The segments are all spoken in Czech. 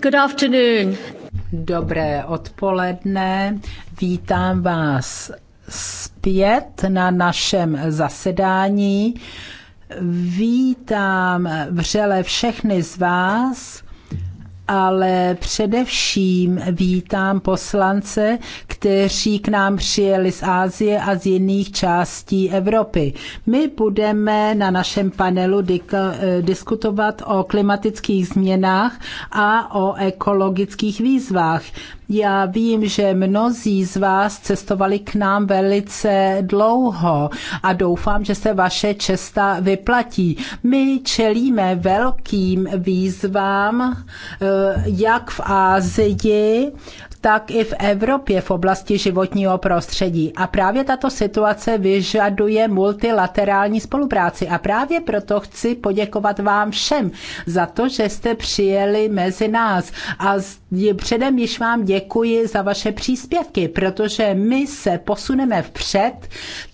Good afternoon. Dobré odpoledne. Vítám vás zpět na našem zasedání. Vítám vřele všechny z vás ale především vítám poslance, kteří k nám přijeli z Ázie a z jiných částí Evropy. My budeme na našem panelu diskutovat o klimatických změnách a o ekologických výzvách. Já vím, že mnozí z vás cestovali k nám velice dlouho a doufám, že se vaše česta vyplatí. My čelíme velkým výzvám, Eh, jak v Ázii, tak i v Evropě v oblasti životního prostředí. A právě tato situace vyžaduje multilaterální spolupráci. A právě proto chci poděkovat vám všem za to, že jste přijeli mezi nás. A předem již vám děkuji za vaše příspěvky, protože my se posuneme vpřed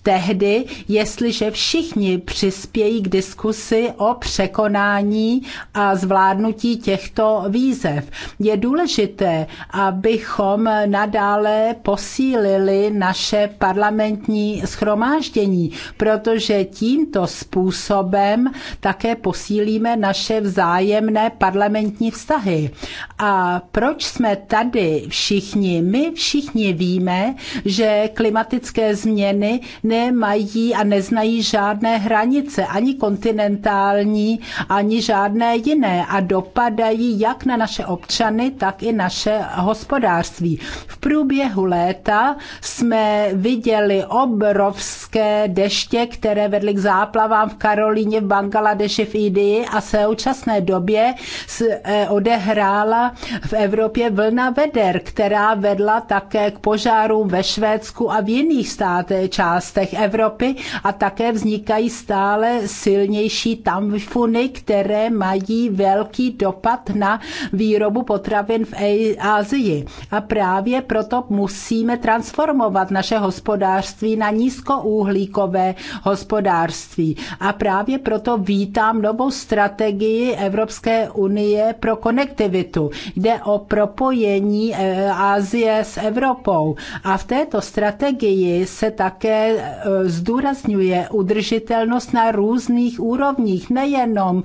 tehdy, jestliže všichni přispějí k diskusi o překonání a zvládnutí těchto výzev. Je důležité, abychom abychom nadále posílili naše parlamentní schromáždění, protože tímto způsobem také posílíme naše vzájemné parlamentní vztahy. A proč jsme tady všichni? My všichni víme, že klimatické změny nemají a neznají žádné hranice, ani kontinentální, ani žádné jiné a dopadají jak na naše občany, tak i naše hospodářství hospodářství. V průběhu léta jsme viděli obrovské deště, které vedly k záplavám v Karolíně, v Bangladeši, v Indii a v současné době se eh, odehrála v Evropě vlna veder, která vedla také k požárům ve Švédsku a v jiných státech, částech Evropy a také vznikají stále silnější tamfuny, které mají velký dopad na výrobu potravin v Asii. A a právě proto musíme transformovat naše hospodářství na nízkouhlíkové hospodářství. A právě proto vítám novou strategii Evropské unie pro konektivitu. Jde o propojení eh, Asie s Evropou. A v této strategii se také eh, zdůrazňuje udržitelnost na různých úrovních, nejenom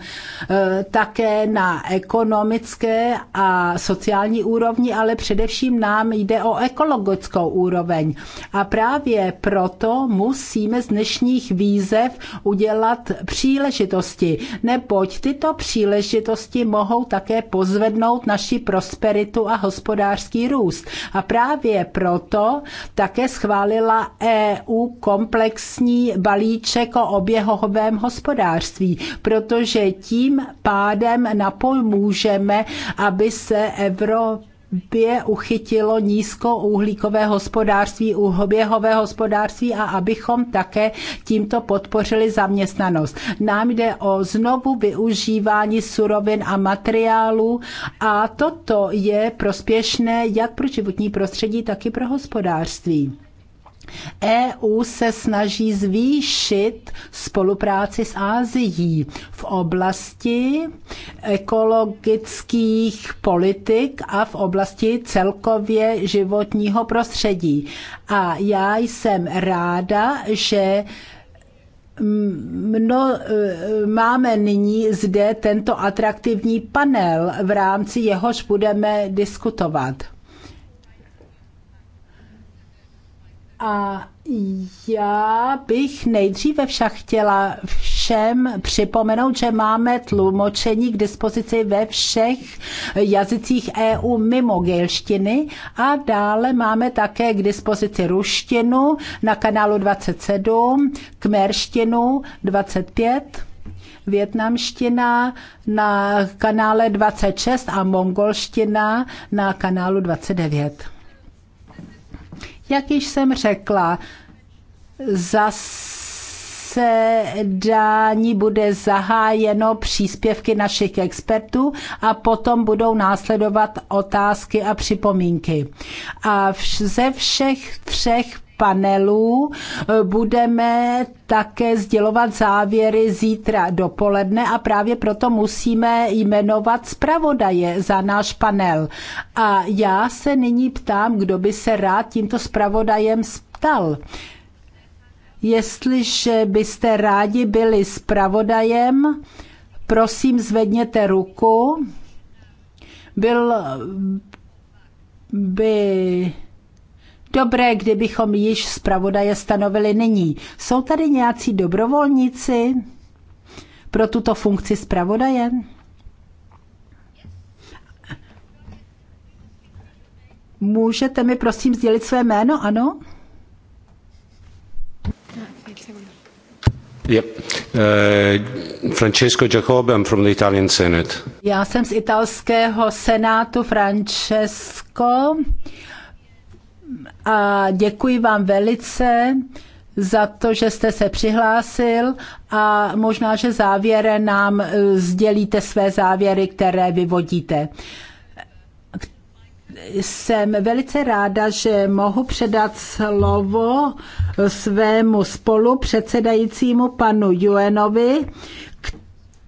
eh, také na ekonomické a sociální úrovni, ale především především nám jde o ekologickou úroveň. A právě proto musíme z dnešních výzev udělat příležitosti, neboť tyto příležitosti mohou také pozvednout naši prosperitu a hospodářský růst. A právě proto také schválila EU komplexní balíček o oběhovém hospodářství, protože tím pádem napomůžeme, aby se Evropa obě uchytilo nízkouhlíkové hospodářství, uhoběhové hospodářství a abychom také tímto podpořili zaměstnanost. Nám jde o znovu využívání surovin a materiálů a toto je prospěšné jak pro životní prostředí, tak i pro hospodářství. EU se snaží zvýšit spolupráci s Ázií v oblasti ekologických politik a v oblasti celkově životního prostředí. A já jsem ráda, že mno, e, máme nyní zde tento atraktivní panel, v rámci jehož budeme diskutovat. A já bych nejdříve však chtěla všem připomenout, že máme tlumočení k dispozici ve všech jazycích EU mimo gelštiny a dále máme také k dispozici ruštinu na kanálu 27, kmerštinu 25 větnamština na kanále 26 a mongolština na kanálu 29. Jak již jsem řekla, zasedání bude zahájeno příspěvky našich expertů a potom budou následovat otázky a připomínky. A ze všech třech panelů. Budeme také sdělovat závěry zítra dopoledne a právě proto musíme jmenovat zpravodaje za náš panel. A já se nyní ptám, kdo by se rád tímto zpravodajem stal. Jestliže byste rádi byli zpravodajem, prosím zvedněte ruku. Byl by dobré, kdybychom již zpravodaje stanovili nyní. Jsou tady nějací dobrovolníci pro tuto funkci zpravodaje? Můžete mi prosím sdělit své jméno, ano? Yep. Uh, Francesco Jacob, I'm from the Italian Senate. Já jsem z italského senátu Francesco a děkuji vám velice za to, že jste se přihlásil a možná, že závěre nám e, sdělíte své závěry, které vyvodíte jsem velice ráda, že mohu předat slovo svému spolupředsedajícímu panu Juenovi,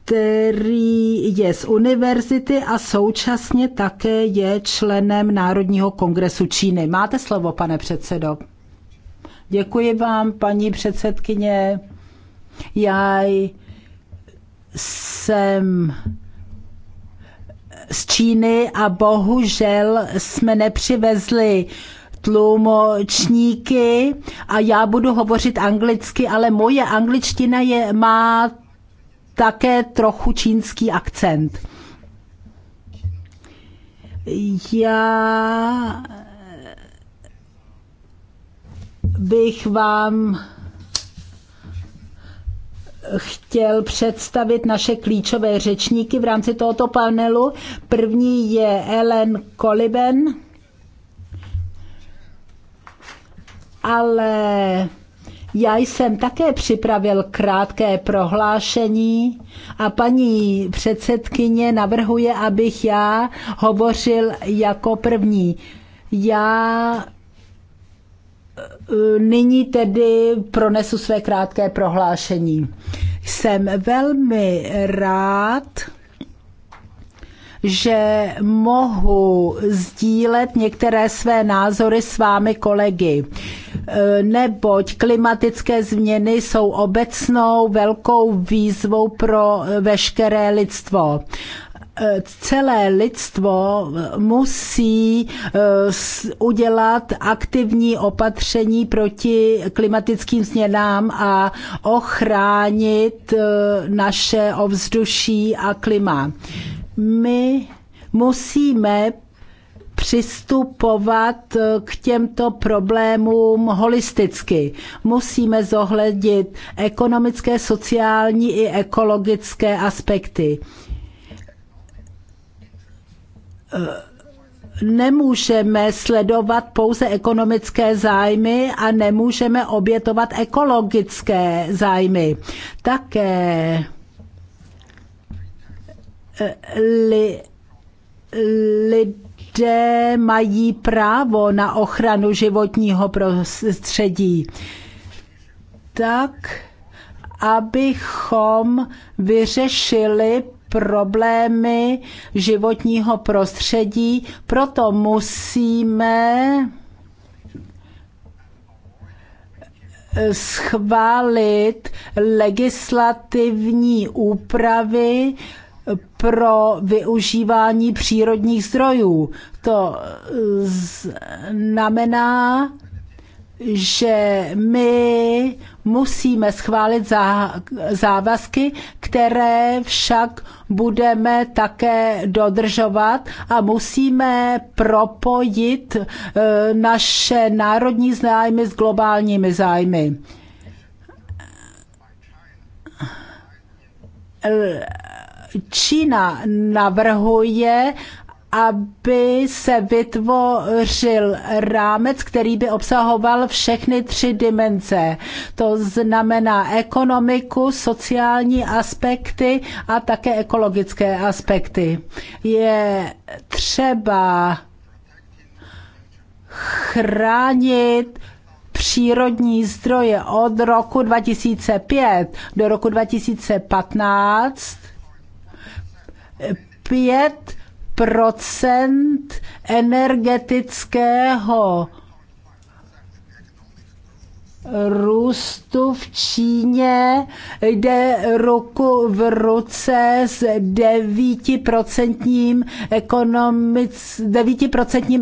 který je z univerzity a současně také je členem Národního kongresu Číny. Máte slovo, pane předsedo. Děkuji vám, paní předsedkyně. Já jsem z Číny a bohužel jsme nepřivezli tlumočníky a já budu hovořit anglicky, ale moje angličtina je má také trochu čínský akcent. Já bych vám chtěl představit naše klíčové řečníky v rámci tohoto panelu. První je Ellen Koliben, ale já jsem také připravil krátké prohlášení a paní předsedkyně navrhuje, abych já hovořil jako první. Já eh, nyní tedy pronesu své krátké prohlášení. Jsem velmi rád, že mohu sdílet některé své názory s vámi kolegy, e, neboť klimatické změny jsou obecnou velkou výzvou pro veškeré lidstvo e, celé lidstvo musí e, udělat aktivní opatření proti klimatickým změnám a ochránit naše ovzduší a klima. My musíme přistupovat k těmto problémům holisticky. Musíme zohlednit ekonomické, sociální i ekologické aspekty. Nemůžeme sledovat pouze ekonomické zájmy a nemůžeme obětovat ekologické zájmy. Také li, lidé mají právo na ochranu životního prostředí. Tak, abychom vyřešili problémy životního prostředí, proto musíme schválit legislativní úpravy, pro využívání přírodních zdrojů. To eh, znamená, že my musíme schválit závazky, které však budeme také dodržovat a musíme propojit eh, naše národní zájmy s globálními zájmy Čína navrhuje, aby se vytvořil rámec, který by obsahoval všechny tři dimenze. To znamená ekonomiku, sociální aspekty a také ekologické aspekty. Je třeba chránit přírodní zdroje od roku 2005 do roku 2015 5 energetického růstu v Číně jde ruku v ruce s 9%, ekonomic,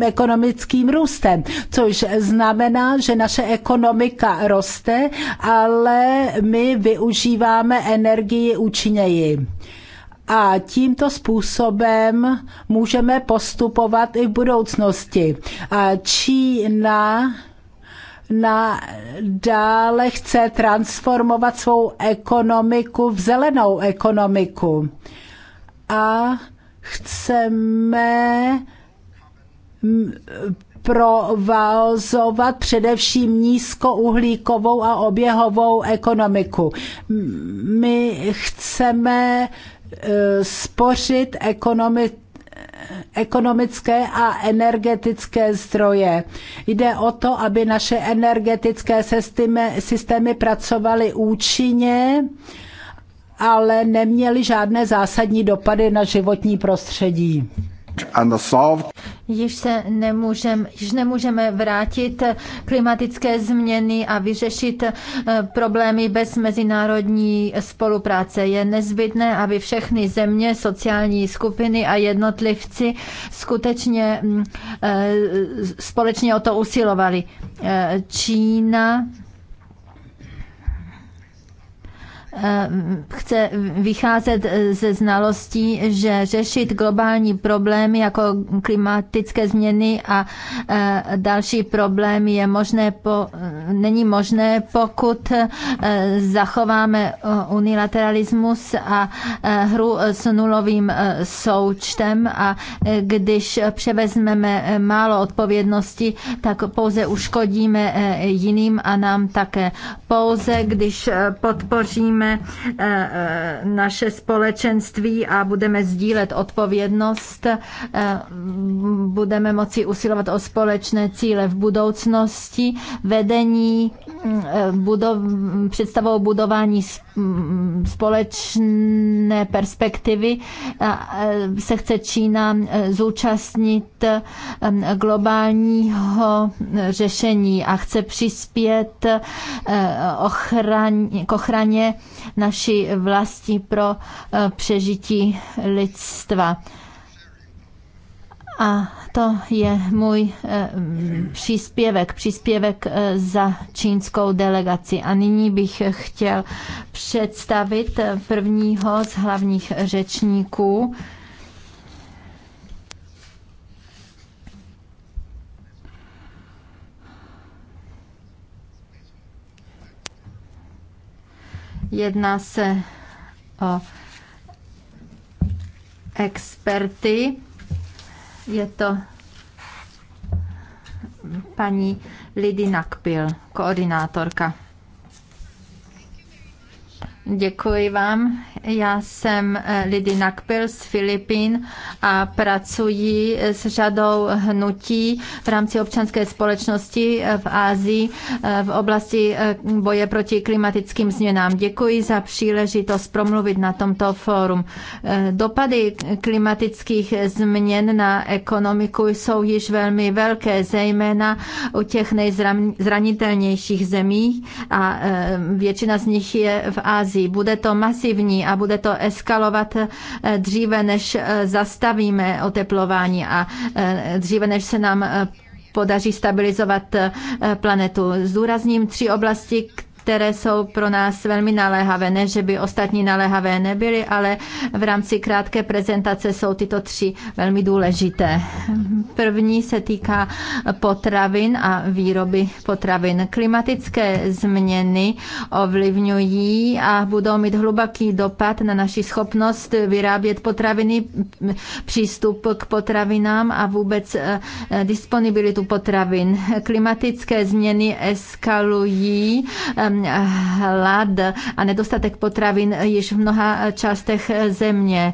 ekonomickým růstem, což znamená, že naše ekonomika roste, ale my využíváme energii účinněji. A tímto způsobem můžeme postupovat i v budoucnosti. A Čína na dále chce transformovat svou ekonomiku v zelenou ekonomiku. A chceme provázovat především nízkouhlíkovou a oběhovou ekonomiku. My chceme Eh, spořit ekonomi, ekonomické a energetické zdroje. Jde o to, aby naše energetické systémy, systémy pracovaly účinně, ale neměly žádné zásadní dopady na životní prostředí. Již se nemůžem, již nemůžeme vrátit klimatické změny a vyřešit eh, problémy bez mezinárodní spolupráce. Je nezbytné, aby všechny země, sociální skupiny a jednotlivci skutečně mm, eh, společně o to usilovali. Eh, Čína Eh, chce vycházet eh, ze znalostí, že řešit globální problémy jako klimatické změny a eh, další problémy je možné po, není možné, pokud zachováme unilateralismus a hru s nulovým součtem a když převezmeme málo odpovědnosti, tak pouze uškodíme jiným a nám také. Pouze když podpoříme posílíme eh, eh, naše společenství a budeme sdílet odpovědnost, eh, budeme moci usilovat o společné cíle v budoucnosti, vedení mm, budov, představou budování mm, společné perspektivy se chce Čína zúčastnit globálního řešení a chce přispět ochraň, k ochraně naší vlasti pro eh, přežití lidstva. A to je můj eh, příspěvek, příspěvek eh, za čínskou delegaci. A nyní bych chtěl představit prvního z hlavních řečníků, Jedná se o experty. Je to paní Lidina Kpil, koordinátorka. Děkuji vám. Já jsem eh, Lidy Nakpil z Filipín a pracuji s řadou hnutí v rámci občanské společnosti eh, v Ázii eh, v oblasti boje proti klimatickým změnám. Děkuji za příležitost promluvit na tomto fórum. Dopady klimatických změn na ekonomiku jsou již velmi velké, zejména u těch nejzranitelnějších zemí a většina z nich je v Ázii hrozí. Bude to masivní a bude to eskalovat eh, dříve, než eh, zastavíme oteplování a eh, dříve, než se nám podaří stabilizovat planetu. Zdůrazním tři oblasti, které jsou pro nás velmi naléhavé. Ne, že by ostatní naléhavé nebyly, ale v rámci krátké prezentace jsou tyto tři velmi důležité. První se týká potravin a výroby potravin. Klimatické změny ovlivňují a budou mít hluboký dopad na naši schopnost vyrábět potraviny, přístup k potravinám a vůbec eh, disponibilitu potravin. Klimatické změny eskalují eh, hlad a nedostatek potravin již v mnoha částech země.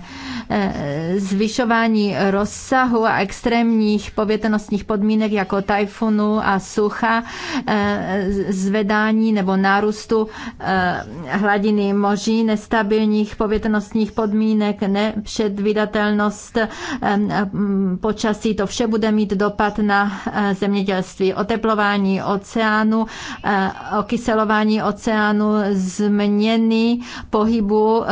Eh, Zvyšování rozsahu a extrémních povětrnostních podmínek jako tajfunu a sucha, eh, zvedání nebo nárůstu eh, hladiny moří, nestabilních povětrnostních podmínek, nepředvydatelnost mm, počasí, to vše bude mít dopad na zemědělství. Oteplování oceánu, okyselování znečištění oceánu, změny pohybu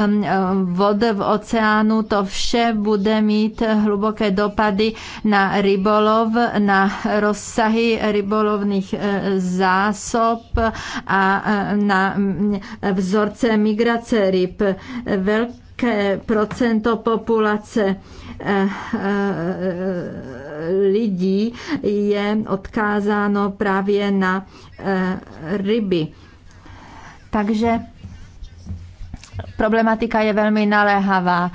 vody v oceánu, to vše bude mít hluboké dopady na rybolov, na rozsahy rybolovných e, zásob a e, na vzorce migrace ryb. Velké procento populace e, lidí je odkázáno právě na ryby. Takže problematika je velmi naléhavá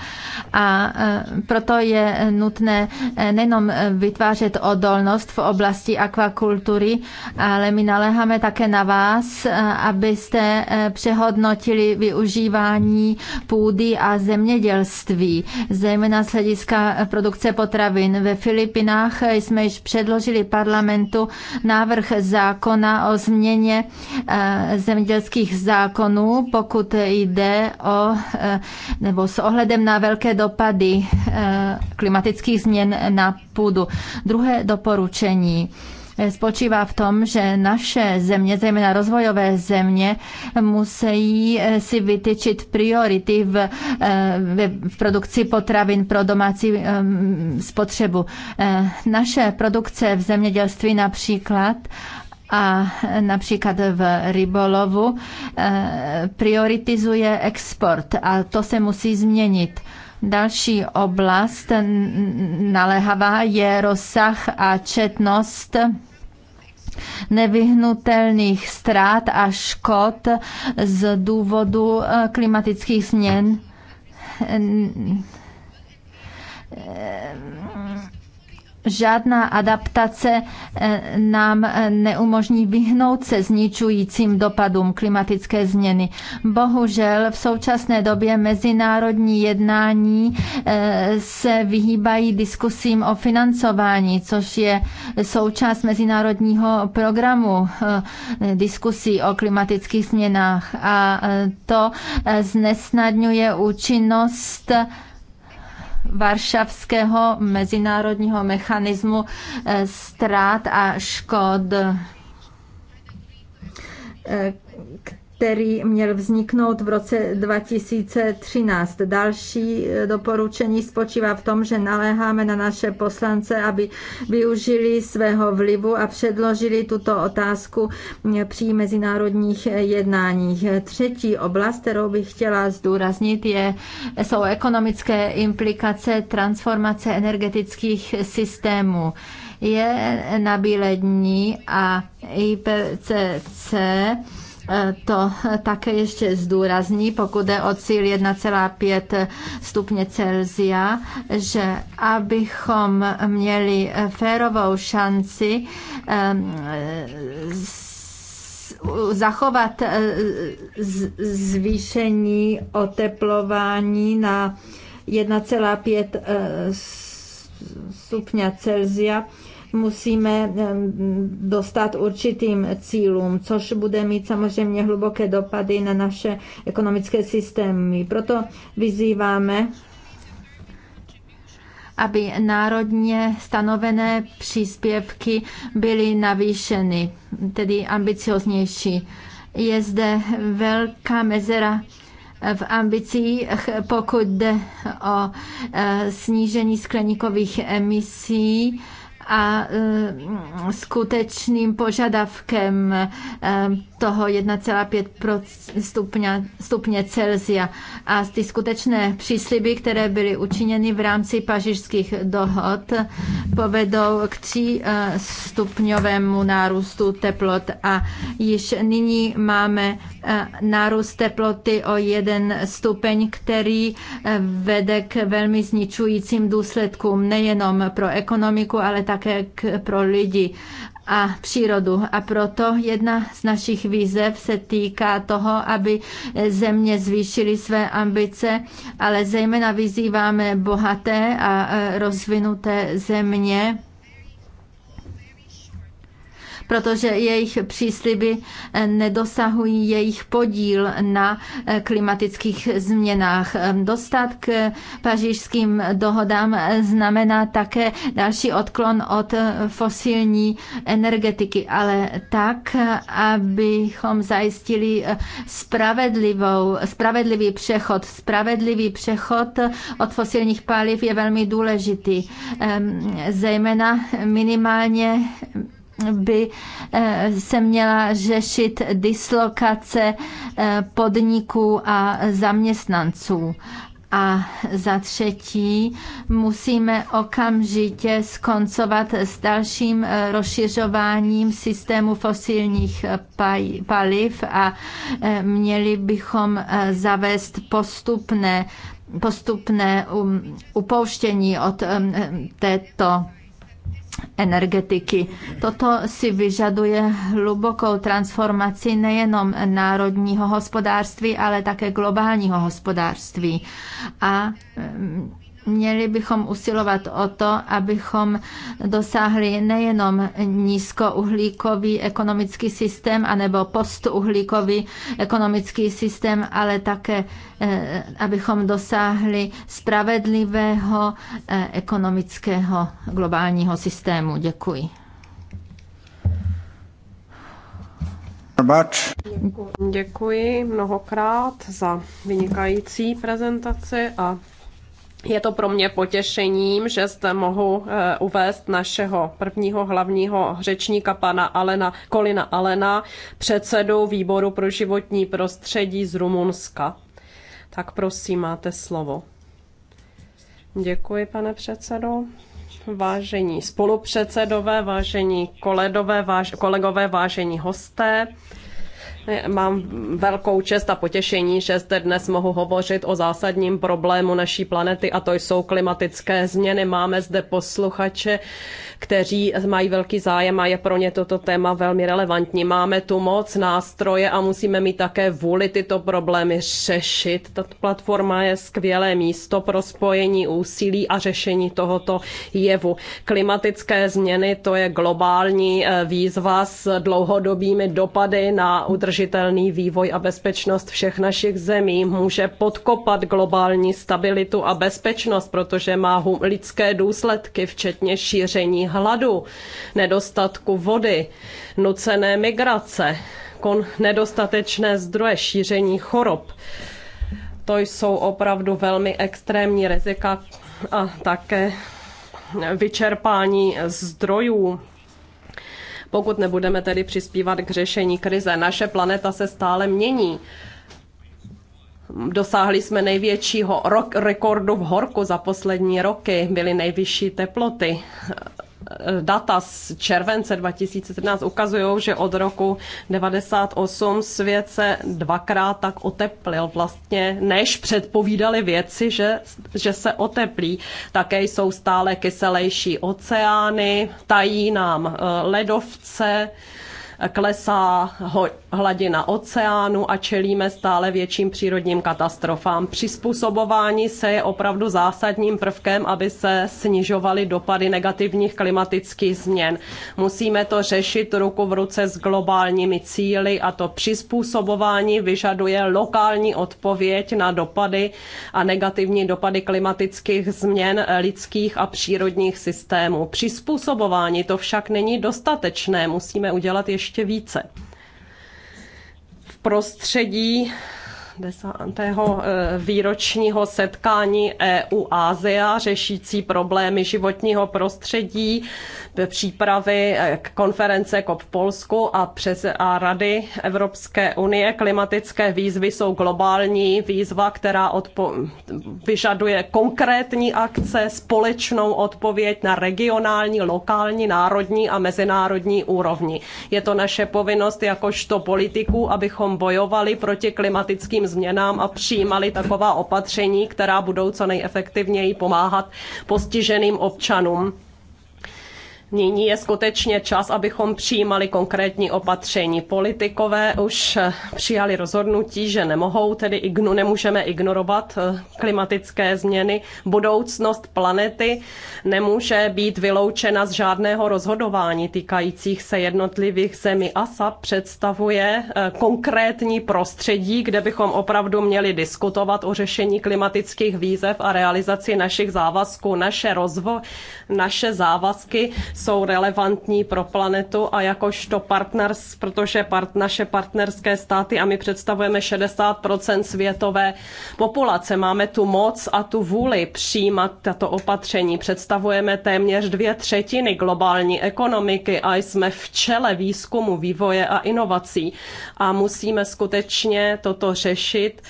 a e, proto je nutné e, nejenom vytvářet odolnost v oblasti akvakultury, ale my naléháme také na vás, e, abyste přehodnotili využívání půdy a zemědělství, zejména z hlediska produkce potravin. Ve Filipinách jsme již předložili parlamentu návrh zákona o změně zemědělských zákonů, pokud jde o, e, nebo s ohledem na velké dopady e, klimatických změn na půdu. Druhé doporučení e, spočívá v tom, že naše země, zejména rozvojové země, musí si vytyčit priority v, v produkci potravin pro domácí spotřebu. Naše produkce v zemědělství například a například v rybolovu eh, prioritizuje export a to se musí změnit. Další oblast naléhavá je rozsah a četnost nevyhnutelných ztrát a škod z důvodu eh, klimatických změn žádná adaptace eh, nám eh, neumožní vyhnout se zničujícím dopadům klimatické změny. Bohužel v současné době mezinárodní jednání eh, se vyhýbají diskusím o financování, což je součást mezinárodního programu diskusí o klimatických změnách. A to znesnadňuje účinnost Varšavského mezinárodního mechanismu eh, ztrát a škod, eh, který měl vzniknout v roce 2013. Další eh, doporučení spočívá v tom, že naléháme na naše poslance, aby využili svého vlivu a předložili tuto otázku eh, při mezinárodních eh, jednáních. Třetí oblast, kterou bych chtěla zdůraznit, je, jsou ekonomické implikace transformace energetických systémů. Je na dní a IPCC to také ještě zdůrazní, pokud je o cíl 1,5 stupně Celzia, že abychom měli férovou šanci ehm, zachovat e, zvýšení oteplování na 1,5 e, stupně Celzia, musíme dostat určitým cílům, což bude mít samozřejmě hluboké dopady na naše ekonomické systémy. Proto vyzýváme aby národně stanovené příspěvky byly navýšeny, tedy ambicioznější. Je zde velká mezera v ambicích, pokud jde o e, snížení skleníkových emisí a mm, skutečným požadavkem e, toho 1,5 stupňa, stupně Celsia a ty skutečné přísliby, které byly učiněny v rámci pařížských dohod, povedou k 3 stupňovému nárůstu teplot a již nyní máme e, nárůst teploty o 1 stupeň, který e, vede k velmi zničujícím důsledkům nejenom pro ekonomiku, ale také také k, pro lidi a přírodu. A proto jedna z našich výzev se týká toho, aby země zvýšily své ambice, ale zejména vyzýváme bohaté a e, rozvinuté země, protože jejich přísliby eh, nedosahují jejich podíl na eh, klimatických změnách. Ehm, dostat k eh, pařížským dohodám znamená také další odklon od fosilní energetiky, ale tak, abychom zajistili spravedlivou, spravedlivý přechod. Spravedlivý přechod od fosilních paliv je velmi důležitý, ehm, zejména minimálně by eh, se měla řešit dislokace eh, podniků a zaměstnanců. A za třetí, musíme okamžitě skoncovat s dalším eh, rozšiřováním systému fosilních paliv a měli bychom zavést postupné, postupné um, upouštění od této energetiky. Toto si vyžaduje hlubokou transformaci nejenom národního hospodářství, ale také globálního hospodářství. A mm, Měli bychom usilovat o to, abychom dosáhli nejenom nízkouhlíkový ekonomický systém anebo postuhlíkový ekonomický systém, ale také, eh, abychom dosáhli spravedlivého eh, ekonomického globálního systému. Děkuji. Děkuji mnohokrát za vynikající prezentaci a je to pro mě potěšením, že zde mohu eh, uvést našeho prvního hlavního řečníka, pana Alena, Kolina Alena, předsedu výboru pro životní prostředí z Rumunska. Tak prosím, máte slovo. Děkuji, pane předsedo. Vážení spolupředsedové, vážení kolegové váž, kolegové, vážení hosté, Mám velkou čest a potěšení, že zde dnes mohu hovořit o zásadním problému naší planety a to jsou klimatické změny. Máme zde posluchače, kteří mají velký zájem a je pro ně toto téma velmi relevantní. Máme tu moc, nástroje a musíme mít také vůli tyto problémy řešit. Tato platforma je skvělé místo pro spojení úsilí a řešení tohoto jevu. Klimatické změny to je globální eh, výzva s dlouhodobými dopady na udržení udržitelný vývoj a bezpečnost všech našich zemí, může podkopat globální stabilitu a bezpečnost, protože má lidské důsledky, včetně šíření hladu, nedostatku vody, nucené migrace, nedostatečné zdroje, šíření chorob. To jsou opravdu velmi extrémní rizika a také vyčerpání zdrojů pokud nebudeme tedy přispívat k řešení krize. Naše planeta se stále mění. Dosáhli jsme největšího rok, rekordu v horku za poslední roky, byly nejvyšší teploty. Eh, data z července 2017 ukazují, že od roku 98 svět se dvakrát tak oteplil vlastně, než předpovídali věci, že, že se oteplí. Také jsou stále kyselejší oceány, tají nám eh, ledovce, klesá hladina oceánu a čelíme stále větším přírodním katastrofám. Přizpůsobování se je opravdu zásadním prvkem, aby se snižovaly dopady negativních klimatických změn. Musíme to řešit ruku v ruce s globálními cíly a to přizpůsobování vyžaduje lokální odpověď na dopady a negativní dopady klimatických změn lidských a přírodních systémů. Přizpůsobování to však není dostatečné, musíme udělat ještě ještě více. V prostředí desátého eh, výročního setkání EU Ázia řešící problémy životního prostředí přípravy eh, konference COP v Polsku a, přes, a Rady Evropské unie. Klimatické výzvy jsou globální výzva, která odpo, vyžaduje konkrétní akce, společnou odpověď na regionální, lokální, národní a mezinárodní úrovni. Je to naše povinnost jakožto politiků, abychom bojovali proti klimatickým změnám a přijímali taková opatření, která budou co nejefektivněji pomáhat postiženým občanům. Nyní je skutečně čas, abychom přijímali konkrétní opatření. Politikové už eh, přijali rozhodnutí, že nemohou, tedy ignu, nemůžeme ignorovat eh, klimatické změny. Budoucnost planety nemůže být vyloučena z žádného rozhodování týkajících se jednotlivých zemí. ASA představuje eh, konkrétní prostředí, kde bychom opravdu měli diskutovat o řešení klimatických výzev a realizaci našich závazků. Naše rozvoj, naše závazky jsou relevantní pro planetu a jakožto partners, protože part, naše partnerské státy a my představujeme 60% světové populace, máme tu moc a tu vůli přijímat tato opatření. Představujeme téměř dvě třetiny globální ekonomiky a jsme v čele výzkumu, vývoje a inovací a musíme skutečně toto řešit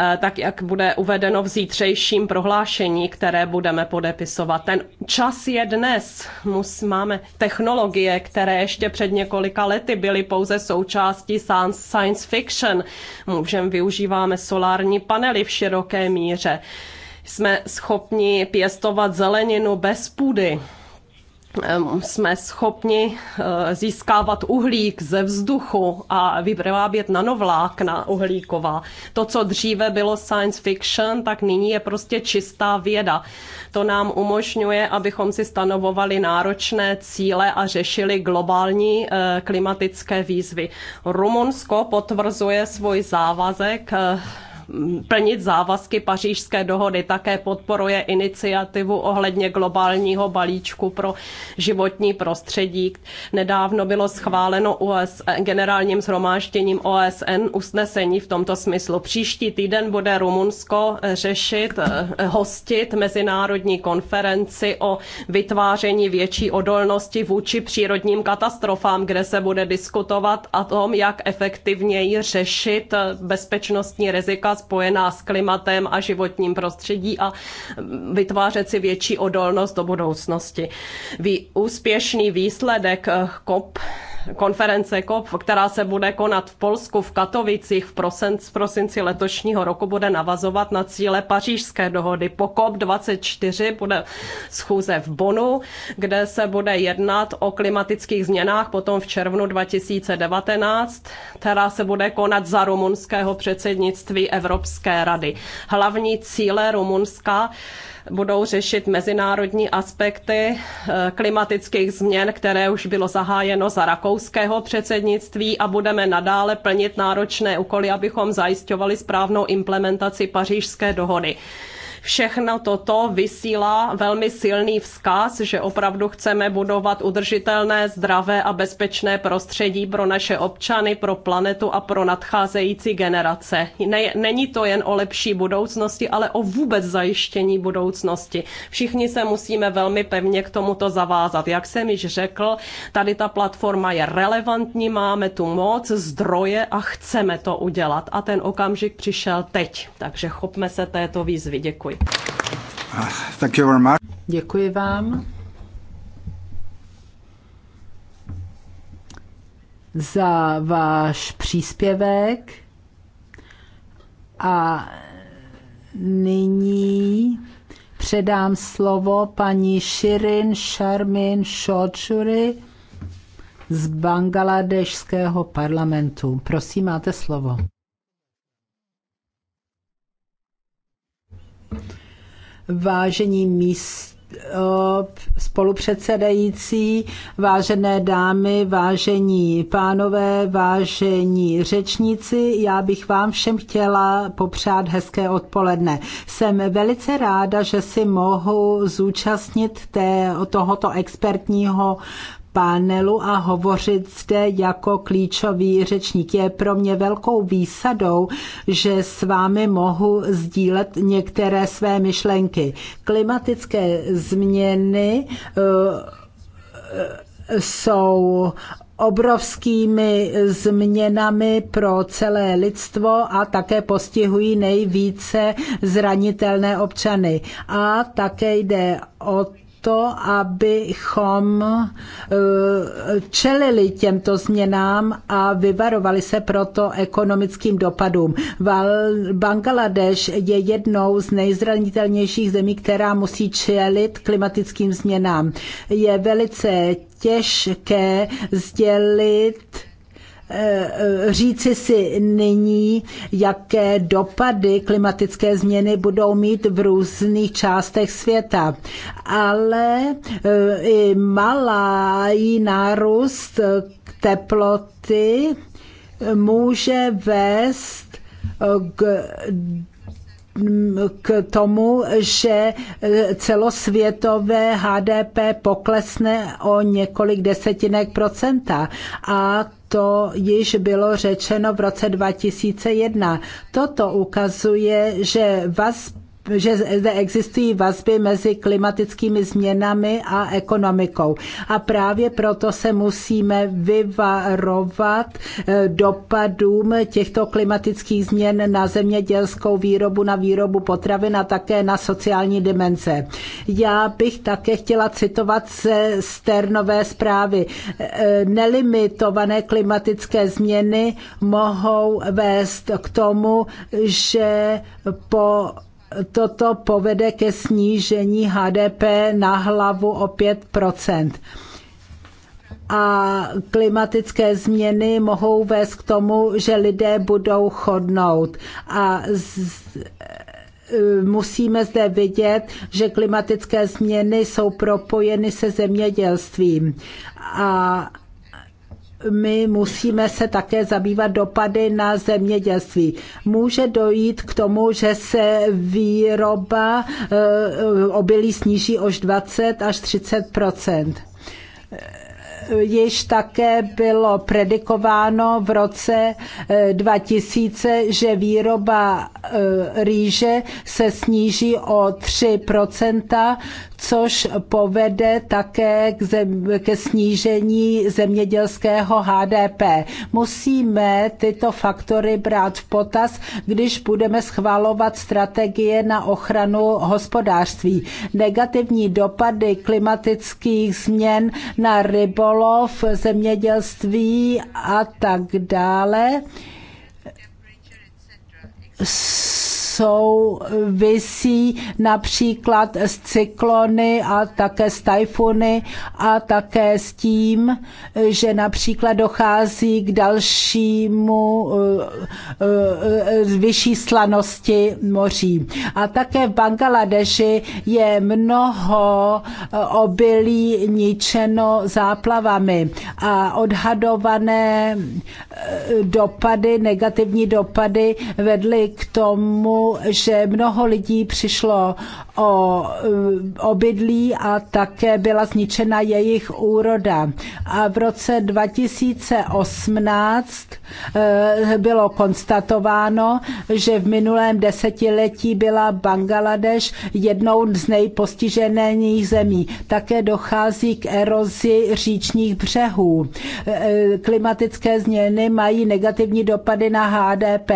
Eh, tak jak bude uvedeno v zítřejším prohlášení, které budeme podepisovat. Ten čas je dnes. Mus, máme technologie, které ještě před několika lety byly pouze součástí science fiction. Můžeme využíváme solární panely v široké míře. Jsme schopni pěstovat zeleninu bez půdy Ehm, jsme schopni eh, získávat uhlík ze vzduchu a vyrábět nanovlákna uhlíková. To, co dříve bylo science fiction, tak nyní je prostě čistá věda. To nám umožňuje, abychom si stanovovali náročné cíle a řešili globální eh, klimatické výzvy. Rumunsko potvrzuje svůj závazek eh, plnit závazky pařížské dohody. Také podporuje iniciativu ohledně globálního balíčku pro životní prostředí. Nedávno bylo schváleno generálním zhromáštěním OSN usnesení v tomto smyslu. Příští týden bude Rumunsko řešit, eh, hostit mezinárodní konferenci o vytváření větší odolnosti vůči přírodním katastrofám, kde se bude diskutovat o tom, jak efektivněji řešit eh, bezpečnostní rizika spojená s klimatem a životním prostředí a vytvářet si větší odolnost do budoucnosti. Vý, úspěšný výsledek eh, COP konference COP, která se bude konat v Polsku v Katovicích v, v prosinci letošního roku, bude navazovat na cíle pařížské dohody. Po COP 24 bude schůze v Bonu, kde se bude jednat o klimatických změnách, potom v červnu 2019, která se bude konat za rumunského předsednictví Evropské rady. Hlavní cíle Rumunska budou řešit mezinárodní aspekty eh, klimatických změn, které už bylo zahájeno za rakouského předsednictví a budeme nadále plnit náročné úkoly, abychom zajišťovali správnou implementaci pařížské dohody všechno toto vysílá velmi silný vzkaz, že opravdu chceme budovat udržitelné, zdravé a bezpečné prostředí pro naše občany, pro planetu a pro nadcházející generace. není to jen o lepší budoucnosti, ale o vůbec zajištění budoucnosti. Všichni se musíme velmi pevně k tomuto zavázat. Jak jsem již řekl, tady ta platforma je relevantní, máme tu moc, zdroje a chceme to udělat. A ten okamžik přišel teď, takže chopme se této výzvy. Děkuji. Thank you very much. Děkuji vám. za váš příspěvek a nyní předám slovo paní Shirin Sharmin Shodshuri z Bangladešského parlamentu. Prosím, máte slovo. vážení míst eh, spolupředsedající, vážené dámy, vážení pánové, vážení řečníci, já bych vám všem chtěla popřát hezké odpoledne. Jsem velice ráda, že si mohu zúčastnit té, tohoto expertního panelu a hovořit zde jako klíčový řečník. Je pro mě velkou výsadou, že s vámi mohu sdílet některé své myšlenky. Klimatické změny eh, jsou obrovskými změnami pro celé lidstvo a také postihují nejvíce zranitelné občany. A také jde o to, abychom eh, čelili těmto změnám a vyvarovali se proto ekonomickým dopadům. Bangladeš je jednou z nejzranitelnějších zemí, která musí čelit klimatickým změnám. Je velice těžké sdělit Eh, eh, říci si nyní, jaké dopady klimatické změny budou mít v různých částech světa. Ale eh, i malý nárůst teploty může vést k k tomu, že celosvětové HDP poklesne o několik desetinek procenta a to již bylo řečeno v roce 2001. Toto ukazuje, že vazba že zde existují vazby mezi klimatickými změnami a ekonomikou. A právě proto se musíme vyvarovat eh, dopadům těchto klimatických změn na zemědělskou výrobu, na výrobu potravin a také na sociální dimenze. Já bych také chtěla citovat ze Sternové zprávy. Eh, nelimitované klimatické změny mohou vést k tomu, že po toto povede ke snížení HDP na hlavu o 5 a klimatické změny mohou vést k tomu, že lidé budou chodnout. A z, e, musíme zde vidět, že klimatické změny jsou propojeny se zemědělstvím. A my musíme se také zabývat dopady na zemědělství. Může dojít k tomu, že se výroba eh, obilí sníží až 20 až 30 již také bylo predikováno v roce 2000, eh, že výroba eh, rýže se sníží o 3%, což povede také k zem, ke snížení zemědělského HDP. Musíme tyto faktory brát v potaz, když budeme schvalovat strategie na ochranu hospodářství. Negativní dopady klimatických změn na rybolov, zemědělství a tak dále souvisí například s cyklony a také s tajfuny a také s tím, že například dochází k dalšímu eh, eh, eh, vyšší slanosti moří. A také v Bangladeši je mnoho obilí ničeno záplavami a odhadované dopady, negativní dopady vedly k tomu, že mnoho lidí přišlo o eh, obydlí a také byla zničena jejich úroda. A v roce 2018 eh, bylo konstatováno, že v minulém desetiletí byla Bangladeš jednou z nejpostiženějších zemí. Také dochází k erozi říčních břehů. Eh, klimatické změny mají negativní dopady na HDP.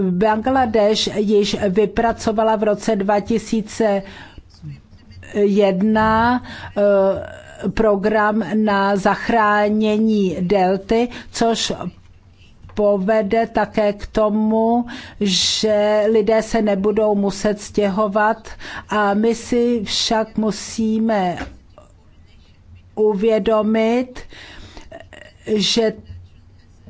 Bangladeš již vypracovala v roce 2001 eh, program na zachránění delty, což povede také k tomu, že lidé se nebudou muset stěhovat a my si však musíme uvědomit, že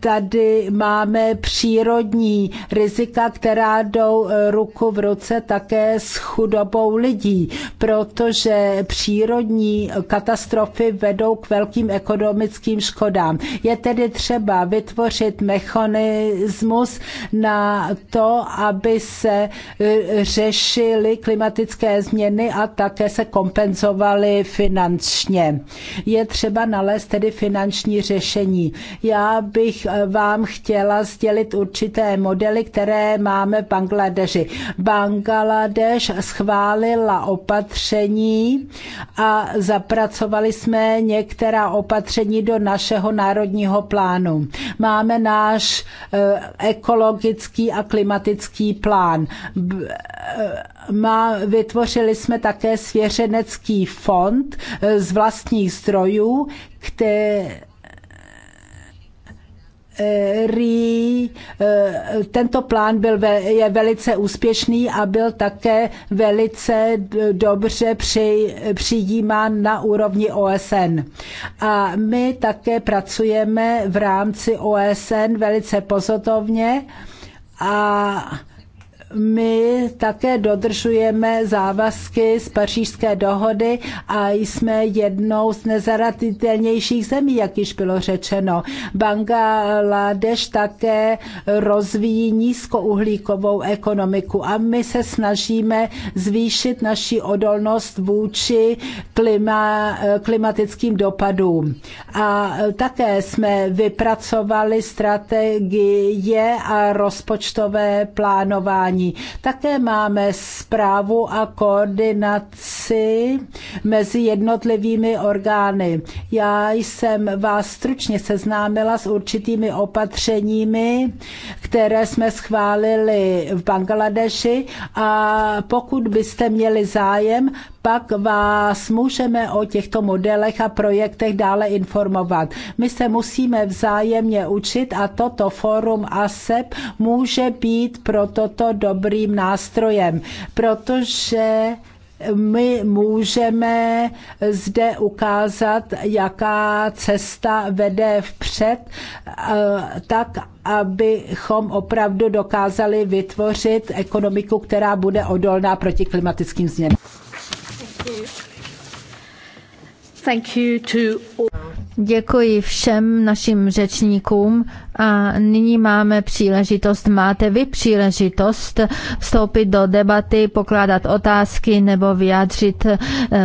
tady máme přírodní rizika, která jdou eh, ruku v ruce také s chudobou lidí, protože přírodní katastrofy vedou k velkým ekonomickým škodám. Je tedy třeba vytvořit mechanismus na to, aby se eh, řešily klimatické změny a také se kompenzovaly finančně. Je třeba nalézt tedy finanční řešení. Já bych vám chtěla sdělit určité modely, které máme v Bangladeši. Bangladeš schválila opatření a zapracovali jsme některá opatření do našeho národního plánu. Máme náš eh, ekologický a klimatický plán. Eh, má, vytvořili jsme také svěřenecký fond eh, z vlastních zdrojů, který který eh, tento plán byl, je velice úspěšný a byl také velice dobře při, přijímán na úrovni OSN. A my také pracujeme v rámci OSN velice pozotovně a my také dodržujeme závazky z pařížské dohody a jsme jednou z nezaratitelnějších zemí, jak již bylo řečeno. Bangladeš také rozvíjí nízkouhlíkovou ekonomiku a my se snažíme zvýšit naši odolnost vůči klima, klimatickým dopadům. A také jsme vypracovali strategie a rozpočtové plánování jednání. Také máme zprávu a koordinaci mezi jednotlivými orgány. Já jsem vás stručně seznámila s určitými opatřeními, které jsme schválili v Bangladeši a pokud byste měli zájem, pak vás můžeme o těchto modelech a projektech dále informovat. My se musíme vzájemně učit a toto forum ASEP může být pro toto do dobrým nástrojem, protože my můžeme zde ukázat, jaká cesta vede vpřed, tak abychom opravdu dokázali vytvořit ekonomiku, která bude odolná proti klimatickým změnám. Děkuji všem našim řečníkům a nyní máme příležitost, máte vy příležitost vstoupit do debaty, pokládat otázky nebo vyjádřit eh,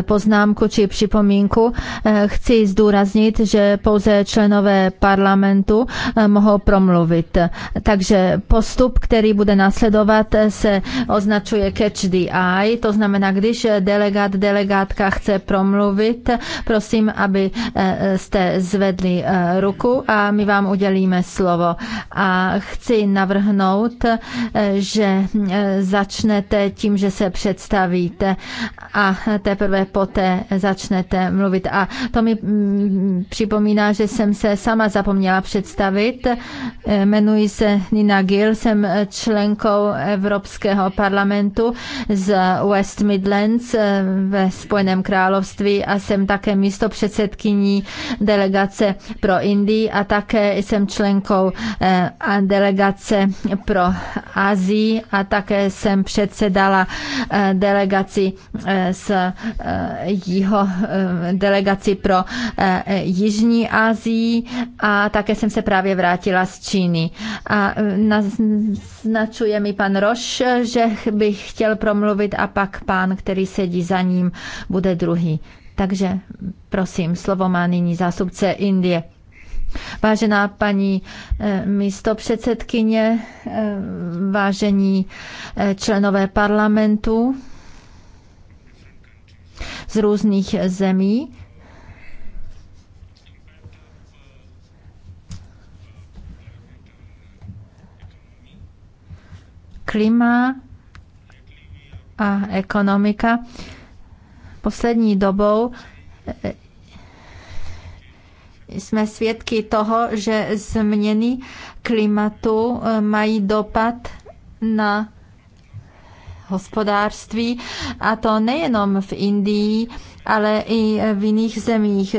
poznámku či připomínku. Eh, chci zdůraznit, že pouze členové parlamentu eh, mohou promluvit. Takže postup, který bude následovat, se označuje catch the eye, to znamená, když delegát, delegátka chce promluvit, prosím, aby jste zvedli ruku a my vám udělíme slovo slovo a chci navrhnout, eh, že eh, začnete tím, že se představíte a teprve poté začnete mluvit. A to mi mm, připomíná, že jsem se sama zapomněla představit. Eh, jmenuji se Nina Gill, jsem členkou Evropského parlamentu z West Midlands ve Spojeném království a jsem také místo předsedkyní delegace pro Indii a také jsem členkou členkou eh, delegace pro Azii a také jsem předsedala eh, delegaci eh, s jeho delegaci pro Jižní Asii a také jsem se právě vrátila z Číny. A naznačuje mi pan Roš, že bych chtěl promluvit a pak pán, který sedí za ním, bude druhý. Takže prosím, slovo má nyní zástupce Indie. Vážená paní eh, místo předsedkyně, eh, vážení eh, členové parlamentu z různých zemí, klima a ekonomika poslední dobou jsme svědky toho, že změny klimatu eh, mají dopad na hospodářství a to nejenom v Indii, ale i v jiných zemích.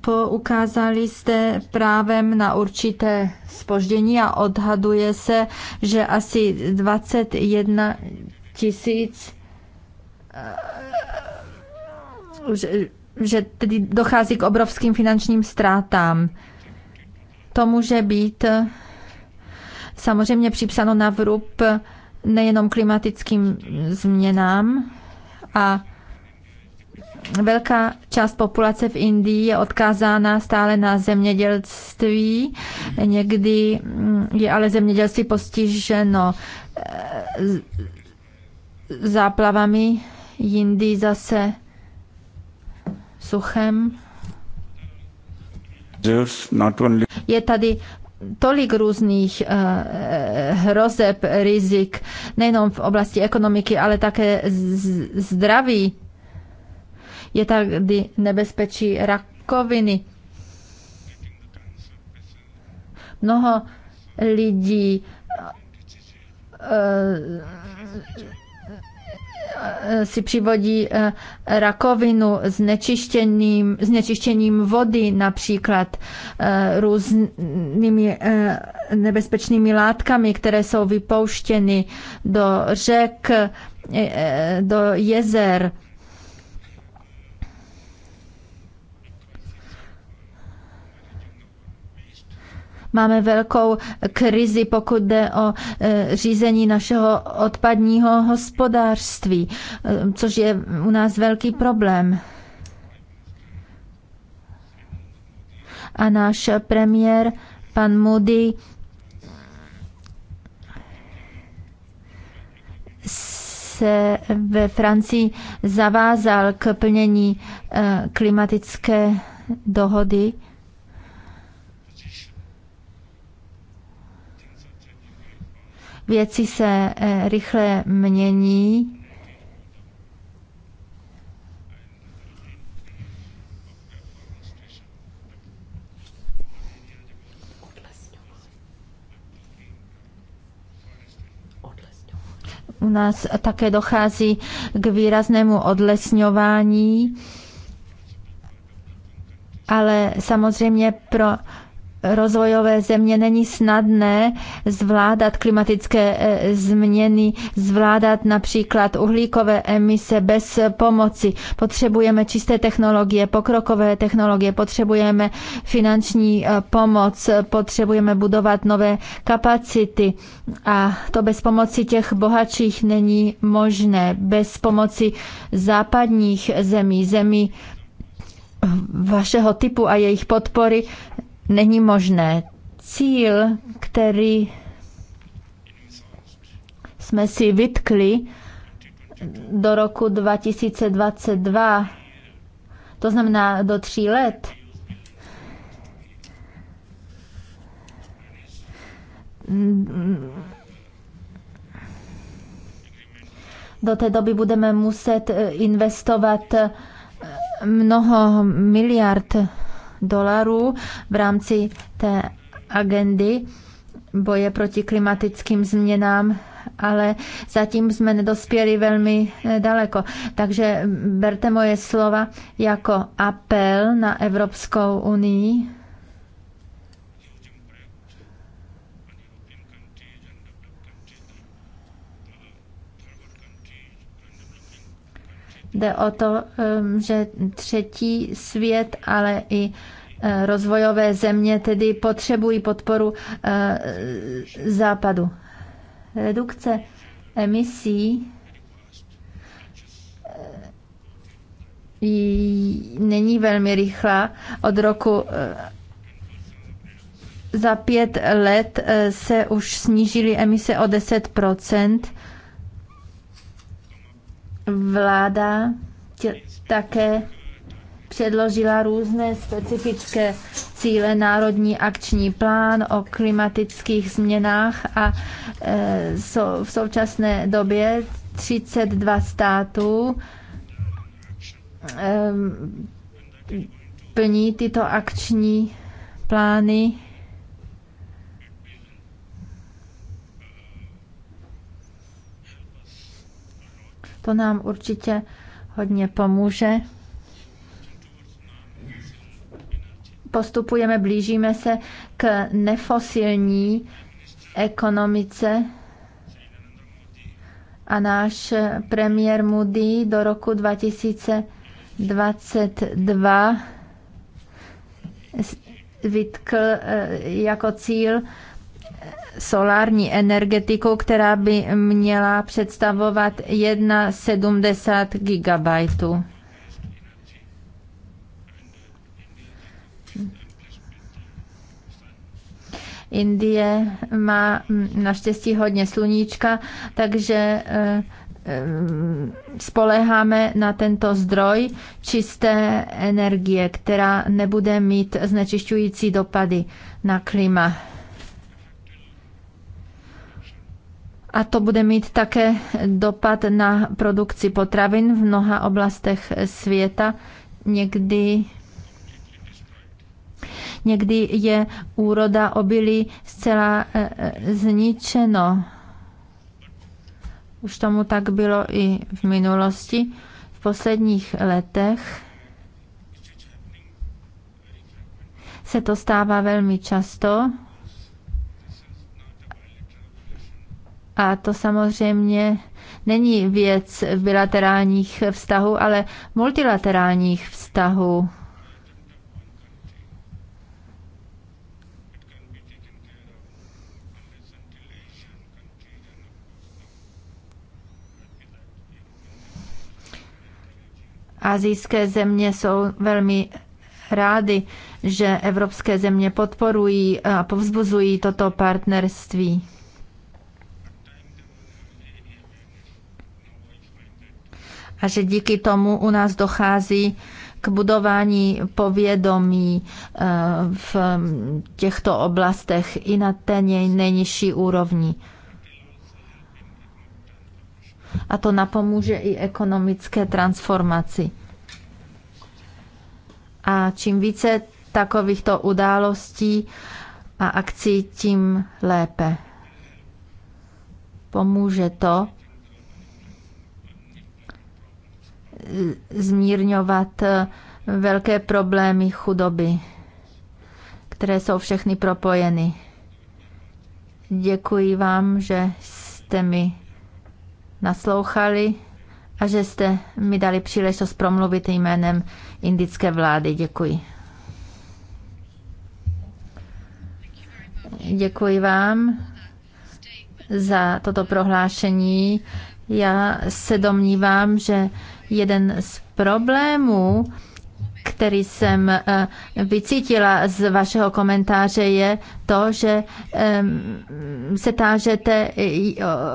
Poukázali jste právem na určité spoždění a odhaduje se, že asi 21 tisíc eh, že tedy dochází k obrovským finančním ztrátám. To může být eh, samozřejmě připsáno na vrub nejenom klimatickým změnám a velká část populace v Indii je odkázána stále na zemědělství. Někdy mm, je ale zemědělství postiženo eh, záplavami, jindy zase suchem. Je tady tolik různých eh, hrozeb, rizik, nejenom v oblasti ekonomiky, ale také zdraví. Je tady nebezpečí rakoviny. Mnoho lidí eh, Eh, si přivodí eh, rakovinu znečištěním, znečištěním vody například eh, různými nebezpečnými látkami, které jsou vypouštěny do řek, do jezer. Máme velkou krizi, pokud jde o e, řízení našeho odpadního hospodářství, e, což je u nás velký problém. A náš premiér, pan Moody, se ve Francii zavázal k plnění e, klimatické dohody Věci se eh, rychle mění. U nás také dochází k výraznému odlesňování, ale samozřejmě pro rozvojové země není snadné zvládat klimatické e, změny, zvládat například uhlíkové emise bez pomoci. Potřebujeme čisté technologie, pokrokové technologie, potřebujeme finanční e, pomoc, potřebujeme budovat nové kapacity a to bez pomoci těch bohatších není možné. Bez pomoci západních zemí, zemí vašeho typu a jejich podpory není možné. Cíl, který jsme si vytkli do roku 2022, to znamená do tří let, do té doby budeme muset investovat mnoho miliard dolarů v rámci té agendy boje proti klimatickým změnám, ale zatím jsme nedospěli velmi eh, daleko. Takže berte moje slova jako apel na Evropskou unii, Jde o to, um, že třetí svět, ale i uh, rozvojové země tedy potřebují podporu uh, západu. Redukce emisí uh, není velmi rychlá. Od roku za pět let se už snížily emise o 10 Vláda také předložila různé specifické cíle, národní akční plán o klimatických změnách a e, v současné době 32 států e, plní tyto akční plány To nám určitě hodně pomůže. Postupujeme, blížíme se k nefosilní ekonomice a náš premiér Moody do roku 2022 vytkl eh, jako cíl solární energetiku, která by měla představovat 1,70 gigabajtů. Indie má naštěstí hodně sluníčka, takže eh, eh, spoleháme na tento zdroj čisté energie, která nebude mít znečišťující dopady na klima. A to bude mít také dopad na produkci potravin v mnoha oblastech světa. Někdy Někdy je úroda obilí zcela e, e, zničeno. Už tomu tak bylo i v minulosti. V posledních letech se to stává velmi často. A to samozřejmě není věc bilaterálních vztahů, ale multilaterálních vztahů. Azijské země jsou velmi rády, že evropské země podporují a povzbuzují toto partnerství. a že díky tomu u nás dochází k budování povědomí eh, v těchto oblastech i na té nejnižší úrovni. A to napomůže i ekonomické transformaci. A čím více takovýchto událostí a akcí, tím lépe. Pomůže to zmírňovat eh, velké problémy chudoby, které jsou všechny propojeny. Děkuji vám, že jste mi naslouchali a že jste mi dali příležitost promluvit jménem indické vlády. Děkuji. Děkuji vám za toto prohlášení. Já se domnívám, že Jeden z problémů který jsem eh, vycítila z vašeho komentáře, je to, že se tážete,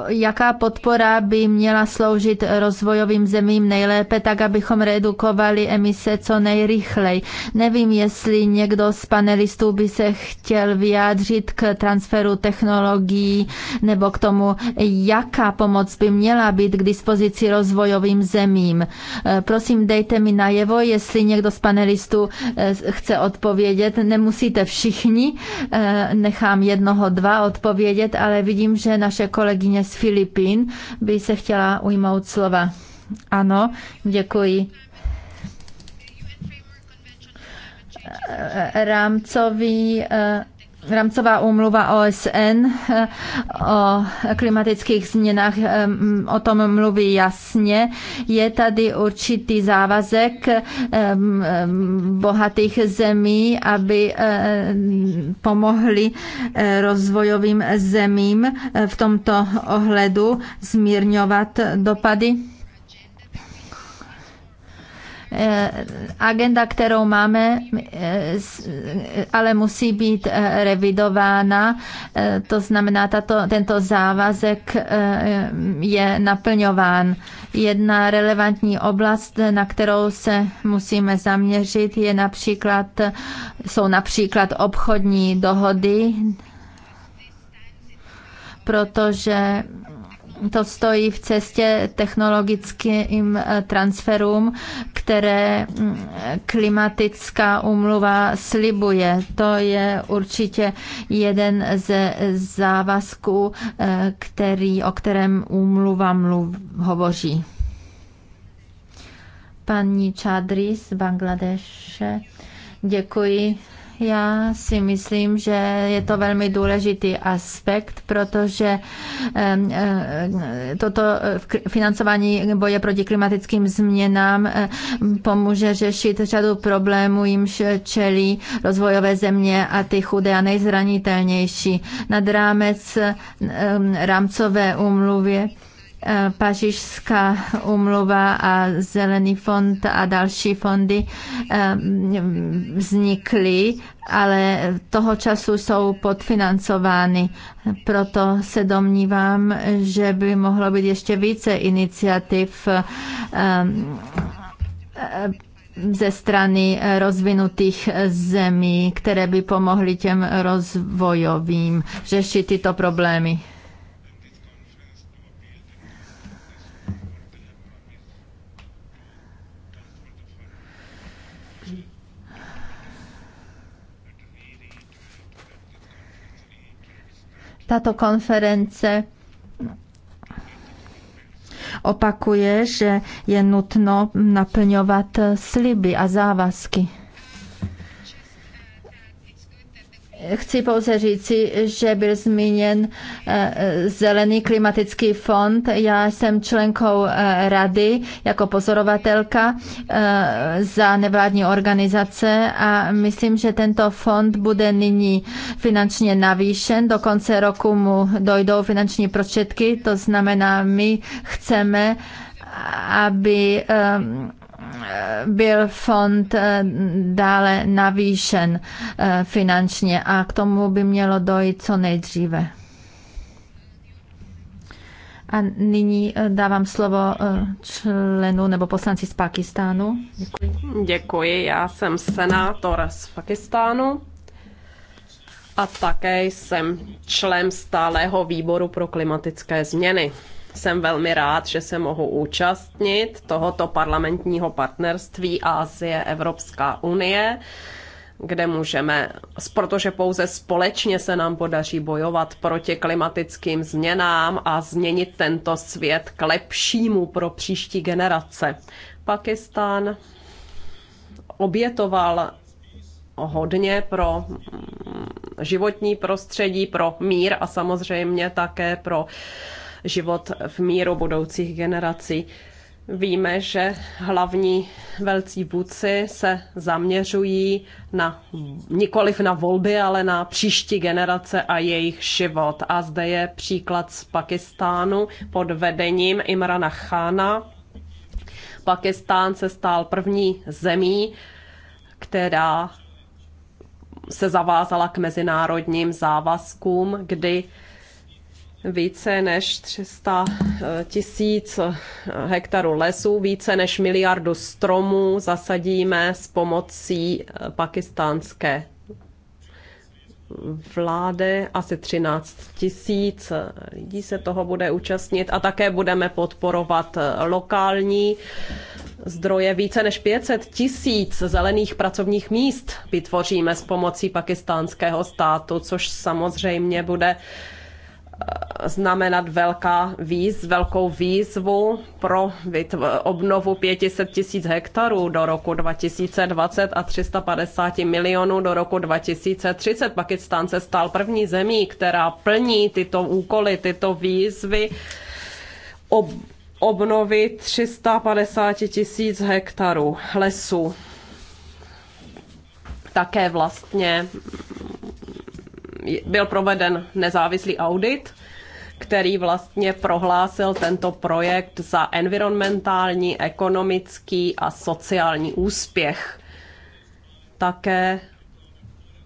jaká podpora by měla sloužit rozvojovým zemím nejlépe, tak abychom redukovali emise co nejrychleji. Nevím, jestli někdo z panelistů by se chtěl vyjádřit k transferu technologií nebo k tomu, jaká pomoc by měla být k dispozici rozvojovým zemím. Eh, prosím, dejte mi najevo, jestli někdo z panelistů eh, chce odpovědět. Nemusíte všichni, eh, nechám jednoho, dva odpovědět, ale vidím, že naše kolegyně z Filipín by se chtěla ujmout slova. Ano, děkuji. Eh, rámcový Rámcová úmluva OSN eh, o klimatických změnách eh, mm, o tom mluví jasně. Je tady určitý závazek eh, mm, bohatých zemí, aby pomohli rozvojovým zemím v tomto ohledu zmírňovat dopady Eh, agenda, kterou máme, eh, eh, ale musí být revidována. To znamená, tato, tento závazek je naplňován. Jedna relevantní oblast, na kterou se musíme zaměřit, je například, jsou například obchodní dohody, protože to stojí v cestě technologickým eh, transferům, které mm, klimatická umluva slibuje. To je určitě jeden ze závazků, eh, který, o kterém umluva mluv, hovoří. Paní Čadri z Bangladeše, děkuji. Já si myslím, že je to velmi důležitý aspekt, protože toto financování boje proti klimatickým změnám pomůže řešit řadu problémů, jimž čelí rozvojové země a ty chudé a nejzranitelnější nad rámec rámcové umluvě Eh, pařížská umluva a zelený fond a další fondy eh, vznikly, ale toho času jsou podfinancovány. Proto se domnívám, že by mohlo být ještě více iniciativ eh, ze strany rozvinutých zemí, které by pomohly těm rozvojovým řešit tyto problémy. Tato konference opakuje, že je nutno naplňovat sliby a závazky. Chci pouze říci, že byl zmíněn eh, Zelený klimatický fond. Já jsem členkou eh, rady jako pozorovatelka eh, za nevládní organizace a myslím, že tento fond bude nyní finančně navýšen. Do konce roku mu dojdou finanční prostředky, to znamená, my chceme, aby byl fond eh, dále navýšen eh, finančně a k tomu by mělo dojít co nejdříve. A nyní eh, dávám slovo členu nebo poslanci z Pakistánu. Děkuji. Děkuji, já jsem senátor z Pakistánu a také jsem člen stálého výboru pro klimatické změny jsem velmi rád, že se mohu účastnit tohoto parlamentního partnerství Asie Evropská unie, kde můžeme, protože pouze společně se nám podaří bojovat proti klimatickým změnám a změnit tento svět k lepšímu pro příští generace. Pakistán obětoval hodně pro mm, životní prostředí, pro mír a samozřejmě také pro uh, život v míru budoucích generací. Víme, že hlavní velcí vůdci se zaměřují na, nikoliv na volby, ale na příští generace a jejich život. A zde je příklad z Pakistánu pod vedením Imrana Khana. Pakistán se stal první zemí, která se zavázala k mezinárodním závazkům, kdy více než 300 eh, tisíc eh, hektarů lesů, více než miliardu stromů zasadíme s pomocí eh, pakistánské vlády, asi 13 tisíc lidí se toho bude účastnit a také budeme podporovat lokální zdroje. Více než 500 tisíc zelených pracovních míst vytvoříme s pomocí pakistánského státu, což samozřejmě bude znamenat velká výz, velkou výzvu pro obnovu 500 tisíc hektarů do roku 2020 a 350 milionů do roku 2030. Pakistán se stal první zemí, která plní tyto úkoly, tyto výzvy. Ob- obnovy 350 tisíc hektarů lesů. Také vlastně byl proveden nezávislý audit, který vlastně prohlásil tento projekt za environmentální, ekonomický a sociální úspěch. Také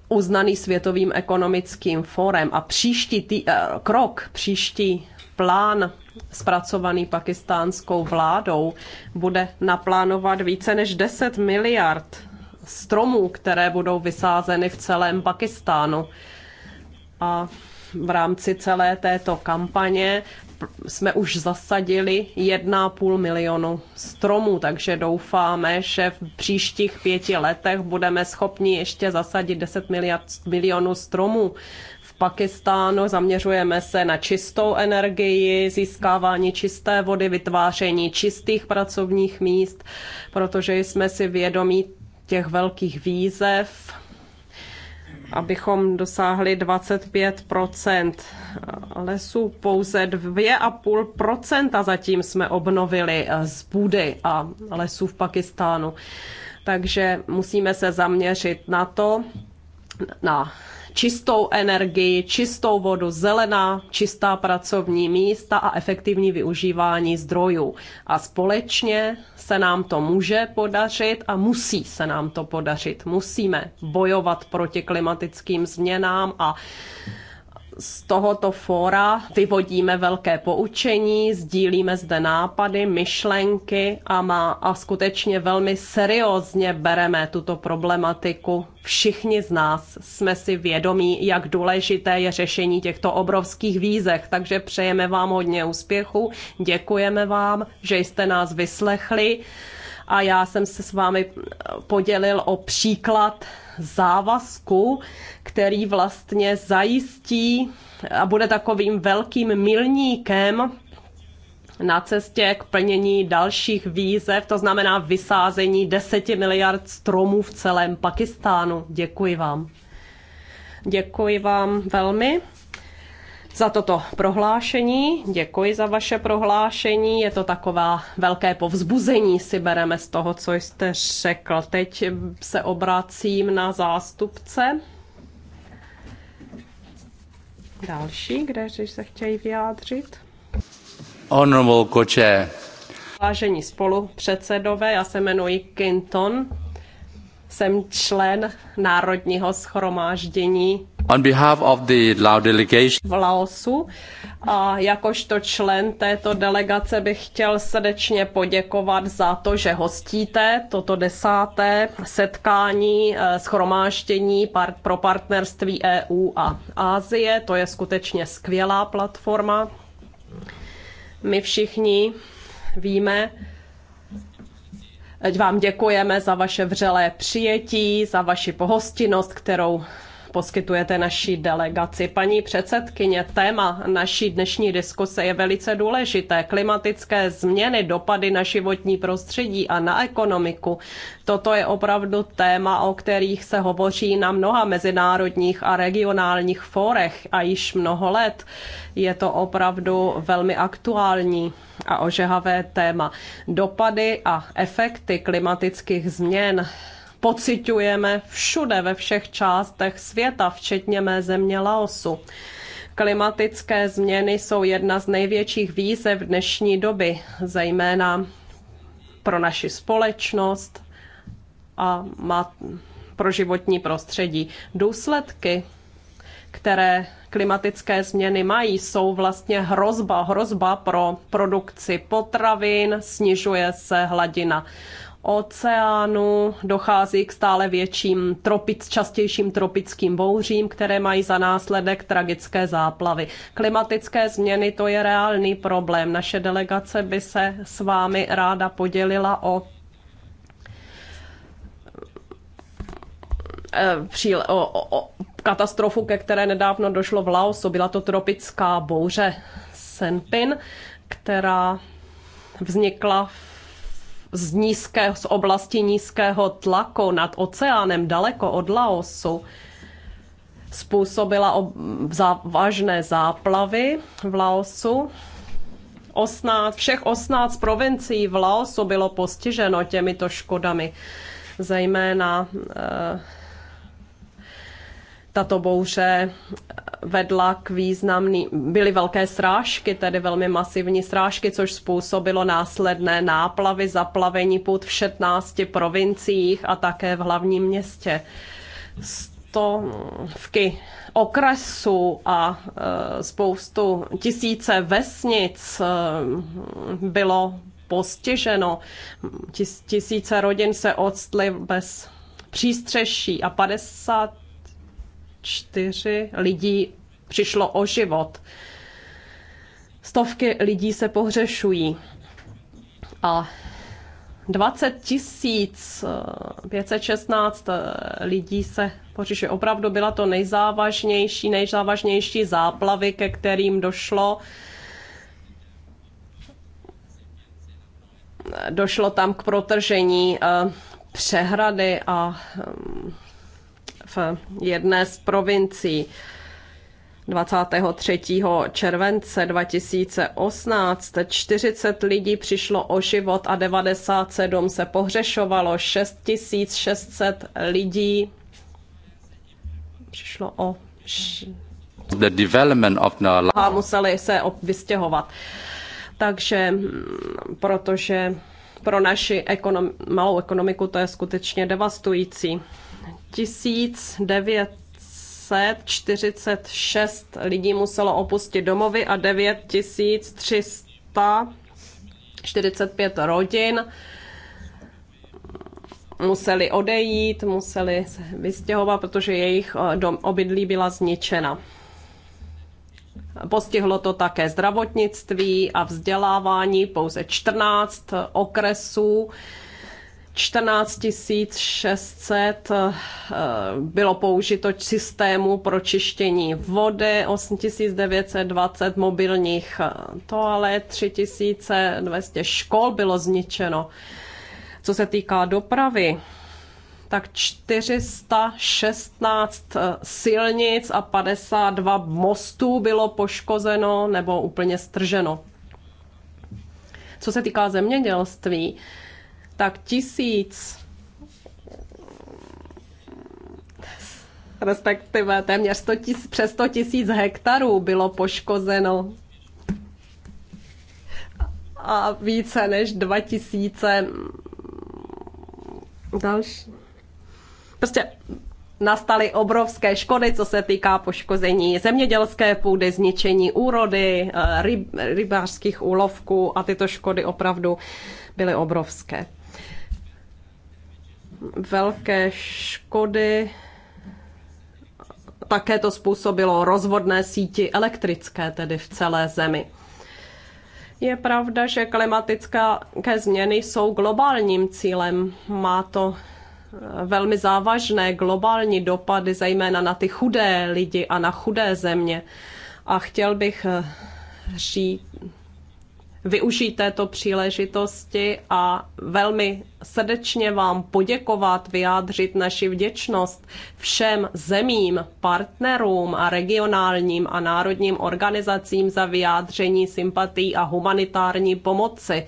uznaný Světovým ekonomickým fórem a příští tý, eh, krok, příští plán zpracovaný pakistánskou vládou bude naplánovat více než 10 miliard stromů, které budou vysázeny v celém Pakistánu a v rámci celé této kampaně jsme už zasadili 1,5 milionu stromů, takže doufáme, že v příštích pěti letech budeme schopni ještě zasadit 10 miliard, milionů stromů. V Pakistánu zaměřujeme se na čistou energii, získávání čisté vody, vytváření čistých pracovních míst, protože jsme si vědomí těch velkých výzev, abychom dosáhli 25 lesů. Pouze 2,5 zatím jsme obnovili eh, z půdy a lesů v Pakistánu. Takže musíme se zaměřit na to, na čistou energii, čistou vodu, zelená, čistá pracovní místa a efektivní využívání zdrojů. A společně se nám to může podařit a musí se nám to podařit. Musíme bojovat proti klimatickým změnám a z tohoto fóra vyvodíme velké poučení, sdílíme zde nápady, myšlenky a, má, a skutečně velmi seriózně bereme tuto problematiku. Všichni z nás jsme si vědomí, jak důležité je řešení těchto obrovských výzech, takže přejeme vám hodně úspěchu, děkujeme vám, že jste nás vyslechli a já jsem se s vámi eh, podělil o příklad závazku, který vlastně zajistí a bude takovým velkým milníkem na cestě k plnění dalších výzev, to znamená vysázení 10 miliard stromů v celém Pakistánu. Děkuji vám. Děkuji vám velmi za toto prohlášení. Děkuji za vaše prohlášení. Je to taková velké povzbuzení, si bereme z toho, co jste řekl. Teď se obracím na zástupce. Další, kde se chtějí vyjádřit? Honorable Koče. Vážení spolupředsedové, já se jmenuji Kinton, jsem člen Národního schromáždění On behalf of the Lao delegation. V Laosu a jakožto člen této delegace bych chtěl srdečně poděkovat za to, že hostíte toto desáté setkání eh, schromáštění pro partnerství EU a Asie. To je skutečně skvělá platforma. My všichni víme, Ať vám děkujeme za vaše vřelé přijetí, za vaši pohostinnost, kterou poskytujete naší delegaci. Paní předsedkyně, téma naší dnešní diskuse je velice důležité. Klimatické změny, dopady na životní prostředí a na ekonomiku. Toto je opravdu téma, o kterých se hovoří na mnoha mezinárodních a regionálních fórech a již mnoho let. Je to opravdu velmi aktuální a ožehavé téma. Dopady a efekty klimatických změn pociťujeme všude, ve všech částech světa, včetně mé země Laosu. Klimatické změny jsou jedna z největších výzev dnešní doby, zejména pro naši společnost a pro životní prostředí. Důsledky, které klimatické změny mají, jsou vlastně hrozba, hrozba pro produkci potravin, snižuje se hladina oceánu dochází k stále větším, tropic, častějším tropickým bouřím, které mají za následek tragické záplavy. Klimatické změny to je reálný problém. Naše delegace by se s vámi ráda podělila o e, příle, o, o, o katastrofu, ke které nedávno došlo v Laosu. Byla to tropická bouře Senpin, která vznikla v z, nízké, z oblasti nízkého tlaku nad oceánem daleko od Laosu způsobila ob, záplavy v Laosu. 18, všech 18 provincií v Laosu bylo postiženo těmito škodami, zejména eh, tato bouře vedla k významný, byly velké srážky, tedy velmi masivní srážky, což způsobilo následné náplavy, zaplavení půd v 16 provinciích a také v hlavním městě. Stovky okresů a e, spoustu tisíce vesnic e, bylo postiženo. tisíce rodin se odstly bez přístřeší a 50 čtyři lidí přišlo o život. Stovky lidí se pohřešují. A 20 516 eh, eh, lidí se pořišuje. Opravdu byla to nejzávažnější, nejzávažnější záplavy, ke kterým došlo. Došlo tam k protržení eh, přehrady a mm, jedné z provincií. 23. července 2018 40 lidí přišlo o život a 97 se pohřešovalo, 6600 lidí přišlo o The development of the... a museli se vystěhovat. Takže, mm, protože pro naši ekonom, malou ekonomiku to je skutečně devastující. 1946 lidí muselo opustit domovy a 9345 rodin museli odejít, museli se vystěhovat, protože jejich eh, dom, obydlí byla zničena. Postihlo to také zdravotnictví a vzdělávání pouze 14 okresů 14 600 eh, bylo použito systému pro čištění vody, 8 920 mobilních eh, toalet, 3 200 škol bylo zničeno. Co se týká dopravy, tak 416 eh, silnic a 52 mostů bylo poškozeno nebo úplně strženo. Co se týká zemědělství, tak tisíc respektive téměř 100 000, přes 100 tisíc hektarů bylo poškozeno a více než 2 tisíce mm, další. Prostě nastaly obrovské škody, co se týká poškození zemědělské půdy, zničení úrody, eh, ryb, rybářských úlovků a tyto škody opravdu byly obrovské velké škody. Také to způsobilo rozvodné síti elektrické, tedy v celé zemi. Je pravda, že klimatické změny jsou globálním cílem. Má to eh, velmi závažné globální dopady, zejména na ty chudé lidi a na chudé země. A chtěl bych eh, říct, využít této příležitosti a velmi srdečně vám poděkovat, vyjádřit naši vděčnost všem zemím, partnerům a regionálním a národním organizacím za vyjádření sympatí a humanitární pomoci,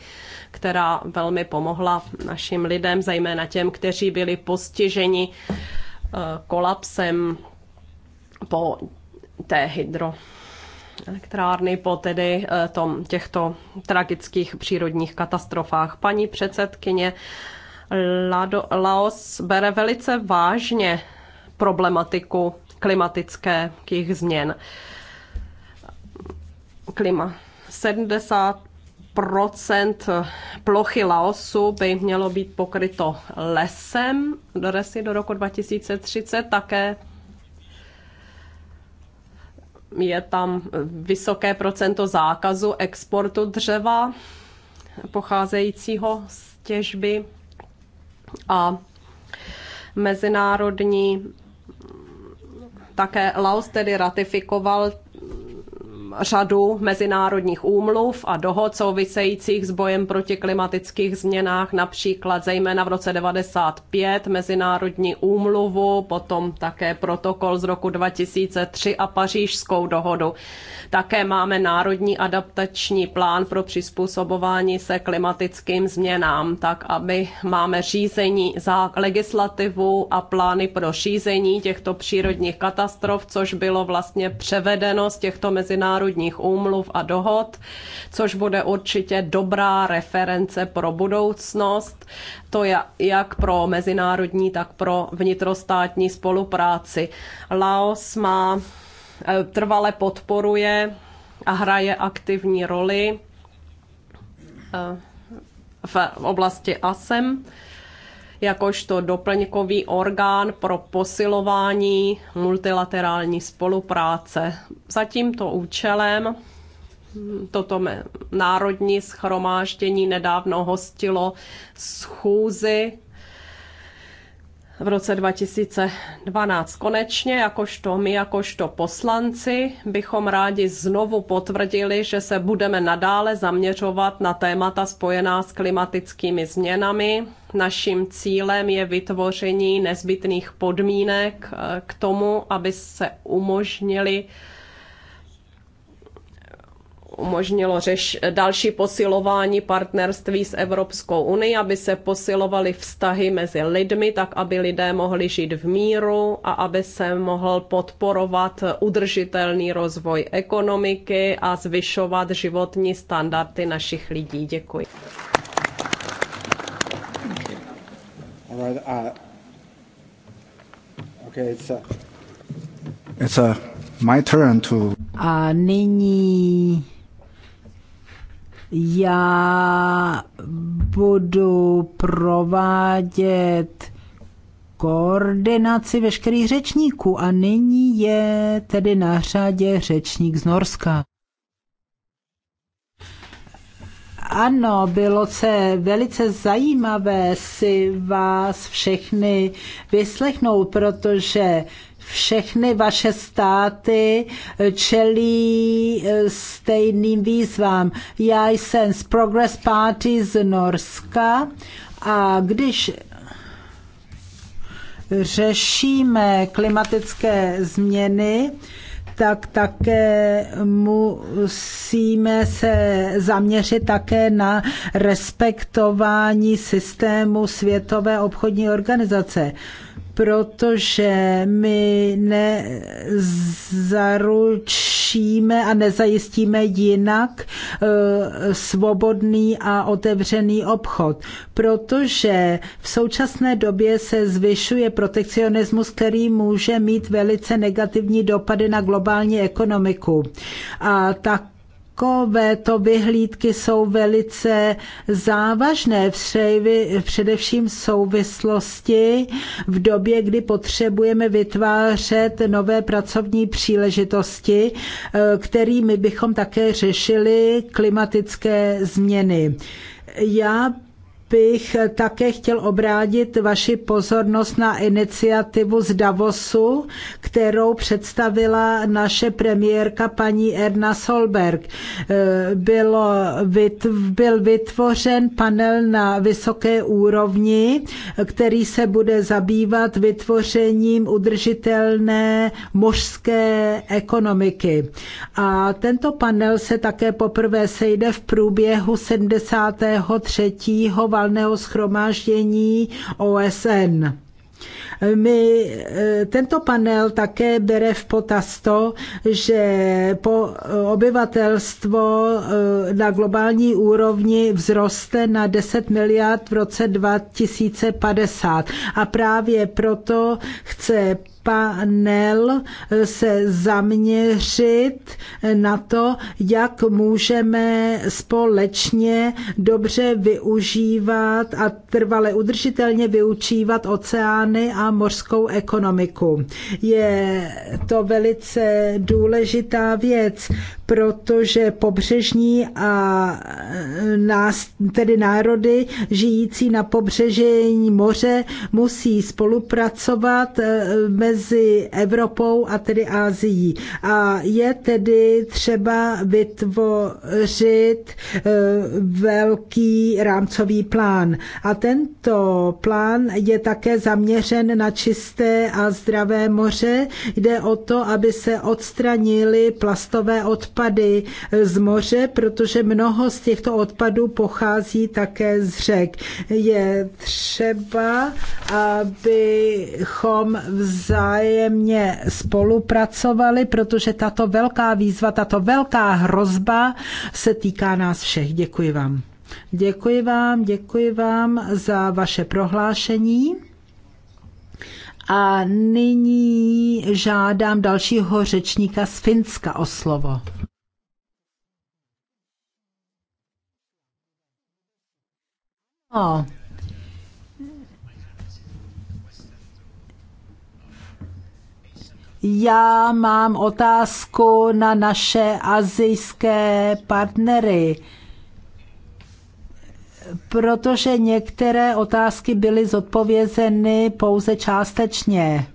která velmi pomohla našim lidem, zejména těm, kteří byli postiženi eh, kolapsem po té hydro elektrárny po tedy eh, tom, těchto tragických přírodních katastrofách. Paní předsedkyně, Lado, Laos bere velice vážně problematiku klimatických změn. Klima. 70 procent plochy Laosu by mělo být pokryto lesem do resy do roku 2030. Také je tam vysoké procento zákazu exportu dřeva pocházejícího z těžby a mezinárodní také Laos tedy ratifikoval řadu mezinárodních úmluv a dohod souvisejících s bojem proti klimatických změnách, například zejména v roce 95 mezinárodní úmluvu, potom také protokol z roku 2003 a pařížskou dohodu. Také máme národní adaptační plán pro přizpůsobování se klimatickým změnám, tak aby máme řízení za legislativu a plány pro řízení těchto přírodních katastrof, což bylo vlastně převedeno z těchto mezinárodních mezinárodních úmluv a dohod, což bude určitě dobrá reference pro budoucnost, to je jak pro mezinárodní, tak pro vnitrostátní spolupráci. Laos má e, trvale podporuje a hraje aktivní roli e, v oblasti ASEM jakožto doplňkový orgán pro posilování multilaterální spolupráce. Za tímto účelem toto národní schromáždění nedávno hostilo schůzi v roce 2012. Konečně, jakožto my, jakožto poslanci, bychom rádi znovu potvrdili, že se budeme nadále zaměřovat na témata spojená s klimatickými změnami. Naším cílem je vytvoření nezbytných podmínek eh, k tomu, aby se umožnili umožnilo řeš, další posilování partnerství s Evropskou unii, aby se posilovaly vztahy mezi lidmi, tak aby lidé mohli žít v míru a aby se mohl podporovat udržitelný rozvoj ekonomiky a zvyšovat životní standardy našich lidí. Děkuji. A nyní já budu provádět koordinaci veškerých řečníků a nyní je tedy na řadě řečník z Norska. Ano, bylo se velice zajímavé si vás všechny vyslechnout, protože všechny vaše státy čelí eh, stejným výzvám. Já jsem z Progress Party z Norska a když řešíme klimatické změny, tak také musíme se zaměřit také na respektování systému Světové obchodní organizace protože my nezaručíme a nezajistíme jinak eh, svobodný a otevřený obchod, protože v současné době se zvyšuje protekcionismus, který může mít velice negativní dopady na globální ekonomiku. A tak to vyhlídky jsou velice závažné, především v souvislosti v době, kdy potřebujeme vytvářet nové pracovní příležitosti, eh, kterými bychom také řešili klimatické změny. Já bych také chtěl obrátit vaši pozornost na iniciativu z Davosu, kterou představila naše premiérka paní Erna Solberg. Eh, bylo, byl vytvořen panel na vysoké úrovni, který se bude zabývat vytvořením udržitelné mořské ekonomiky. A tento panel se také poprvé sejde v průběhu 73 valného schromáždění OSN. My, eh, tento panel také bere v potaz to, že po obyvatelstvo eh, na globální úrovni vzroste na 10 miliard v roce 2050. A právě proto chce panel eh, se zaměřit na to, jak můžeme společně dobře využívat a trvale udržitelně využívat oceány a mořskou ekonomiku. Je to velice důležitá věc, protože pobřežní a nás, tedy národy žijící na pobřežení moře musí spolupracovat e, mezi Evropou a tedy Ázií. A je tedy třeba vytvořit e, velký rámcový plán. A tento plán je také zaměřen na čisté a zdravé moře. Jde o to, aby se odstranily plastové odpady z moře, protože mnoho z těchto odpadů pochází také z řek. Je třeba, abychom vzájemně spolupracovali, protože tato velká výzva, tato velká hrozba se týká nás všech. Děkuji vám. Děkuji vám, děkuji vám za vaše prohlášení. A nyní žádám dalšího řečníka z Finska o slovo. No. Já mám otázku na naše azijské partnery protože některé otázky byly zodpovězeny pouze částečně.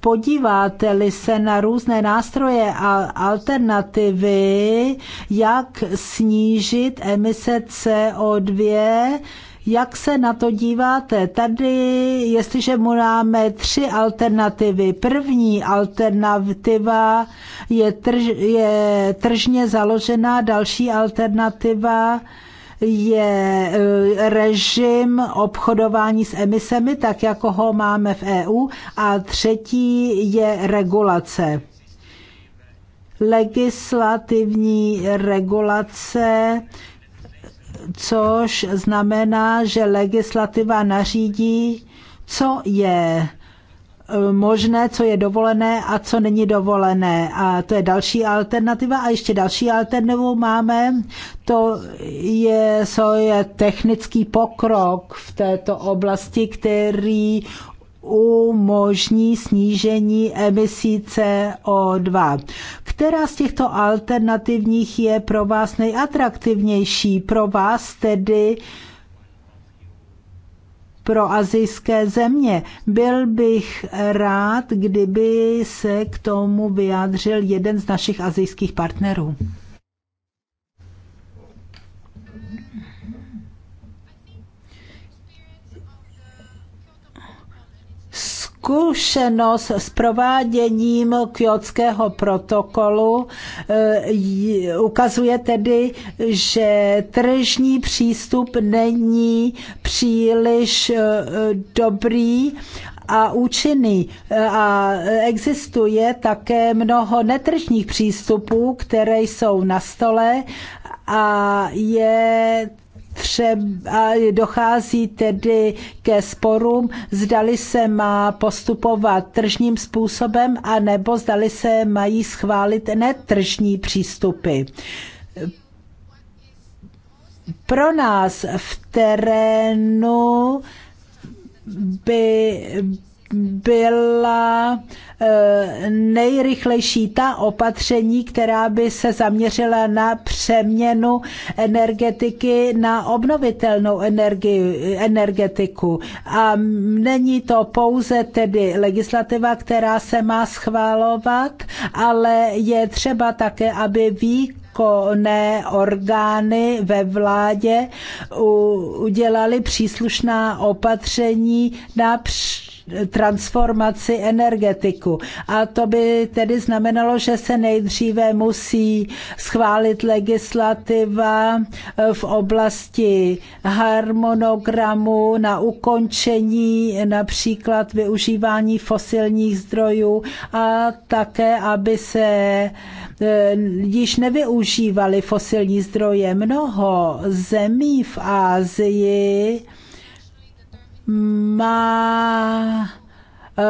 Podíváte-li se na různé nástroje a alternativy, jak snížit emise CO2, jak se na to díváte? Tady, jestliže mu dáme tři alternativy. První alternativa je, trž, je tržně založená, další alternativa je eh, režim obchodování s emisemi, tak jako ho máme v EU, a třetí je regulace. Legislativní regulace což znamená, že legislativa nařídí, co je Eh, možné, co je dovolené a co není dovolené. A to je další alternativa. A ještě další alternativu máme, to je, co je technický pokrok v této oblasti, který umožní snížení emisí CO2. Která z těchto alternativních je pro vás nejatraktivnější? Pro vás tedy uh, pro azijské země. Byl bych rád, kdyby se k tomu vyjádřil jeden z našich azijských partnerů. zkušenost s prováděním kjotského protokolu eh, ukazuje tedy, že tržní přístup není příliš eh, dobrý a účinný. A existuje také mnoho netržních přístupů, které jsou na stole a je třeba dochází tedy ke sporům, zdali se má postupovat tržním způsobem, anebo zdali se mají schválit netržní přístupy. Pro nás v terénu by byla eh, nejrychlejší ta opatření, která by se zaměřila na přeměnu energetiky na obnovitelnou energii, energetiku. A není to pouze tedy legislativa, která se má schválovat, ale je třeba také, aby ví, výkonné orgány ve vládě udělali příslušná opatření na transformaci energetiku. A to by tedy znamenalo, že se nejdříve musí schválit legislativa eh, v oblasti harmonogramu na ukončení například využívání fosilních zdrojů a také, aby se eh, již nevyužívaly fosilní zdroje. Mnoho zemí v Ázii má eh,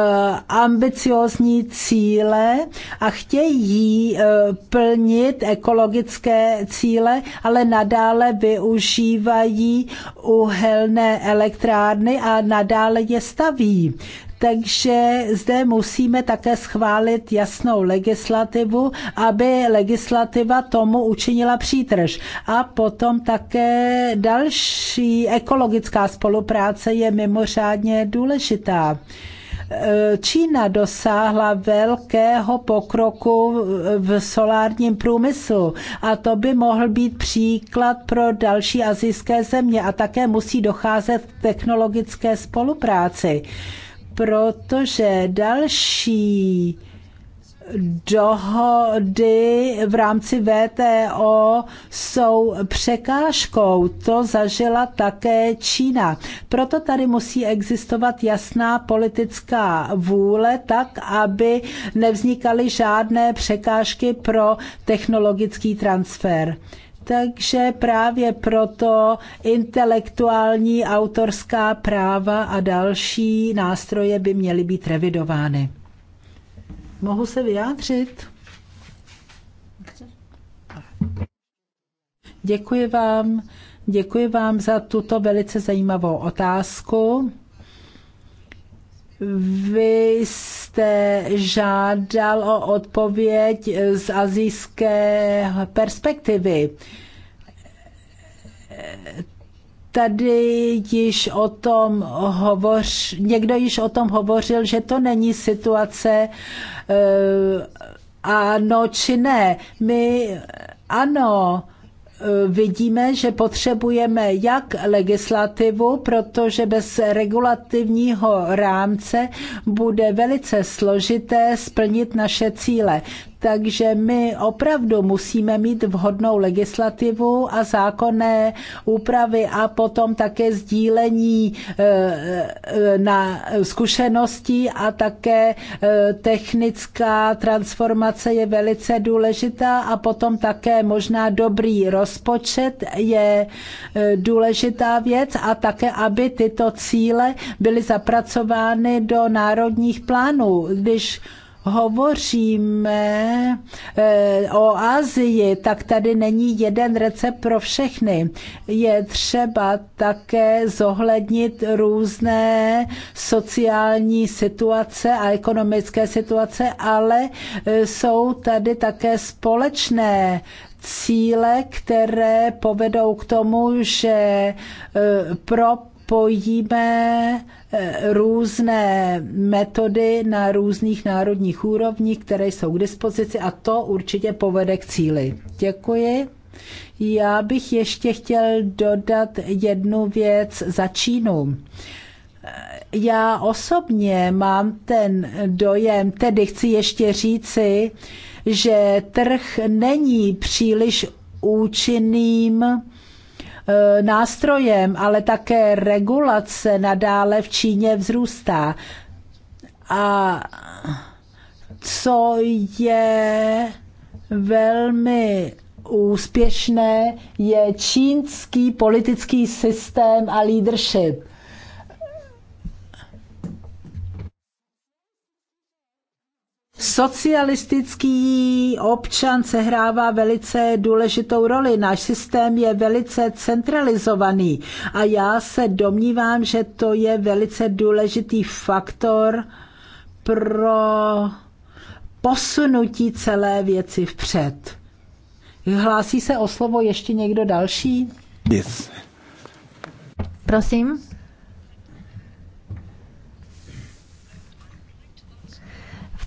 ambiciózní cíle a chtějí eh, plnit ekologické cíle, ale nadále využívají uhelné elektrárny a nadále je staví takže zde musíme také schválit jasnou legislativu, aby legislativa tomu učinila přítrž. A potom také další ekologická spolupráce je mimořádně důležitá. Čína dosáhla velkého pokroku v solárním průmyslu a to by mohl být příklad pro další azijské země a také musí docházet k technologické spolupráci protože další dohody v rámci VTO jsou překážkou. To zažila také Čína. Proto tady musí existovat jasná politická vůle, tak aby nevznikaly žádné překážky pro technologický transfer. Takže právě proto intelektuální autorská práva a další nástroje by měly být revidovány. Mohu se vyjádřit? Děkuji vám. Děkuji vám za tuto velice zajímavou otázku. Vy jste žádal o odpověď z azijské perspektivy. Tady již o tom hovoř, někdo již o tom hovořil, že to není situace eh, ano či ne. My ano, Eh, vidíme, že potřebujeme jak legislativu, protože bez regulativního rámce bude velice složité splnit naše cíle. Takže my opravdu musíme mít vhodnou legislativu a zákonné úpravy a potom také sdílení eh, eh, na zkušenosti a také eh, technická transformace je velice důležitá a potom také možná dobrý rozpočet je důležitá věc a také, aby tyto cíle byly zapracovány do národních plánů. Když hovoříme eh, o Asii, tak tady není jeden recept pro všechny. Je třeba také zohlednit různé sociální situace a ekonomické situace, ale eh, jsou tady také společné cíle, které povedou k tomu, že eh, pro spojíme eh, různé metody na různých národních úrovních, které jsou k dispozici a to určitě povede k cíli. Děkuji. Já bych ještě chtěl dodat jednu věc za Čínu. Eh, já osobně mám ten dojem, tedy chci ještě říci, že trh není příliš účinným E, nástrojem, ale také regulace nadále v Číně vzrůstá. A co je velmi úspěšné, je čínský politický systém a leadership Socialistický občan sehrává velice důležitou roli. Náš systém je velice centralizovaný a já se domnívám, že to je velice důležitý faktor pro posunutí celé věci vpřed. Hlásí se o slovo ještě někdo další? Yes. Prosím.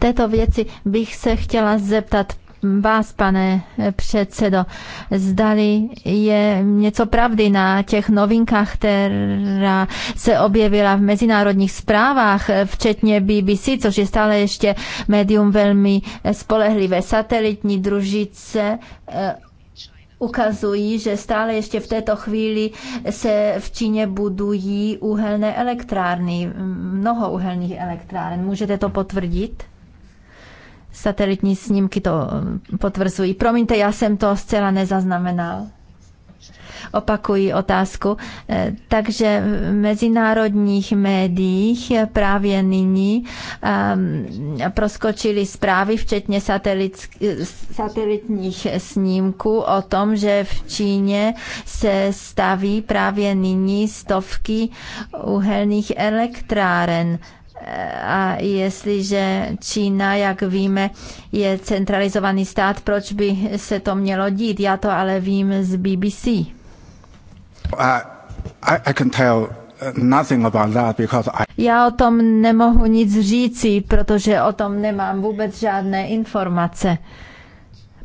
této věci bych se chtěla zeptat vás, pane eh, předsedo, zdali je něco pravdy na těch novinkách, která se objevila v mezinárodních zprávách, eh, včetně BBC, což je stále ještě médium velmi eh, spolehlivé. Satelitní družice ukazují, že stále ještě v této chvíli se v Číně budují uhelné elektrárny, mnoho uhelných elektráren. Můžete to potvrdit? Satelitní snímky to eh, potvrzují. Promiňte, já jsem to zcela nezaznamenal opakují otázku. Eh, takže v mezinárodních médiích právě nyní ehm, proskočily zprávy, včetně satelitních snímků o tom, že v Číně se staví právě nyní stovky uhelných elektráren a jestliže Čína, jak víme, je centralizovaný stát, proč by se to mělo dít? Já to ale vím z BBC. Uh, I, I can tell uh, nothing about that because I... Já o tom nemohu nic říci, protože o tom nemám vůbec žádné informace.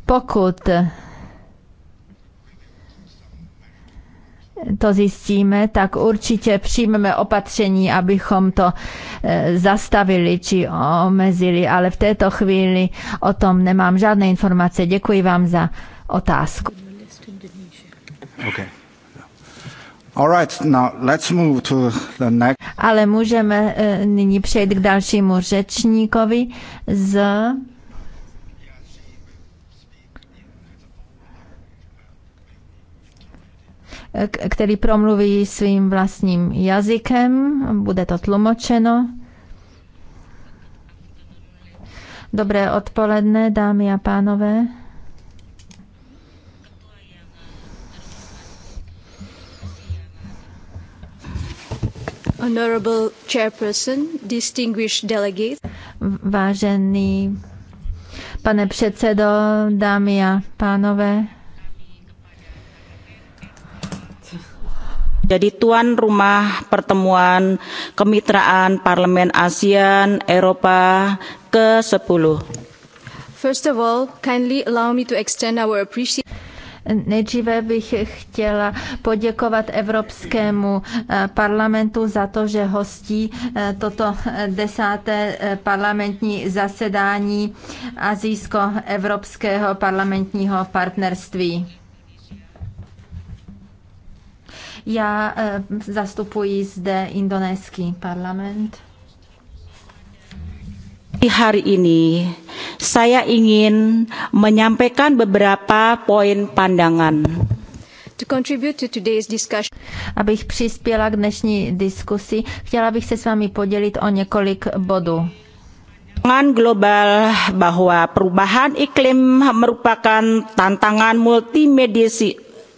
Pokud to zjistíme, tak určitě přijmeme opatření, abychom to e, zastavili či omezili, ale v této chvíli o tom nemám žádné informace. Děkuji vám za otázku. Okay. Right, now let's move to the next. Ale můžeme e, nyní přejít k dalšímu řečníkovi z který promluví svým vlastním jazykem, bude to tlumočeno. Dobré odpoledne, dámy a pánové. Honorable Chairperson, distinguished delegates. Vážený pane předsedo, dámy a pánové, jadi tuan rumah pertemuan kemitraan parlemen ASEAN Eropa ke-10. First of all, kindly allow me to extend our appreciation Nejdříve bych chtěla poděkovat Evropskému eh, parlamentu za to, že hostí eh, toto eh, desáté parlamentní zasedání Azijsko-Evropského parlamentního partnerství. Já eh, zastupuji zde indonéský parlament. hari ini saya ingin menyampaikan beberapa poin pandangan. To contribute to today's discussion. Abych přispěla k dnešní diskusi, chtěla bych se s vámi podělit o několik bodů. Tantangan global bahwa perubahan iklim merupakan tantangan multimedia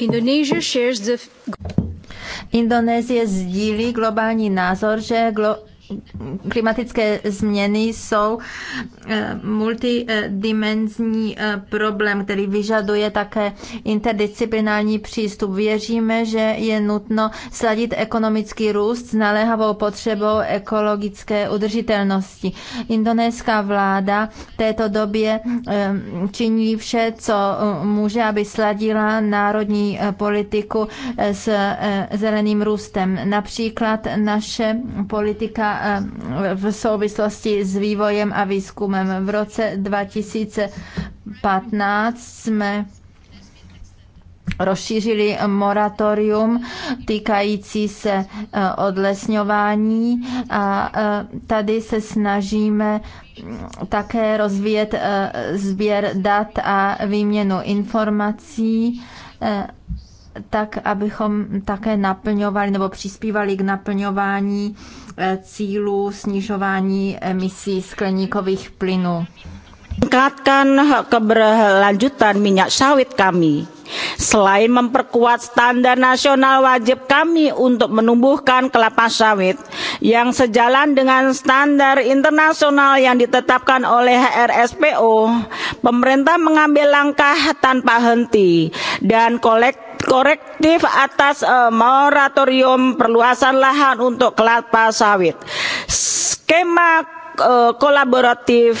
Indonesia shares the... Indonésie sdílí globální názor, že glo- klimatické změny jsou eh, multidimenzní eh, problém, který vyžaduje také interdisciplinární přístup. Věříme, že je nutno sladit ekonomický růst s naléhavou potřebou ekologické udržitelnosti. Indonéská vláda v této době eh, činí vše, co může, aby sladila národní politiku s zeleným růstem. Například naše politika v souvislosti s vývojem a výzkumem. V roce 2015 jsme rozšířili moratorium týkající se eh, odlesňování a eh, tady se snažíme mm, také rozvíjet eh, sběr dat a výměnu informací tak abychom také naplňovali nebo přispívali k naplňování eh, cílů snižování emisí skleníkových plynů. Tingkatkan keberlanjutan minyak sawit kami. Selain memperkuat standar nasional wajib kami untuk menumbuhkan kelapa sawit yang sejalan dengan standar internasional yang ditetapkan oleh RSPO, pemerintah mengambil langkah tanpa henti dan kolektif korektif atas uh, moratorium perluasan lahan untuk kelapa sawit. Skema uh, kolaboratif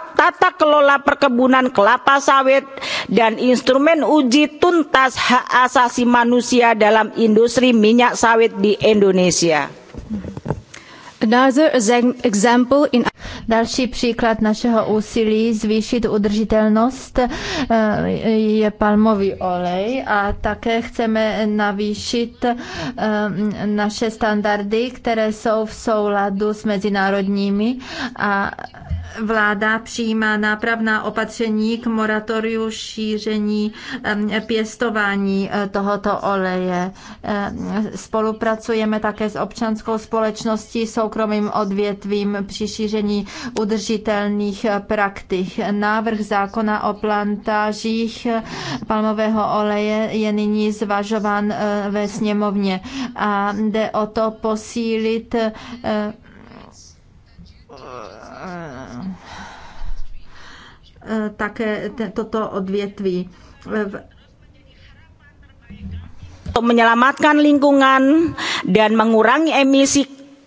tata kelola perkebunan kelapa sawit dan instrumen uji tuntas hak asasi manusia dalam industri minyak sawit di Indonesia. Další příklad našeho úsilí zvýšit udržitelnost eh, je palmový olej a také chceme navýšit eh, naše standardy, které jsou v souladu s mezinárodními a vláda přijímá nápravná opatření k moratoriu šíření eh, pěstování tohoto oleje. Spolupracujeme také s občanskou společností, jsou soukromým odvětvím při šíření udržitelných praktik. Návrh zákona o plantážích palmového oleje je nyní zvažován eh, ve sněmovně a jde o to posílit eh, eh, také toto odvětví. Menyelamatkan lingkungan dan mengurangi emisi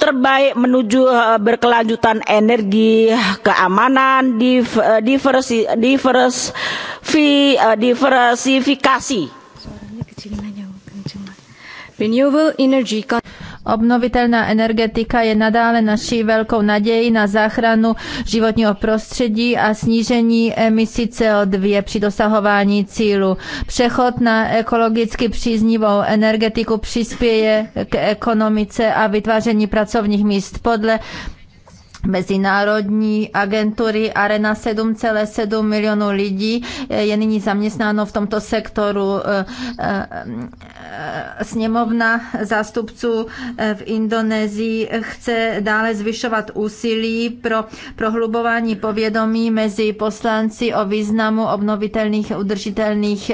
terbaik menuju eh, berkelanjutan energi keamanan eh, diversi divers fi, eh, diversifikasi renewable energy Obnovitelná energetika je nadále naší velkou naději na záchranu životního prostředí a snížení emisí CO2 při dosahování cílu. Přechod na ekologicky příznivou energetiku přispěje k ekonomice a vytváření pracovních míst. Podle Mezinárodní agentury Arena 7,7 milionů lidí eh, je nyní zaměstnáno v tomto sektoru. Eh, eh, sněmovna zástupců v Indonésii chce dále zvyšovat úsilí pro prohlubování povědomí mezi poslanci o významu obnovitelných udržitelných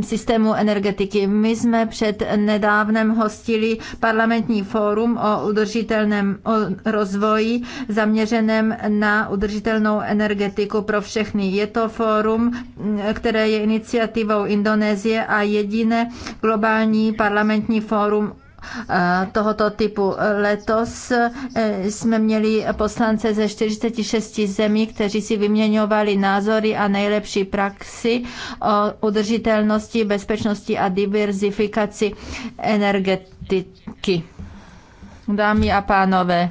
systémů energetiky. My jsme před nedávnem hostili parlamentní fórum o udržitelném rozvoji rozvoji zaměřeném na udržitelnou energetiku pro všechny. Je to fórum, které je iniciativou Indonésie a jediné globální parlamentní fórum eh, tohoto typu. Letos eh, jsme měli poslance ze 46 zemí, kteří si vyměňovali názory a nejlepší praxi o udržitelnosti, bezpečnosti a diverzifikaci energetiky. Dámy a pánové,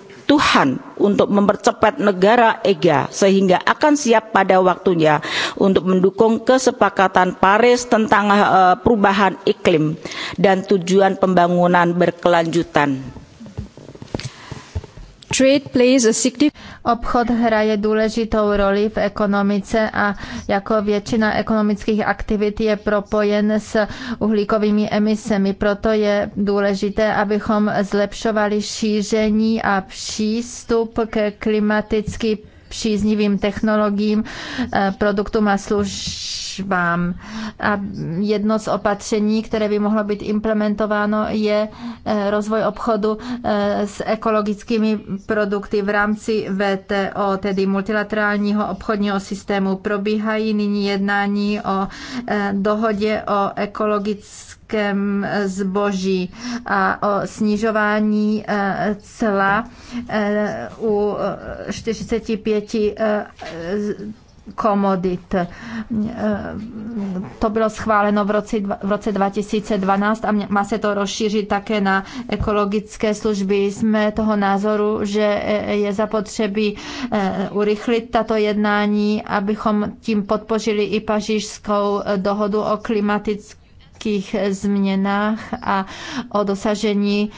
Tuhan untuk mempercepat negara EGA sehingga akan siap pada waktunya untuk mendukung kesepakatan Paris tentang uh, perubahan iklim dan tujuan pembangunan berkelanjutan. Trade plays a significant Obchod hraje důležitou roli v ekonomice a jako většina ekonomických aktivit je propojen s uhlíkovými emisemi. Proto je důležité, abychom zlepšovali šíření a přístup ke klimaticky příznivým technologiím, eh, produktům a službám. A jedno z opatření, které by mohlo být implementováno, je eh, rozvoj obchodu eh, s ekologickými produkty v rámci VTO, tedy multilaterálního obchodního systému. Probíhají nyní jednání o dohodě o ekologických dodatkem zboží a o snižování eh, cla eh, u 45 eh, komodit. To bylo schváleno v roce, v roce 2012 a má se to rozšířit také na ekologické služby. Jsme toho názoru, že je zapotřebí urychlit tato jednání, abychom tím podpořili i pařížskou dohodu o klimatické klimatických změnách a o dosažení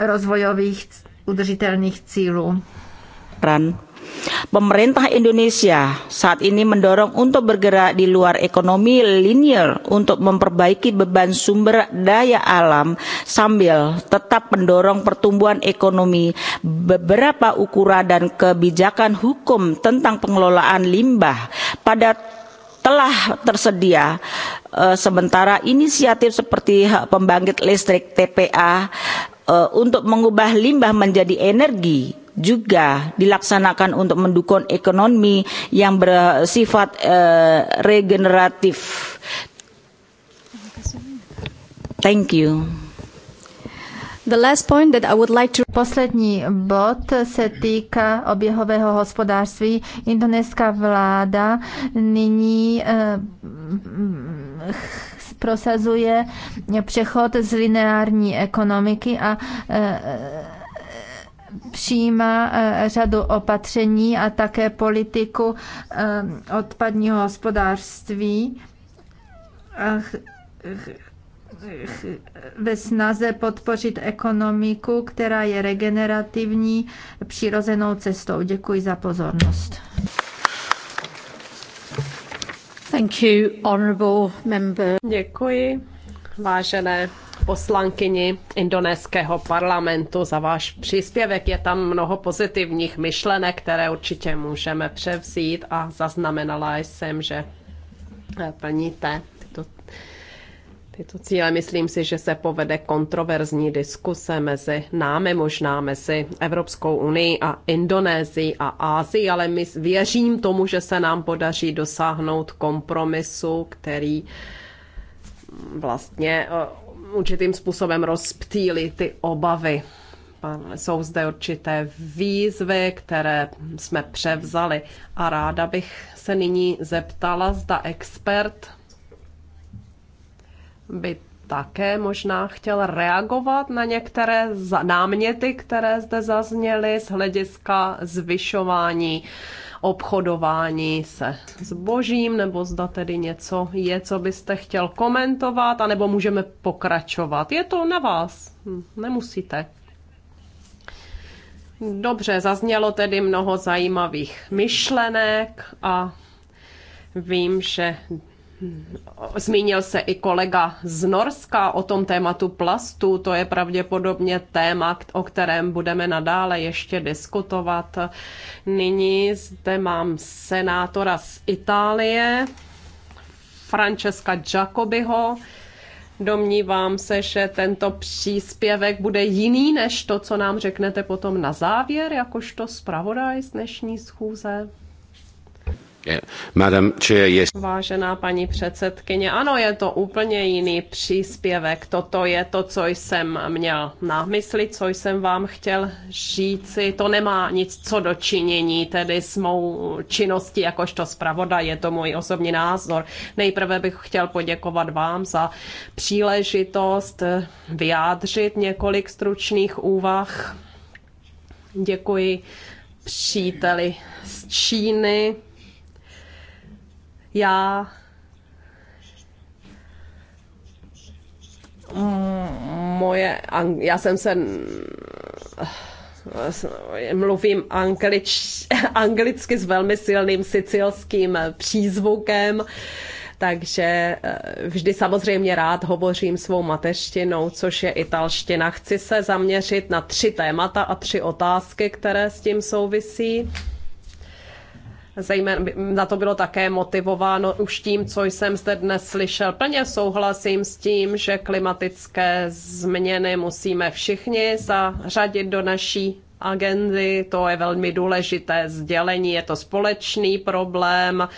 rozvojových udržitelných cílů. Pran. Pemerintah Indonesia saat ini mendorong untuk bergerak di luar ekonomi linear untuk memperbaiki beban sumber daya alam sambil tetap mendorong pertumbuhan ekonomi. Beberapa ukuran dan kebijakan hukum tentang pengelolaan limbah pada telah tersedia Eh, sementara inisiatif seperti hak pembangkit listrik TPA eh, untuk mengubah limbah menjadi energi juga dilaksanakan untuk mendukung ekonomi yang bersifat uh, regeneratif. Thank you. The last point that I would like to... Poslední bod se týká oběhového hospodářství. Indonéská vláda nyní uh, prosazuje přechod z lineární ekonomiky a eh, přijímá eh, řadu opatření a také politiku eh, odpadního hospodářství ve snaze podpořit ekonomiku, která je regenerativní přirozenou cestou. Děkuji za pozornost. Thank you, honorable member. Děkuji, vážené poslankyni indonéského parlamentu za váš příspěvek. Je tam mnoho pozitivních myšlenek, které určitě můžeme převzít a zaznamenala jsem, že plníte tyto cíle. Myslím si, že se povede kontroverzní diskuse mezi námi, možná mezi Evropskou unii a Indonésií a Ázií, ale my věřím tomu, že se nám podaří dosáhnout kompromisu, který vlastně eh, určitým způsobem rozptýlí ty obavy. Jsou zde určité výzvy, které jsme převzali a ráda bych se nyní zeptala, zda expert by také možná chtěl reagovat na některé náměty, které zde zazněly z hlediska zvyšování obchodování se zbožím, nebo zda tedy něco je, co byste chtěl komentovat, anebo můžeme pokračovat. Je to na vás, hm, nemusíte. Dobře, zaznělo tedy mnoho zajímavých myšlenek a vím, že Zmínil se i kolega z Norska o tom tématu plastu. To je pravděpodobně téma, o kterém budeme nadále ještě diskutovat. Nyní zde mám senátora z Itálie, Francesca Giacobiho. Domnívám se, že tento příspěvek bude jiný než to, co nám řeknete potom na závěr, jakožto zpravodaj z dnešní schůze. Vážená paní předsedkyně, ano, je to úplně jiný příspěvek. Toto je to, co jsem měl na mysli, co jsem vám chtěl říci. To nemá nic co dočinění tedy s mou činností jakožto zpravoda, je to můj osobní názor. Nejprve bych chtěl poděkovat vám za příležitost vyjádřit několik stručných úvah. Děkuji příteli z Číny já mm, moje, já jsem se eh, mluvím anglič, anglicky s velmi silným sicilským přízvukem, takže eh, vždy samozřejmě rád hovořím svou mateřštinou, což je italština. Chci se zaměřit na tři témata a tři otázky, které s tím souvisí. Zejména na to bylo také motivováno už tím, co jsem zde dnes slyšel. Plně souhlasím s tím, že klimatické změny musíme všichni zařadit do naší agendy. To je velmi důležité sdělení, je to společný problém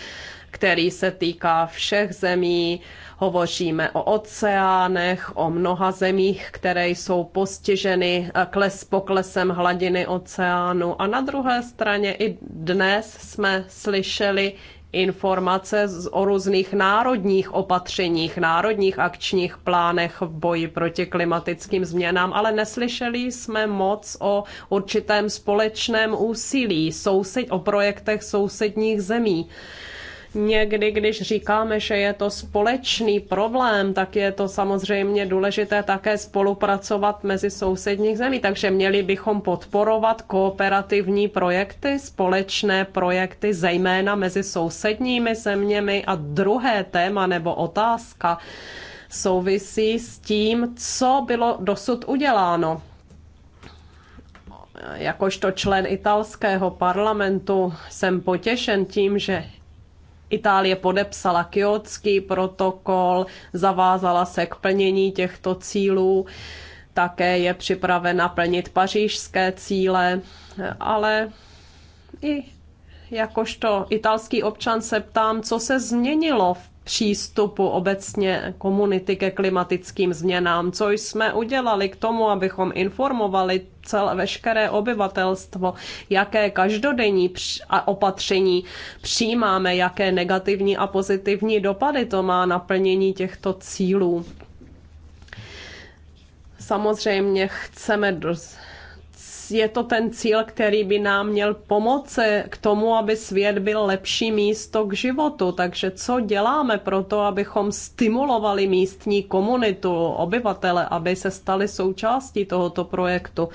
který se týká všech zemí. Hovoříme o oceánech, o mnoha zemích, které jsou postiženy kles poklesem hladiny oceánu. A na druhé straně i dnes jsme slyšeli informace o různých národních opatřeních, národních akčních plánech v boji proti klimatickým změnám, ale neslyšeli jsme moc o určitém společném úsilí soused, o projektech sousedních zemí. Někdy, když říkáme, že je to společný problém, tak je to samozřejmě důležité také spolupracovat mezi sousedních zemí. Takže měli bychom podporovat kooperativní projekty, společné projekty, zejména mezi sousedními zeměmi. A druhé téma nebo otázka souvisí s tím, co bylo dosud uděláno jakožto člen italského parlamentu jsem potěšen tím, že Itálie podepsala Kyotský protokol, zavázala se k plnění těchto cílů, také je připravena plnit pařížské cíle, ale i jakožto italský občan se ptám, co se změnilo v přístupu obecně komunity ke klimatickým změnám, co jsme udělali k tomu, abychom informovali celé veškeré obyvatelstvo, jaké každodenní a opatření přijímáme, jaké negativní a pozitivní dopady to má na plnění těchto cílů. Samozřejmě chceme dost je to ten cíl, který by nám měl pomoci k tomu, aby svět byl lepší místo k životu. Takže co děláme pro to, abychom stimulovali místní komunitu, obyvatele, aby se stali součástí tohoto projektu?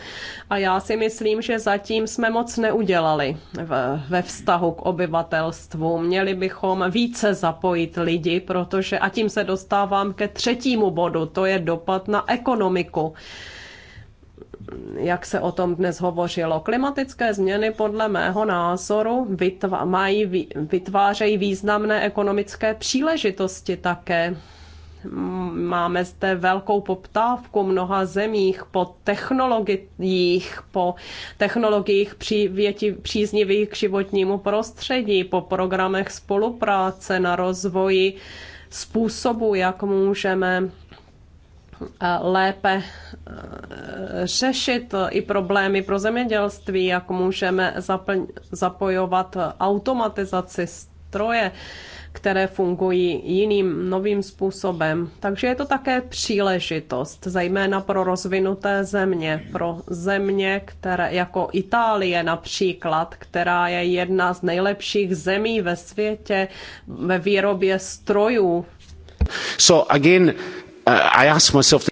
A já si myslím, že zatím jsme moc neudělali ve vztahu k obyvatelstvu. Měli bychom více zapojit lidi, protože a tím se dostávám ke třetímu bodu, to je dopad na ekonomiku jak se o tom dnes hovořilo. Klimatické změny podle mého názoru vytva- mají, vytvářejí významné ekonomické příležitosti také. Máme zde velkou poptávku mnoha zemích po technologiích, po technologiích při věti, příznivých k životnímu prostředí, po programech spolupráce na rozvoji způsobu, jak můžeme eh, lépe řešit i problémy pro zemědělství, jak můžeme zapojovat automatizaci stroje, které fungují jiným, novým způsobem. Takže je to také příležitost, zejména pro rozvinuté země, pro země, které, jako Itálie například, která je jedna z nejlepších zemí ve světě ve výrobě strojů. So again, jsem ask myself...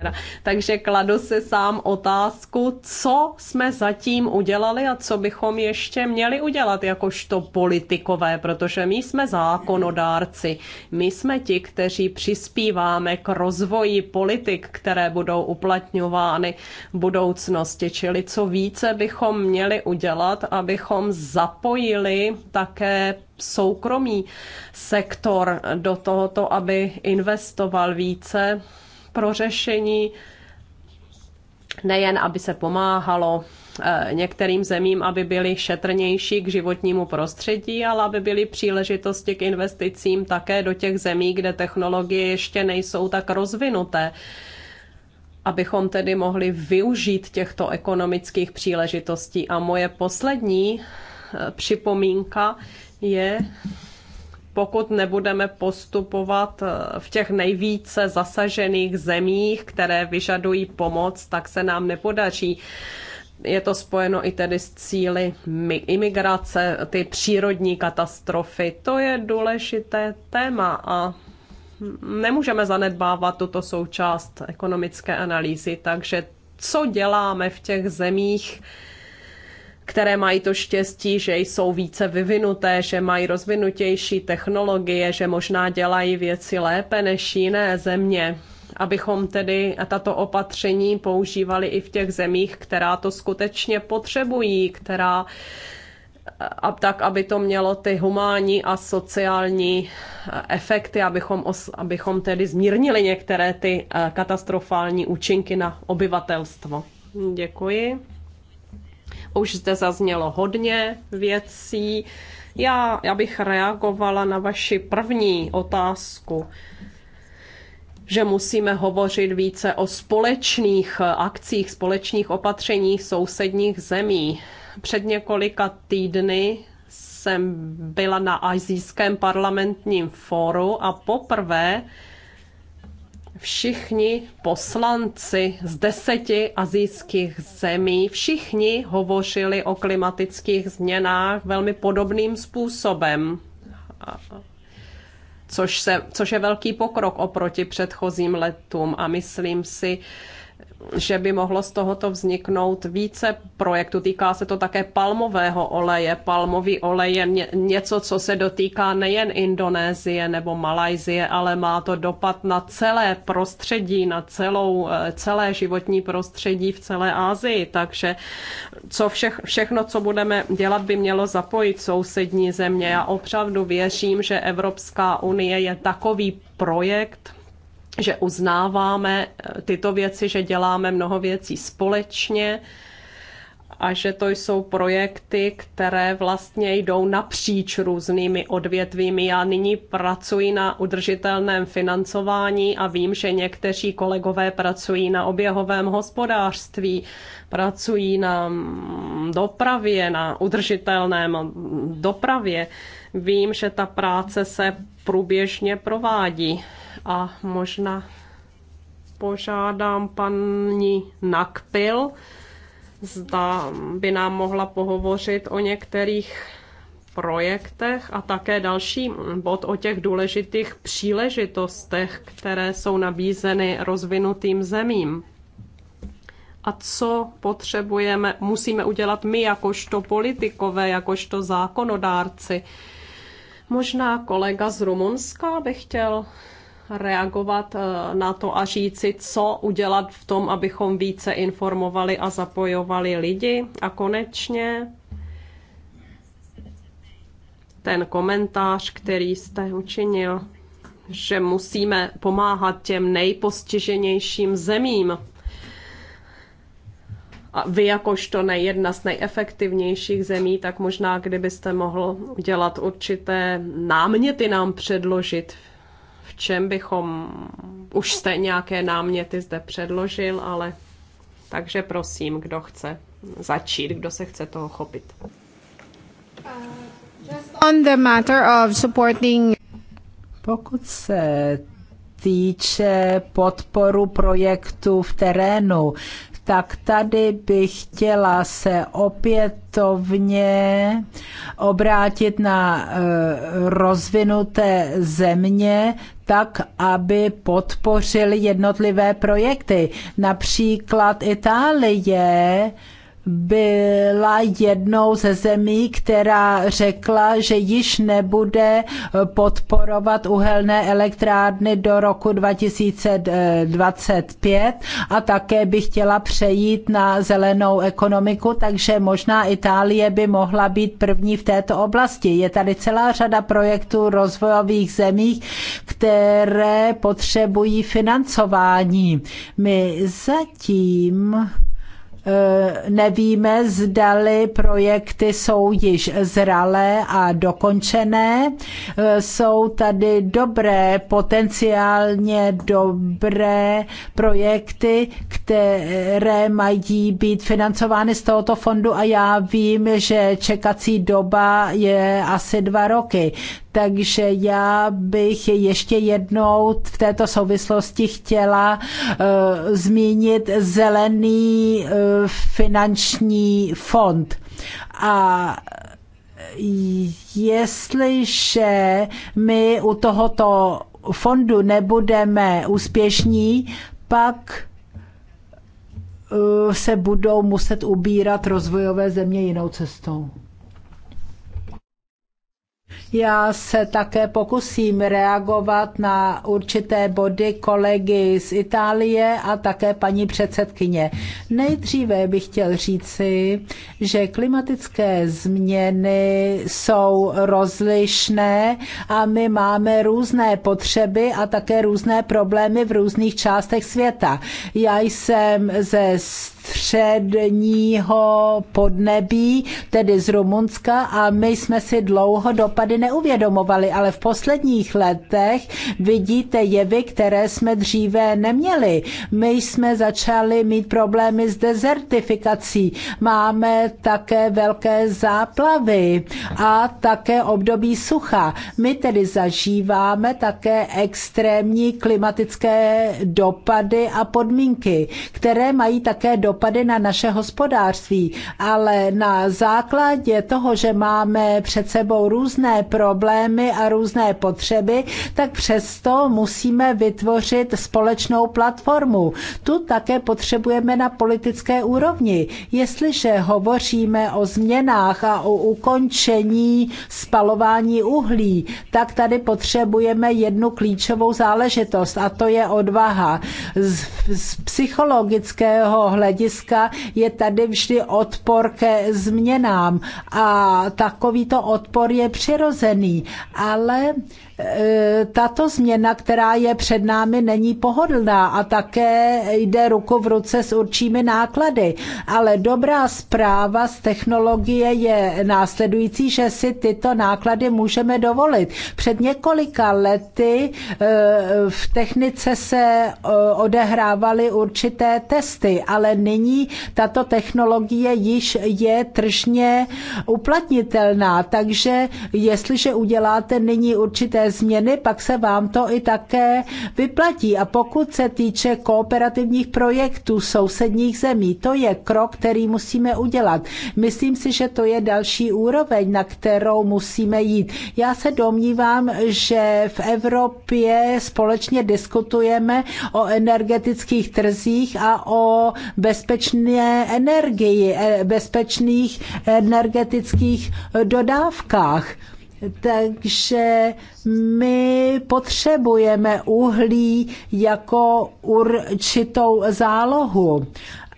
Takže kladu si sám otázku, co jsme zatím udělali a co bychom ještě měli udělat jakožto politikové, protože my jsme zákonodárci, my jsme ti, kteří přispíváme k rozvoji politik, které budou uplatňovány v budoucnosti, čili co více bychom měli udělat, abychom zapojili také soukromý sektor do tohoto, aby investoval více pro řešení, nejen aby se pomáhalo eh, některým zemím, aby byly šetrnější k životnímu prostředí, ale aby byly příležitosti k investicím také do těch zemí, kde technologie ještě nejsou tak rozvinuté abychom tedy mohli využít těchto ekonomických příležitostí. A moje poslední eh, připomínka je, pokud nebudeme postupovat eh, v těch nejvíce zasažených zemích, které vyžadují pomoc, tak se nám nepodaří. Je to spojeno i tedy s cíly imigrace, ty přírodní katastrofy. To je důležité téma a nemůžeme zanedbávat tuto součást ekonomické analýzy. Takže co děláme v těch zemích, které mají to štěstí, že jsou více vyvinuté, že mají rozvinutější technologie, že možná dělají věci lépe než jiné země abychom tedy tato opatření používali i v těch zemích, která to skutečně potřebují, která a tak, aby to mělo ty humánní a sociální eh, efekty, abychom, os, abychom tedy zmírnili některé ty eh, katastrofální účinky na obyvatelstvo. Děkuji. Už zde zaznělo hodně věcí. Já, já bych reagovala na vaši první otázku že musíme hovořit více o společných akcích, společných opatřeních sousedních zemí. Před několika týdny jsem byla na azijském parlamentním fóru a poprvé všichni poslanci z deseti azijských zemí, všichni hovořili o klimatických změnách velmi podobným způsobem což, se, což je velký pokrok oproti předchozím letům a myslím si, že by mohlo z tohoto vzniknout více projektů. Týká se to také palmového oleje. Palmový olej je něco, co se dotýká nejen Indonésie nebo Malajzie, ale má to dopad na celé prostředí, na celou, eh, celé životní prostředí v celé Asii. Takže co vše, všechno, co budeme dělat, by mělo zapojit sousední země. Já opravdu věřím, že Evropská unie je takový projekt, že uznáváme eh, tyto věci, že děláme mnoho věcí společně a že to jsou projekty, které vlastně jdou napříč různými odvětvími. Já nyní pracuji na udržitelném financování a vím, že někteří kolegové pracují na oběhovém hospodářství, pracují na mm, dopravě, na udržitelném dopravě. Vím, že ta práce se průběžně provádí a možná požádám paní Nakpil, zda by nám mohla pohovořit o některých projektech a také další bod o těch důležitých příležitostech, které jsou nabízeny rozvinutým zemím. A co potřebujeme, musíme udělat my jakožto politikové, jakožto zákonodárci. Možná kolega z Rumunska by chtěl reagovat eh, na to a říci, co udělat v tom, abychom více informovali a zapojovali lidi. A konečně ten komentář, který jste učinil, že musíme pomáhat těm nejpostiženějším zemím. A vy jakožto nejedna z nejefektivnějších zemí, tak možná kdybyste mohl udělat určité náměty nám předložit čem bychom, už jste nějaké náměty zde předložil, ale takže prosím, kdo chce začít, kdo se chce toho chopit. Uh, on the matter of supporting... Pokud se týče podporu projektu v terénu tak tady bych chtěla se opětovně obrátit na e, rozvinuté země, tak, aby podpořili jednotlivé projekty. Například Itálie byla jednou ze zemí, která řekla, že již nebude podporovat uhelné elektrárny do roku 2025 a také by chtěla přejít na zelenou ekonomiku, takže možná Itálie by mohla být první v této oblasti. Je tady celá řada projektů rozvojových zemí, které potřebují financování. My zatím Eh, nevíme, zdali projekty jsou již zralé a dokončené. Eh, jsou tady dobré, potenciálně dobré projekty, které mají být financovány z tohoto fondu a já vím, že čekací doba je asi dva roky. Takže já bych ještě jednou v této souvislosti chtěla uh, zmínit zelený uh, finanční fond. A jestliže my u tohoto fondu nebudeme úspěšní, pak eh, se budou muset ubírat rozvojové země jinou cestou. Já se také pokusím reagovat na určité body kolegy z Itálie a také paní předsedkyně. Nejdříve bych chtěl říci, že klimatické změny jsou rozlišné a my máme různé potřeby a také různé problémy v různých částech světa. Já jsem ze středního podnebí, tedy z Rumunska a my jsme si dlouho dopadli dopady neuvědomovali, ale v posledních letech vidíte jevy, které jsme dříve neměli. My jsme začali mít problémy s dezertifikací, máme také velké záplavy a také období sucha. My tedy zažíváme také extrémní klimatické dopady a podmínky, které mají také dopady na naše hospodářství. Ale na základě toho, že máme před sebou různé různé problémy a různé potřeby, tak přesto musíme vytvořit společnou platformu. Tu také potřebujeme na politické úrovni. Jestliže hovoříme o změnách a o ukončení spalování uhlí, tak tady potřebujeme jednu klíčovou záležitost a to je odvaha. Z, z psychologického hlediska je tady vždy odpor ke změnám a takovýto odpor je přijatelný přirozený, ale tato změna, která je před námi, není pohodlná a také jde ruku v ruce s určími náklady. Ale dobrá zpráva z technologie je následující, že si tyto náklady můžeme dovolit. Před několika lety eh, v technice se eh, odehrávaly určité testy, ale nyní tato technologie již je tržně uplatnitelná. Takže jestliže uděláte nyní určité změny, pak se vám to i také vyplatí. A pokud se týče kooperativních projektů sousedních zemí, to je krok, který musíme udělat. Myslím si, že to je další úroveň, na kterou musíme jít. Já se domnívám, že v Evropě společně diskutujeme o energetických trzích a o bezpečné energii, e, bezpečných energetických dodávkách. Takže my potřebujeme uhlí jako určitou zálohu.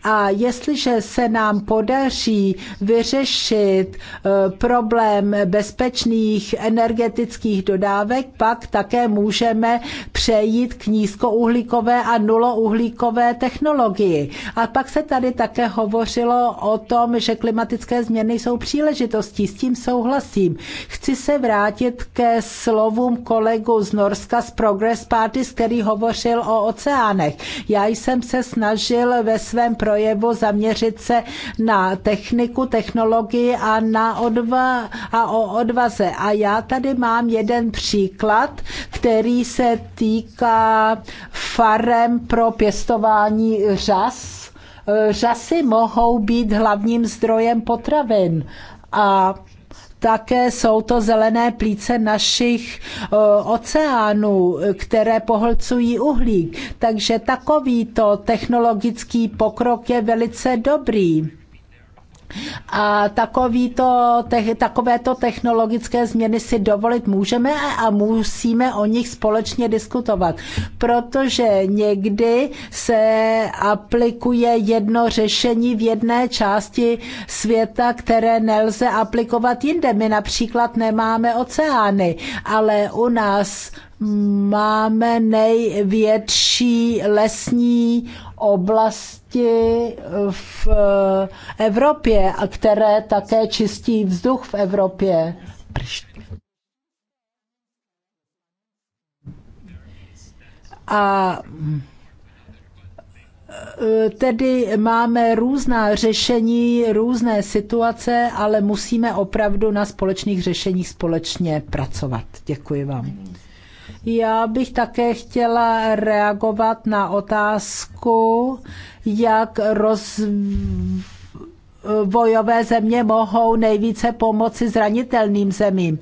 A jestliže se nám podaří vyřešit eh, problém bezpečných energetických dodávek, pak také můžeme přejít k nízkouhlíkové a nulouhlíkové technologii. A pak se tady také hovořilo o tom, že klimatické změny jsou příležitostí. S tím souhlasím. Chci se vrátit ke slovům kolegu z Norska z Progress Party, který hovořil o oceánech. Já jsem se snažil ve svém projektu projevu zaměřit se na techniku, technologii a, na odva, a o odvaze. A já tady mám jeden příklad, který se týká farem pro pěstování řas. Řasy mohou být hlavním zdrojem potravin. A také jsou to zelené plíce našich oceánů, které pohlcují uhlík. Takže takovýto technologický pokrok je velice dobrý. A to, te, takovéto technologické změny si dovolit můžeme a musíme o nich společně diskutovat, protože někdy se aplikuje jedno řešení v jedné části světa, které nelze aplikovat jinde. My například nemáme oceány, ale u nás máme největší lesní oblasti v Evropě a které také čistí vzduch v Evropě. A e, tedy máme různá řešení, různé situace, ale musíme opravdu na společných řešeních společně pracovat. Děkuji vám. Já bych také chtěla reagovat na otázku, jak rozvojové země mohou nejvíce pomoci zranitelným zemím.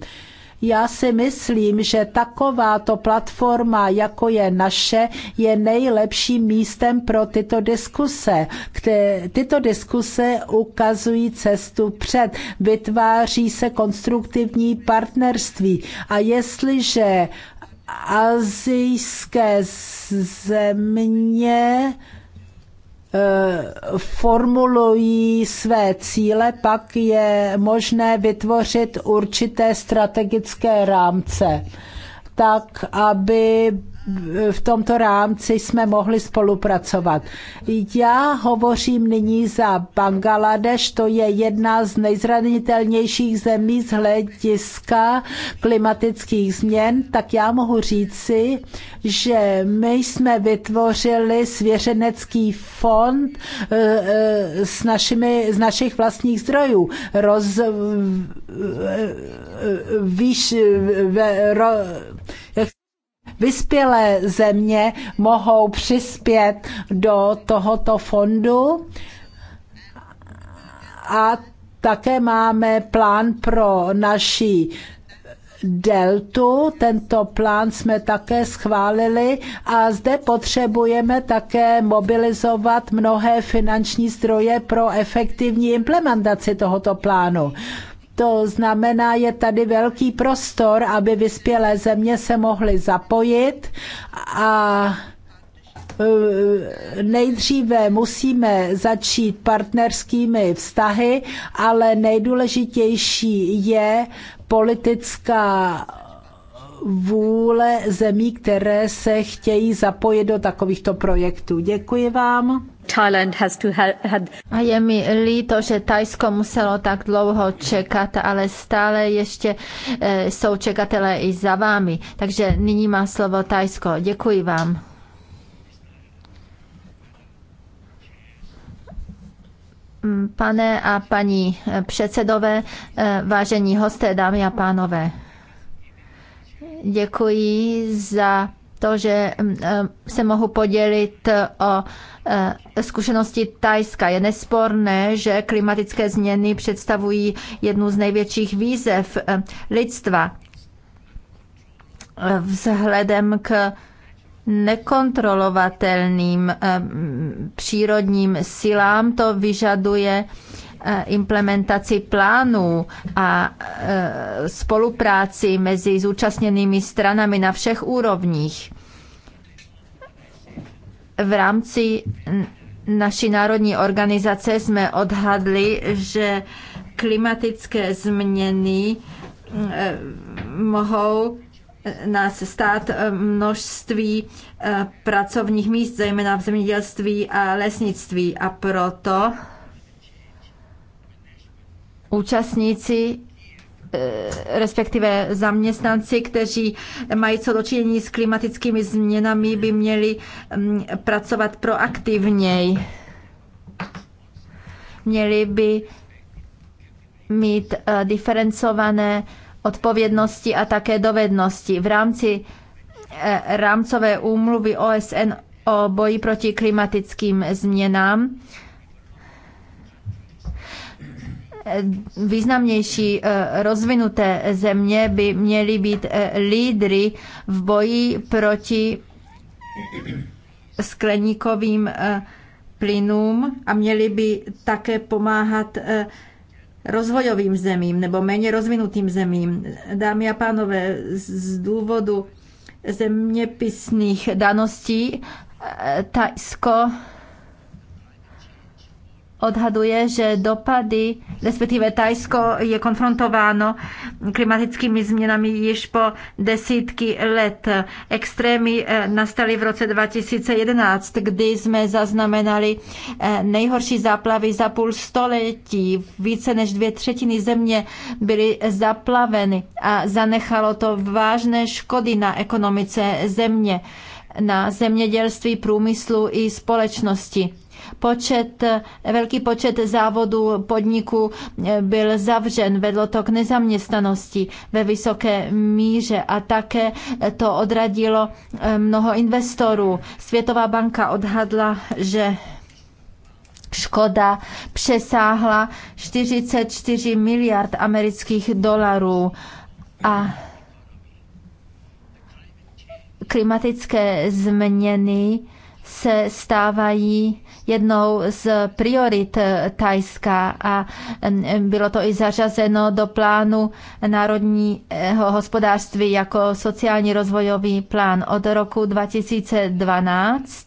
Já si myslím, že takováto platforma, jako je naše, je nejlepším místem pro tyto diskuse. Které, tyto diskuse ukazují cestu před, vytváří se konstruktivní partnerství. A jestliže azijské země eh, formulují své cíle, pak je možné vytvořit určité strategické rámce, tak aby v tomto rámci jsme mohli spolupracovat. Já hovořím nyní za Bangladeš, to je jedna z nejzranitelnějších zemí z hlediska klimatických změn, tak já mohu říci, že my jsme vytvořili svěřenecký fond eh, eh, s, našimi, z našich vlastních zdrojů. Roz, eh, výš, ro, jak vyspělé země mohou přispět do tohoto fondu a také máme plán pro naši deltu. Tento plán jsme také schválili a zde potřebujeme také mobilizovat mnohé finanční zdroje pro efektivní implementaci tohoto plánu. To znamená, je tady velký prostor, aby vyspělé země se mohly zapojit a eh, nejdříve musíme začít partnerskými vztahy, ale nejdůležitější je politická vůle zemí, které se chtějí zapojit do takovýchto projektů. Děkuji vám. Thailand has to had... A je mi líto, že Tajsko muselo tak dlouho čekat, ale stále ještě e, jsou čekatelé i za vámi. Takže nyní má slovo Tajsko. Děkuji vám. Mm, pane a paní e, předsedové, e, vážení hosté, dámy a pánové, děkuji za to, že mm, eh, se mohu podělit o eh, zkušenosti Tajska. Je nesporné, že klimatické změny představují jednu z největších výzev eh, lidstva vzhledem k nekontrolovatelným přírodním silám. To vyžaduje E, implementaci plánů a e, spolupráci mezi zúčastněnými stranami na všech úrovních. V rámci naší národní organizace jsme odhadli, že klimatické změny e, mohou nás stát množství pracovních míst, zejména v zemědělství a lesnictví. A proto účastníci eh, respektive zaměstnanci, kteří mají co dočinění s klimatickými změnami, by měli mm, pracovat proaktivněji. Měli by mít eh, diferencované odpovědnosti a také dovednosti. V rámci eh, rámcové úmluvy OSN o boji proti klimatickým změnám Eh, významnější eh, rozvinuté země by měly být eh, lídry v boji proti skleníkovým plynům a měly by také pomáhat rozvojovým zemím nebo méně rozvinutým zemím. Dámy a pánové, z důvodu zeměpisných daností Tajsko odhaduje, že dopady, respektive Tajsko je konfrontováno klimatickými změnami již po desítky let. Extrémy eh, nastaly v roce 2011, kdy jsme zaznamenali eh, nejhorší záplavy za půl století. Více než dvě třetiny země byly zaplaveny a zanechalo to vážné škody na ekonomice země na zemědělství, průmyslu i společnosti počet, velký počet závodů podniků eh, byl zavřen, vedlo to k nezaměstnanosti ve vysoké míře a také to odradilo eh, mnoho investorů. Světová banka odhadla, že škoda přesáhla 44 miliard amerických dolarů a klimatické změny se stávají jednou z priorit eh, Tajska a bylo to i zařazeno do plánu národního hospodářství jako sociální rozvojový plán od roku 2012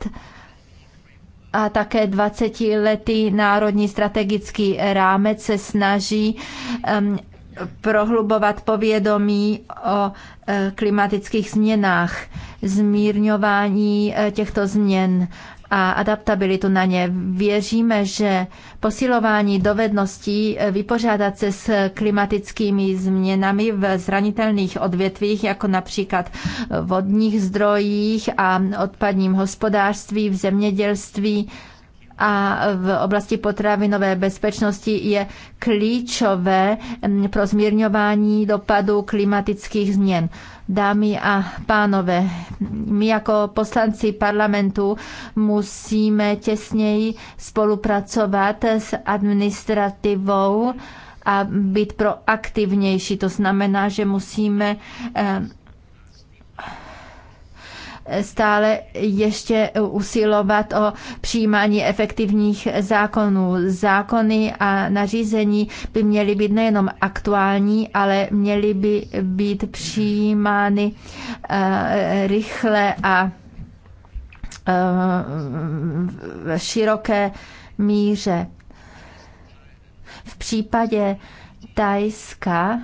a také 20-letý národní strategický rámec se snaží um, prohlubovat povědomí o eh, klimatických změnách, zmírňování eh, těchto změn a adaptabilitu na ně. Věříme, že posilování dovedností eh, vypořádat se s klimatickými změnami v zranitelných odvětvích, jako například eh, vodních zdrojích a odpadním hospodářství, v zemědělství, a v oblasti potravinové bezpečnosti je klíčové mm, pro zmírňování dopadu klimatických změn. Dámy a pánové, my jako poslanci parlamentu musíme těsněji spolupracovat s administrativou a být proaktivnější. To znamená, že musíme eh, stále ještě usilovat o přijímání efektivních zákonů. Zákony a nařízení by měly být nejenom aktuální, ale měly by být přijímány eh, rychle a eh, v široké míře. V případě Tajska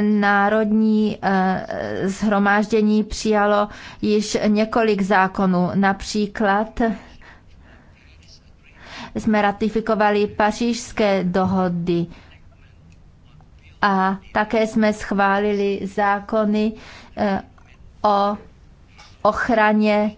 národní eh, zhromáždění přijalo již několik zákonů, například jsme ratifikovali pařížské dohody a také jsme schválili zákony eh, o ochraně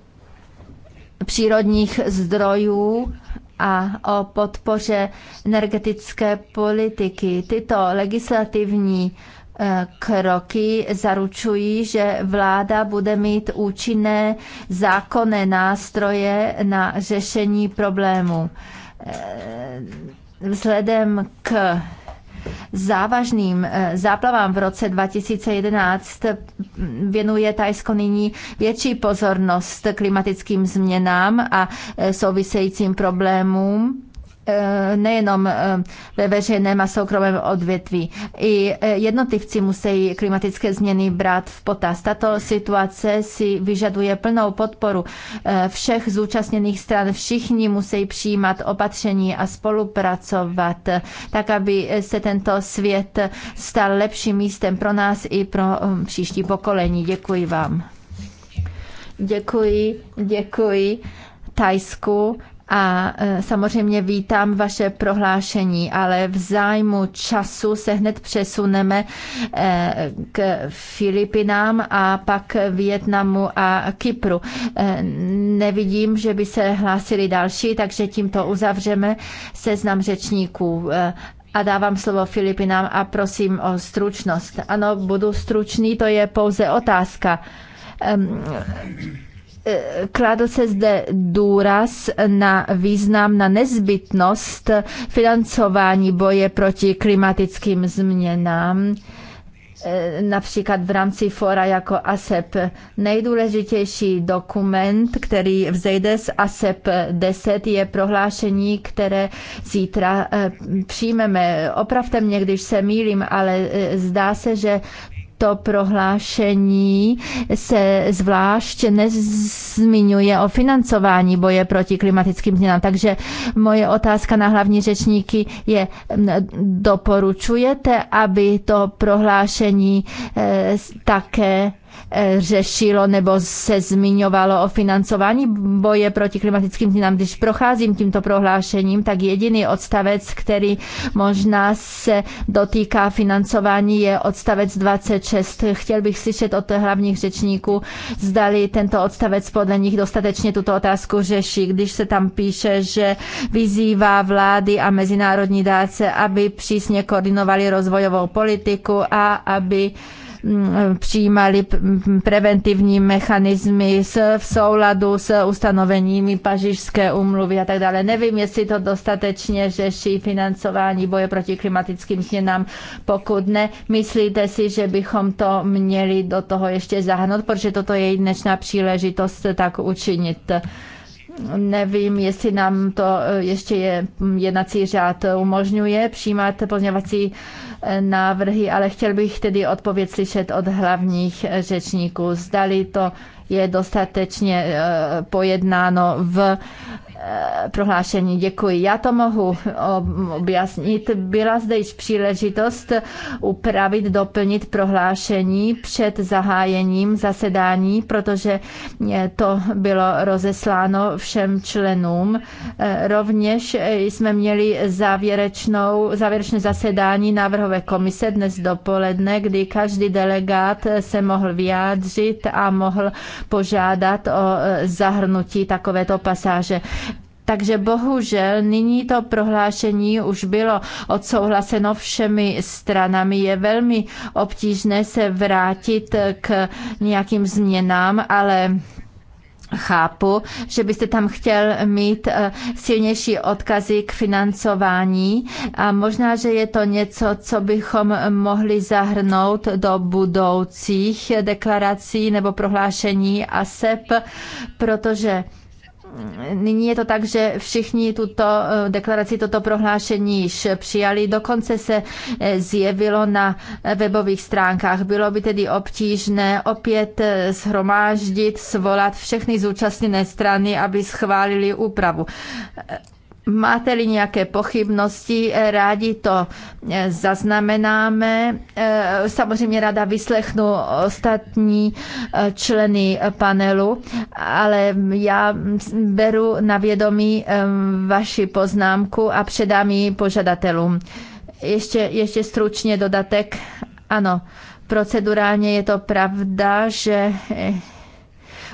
přírodních zdrojů a o podpoře energetické politiky. Tyto legislativní Eh, kroky zaručují, že vláda bude mít účinné zákonné nástroje na řešení problému. Eh, vzhledem k závažným eh, záplavám v roce 2011 věnuje Tajsko nyní větší pozornost klimatickým změnám a souvisejícím problémům Eh, nejenom eh, ve veřejném a soukromém odvětví. I eh, jednotlivci musí klimatické změny brát v potaz. Tato situace si vyžaduje plnou podporu všech zúčastněných stran. Všichni musí přijímat opatření a spolupracovat, tak aby se tento svět stal lepším místem pro nás i pro příští pokolení. Děkuji vám. Děkuji, děkuji Tajsku a e, samozřejmě vítám vaše prohlášení, ale v zájmu času se hned přesuneme e, k Filipinám a pak Vietnamu a Kypru. E, nevidím, že by se hlásili další, takže tímto uzavřeme seznam řečníků a dávám slovo Filipinám a prosím o stručnost. Ano, budu stručný, to je pouze otázka. Um, Kládl se zde důraz na význam, na nezbytnost financování boje proti klimatickým změnám e, například v rámci fora jako ASEP. Nejdůležitější dokument, který vzejde z ASEP e 10, je prohlášení, které zítra e, přijmeme. Opravte mě, když se mýlím, ale zdá se, že to prohlášení se zvlášť nezmiňuje o financování boje proti klimatickým změnám. Takže moje otázka na hlavní řečníky je, doporučujete, aby to prohlášení eh, také Eh, řešilo nebo se zmiňovalo o financování boje proti klimatickým změnám. Když procházím tímto prohlášením, tak jediný odstavec, který možná se dotýká financování, je odstavec 26. Chtěl bych slyšet od hlavních řečníků, zdali tento odstavec podle nich dostatečně tuto otázku řeší, když se tam píše, že vyzývá vlády a mezinárodní dáce, aby přísně koordinovali rozvojovou politiku a aby přijímali preventivní mechanismy v souladu s ustanoveními pařížské umluvy a tak dále. Nevím, jestli to dostatečně řeší financování boje proti klimatickým změnám. Pokud ne, myslíte si, že bychom to měli do toho ještě zahrnout, protože toto je dnešní dnešná příležitost tak učinit. Nevím, jestli nám to eh, ještě je mm, jednací řád umožňuje přijímat pozměňovací eh, návrhy, ale chtěl bych tedy odpověď slyšet od hlavních eh, řečníků. Zdali to je dostatečně pojednáno v Eh, prohlášení. Děkuji. Já to mohu eh, objasnit. Byla zde již příležitost upravit, doplnit prohlášení před zahájením zasedání, protože eh, to bylo rozesláno všem členům. Rovněž jsme měli závěrečnou, závěrečné zasedání návrhové komise dnes dopoledne, kdy každý delegát se mohl vyjádřit a mohl požádat o zahrnutí takovéto pasáže takže bohužel nyní to prohlášení už bylo odsouhlaseno všemi stranami. Je velmi obtížné se vrátit k nějakým změnám, ale chápu, že byste tam chtěl mít eh, silnější odkazy k financování a možná, že je to něco, co bychom mohli zahrnout do budoucích deklarací nebo prohlášení ASEP, protože nyní je to tak, že všichni tuto eh, deklaraci, toto prohlášení již přijali. Dokonce se eh, zjevilo na webových stránkách. Bylo by tedy obtížné opět eh, shromáždit, svolat všechny zúčastněné strany, aby schválili úpravu. Máte-li nějaké pochybnosti, eh, rádi to eh, zaznamenáme. Eh, samozřejmě ráda vyslechnu ostatní členy panelu, ale já beru na vědomí vaši poznámku a předám ji požadatelům. Ještě, ještě stručně dodatek. Ano, procedurálně je to pravda, že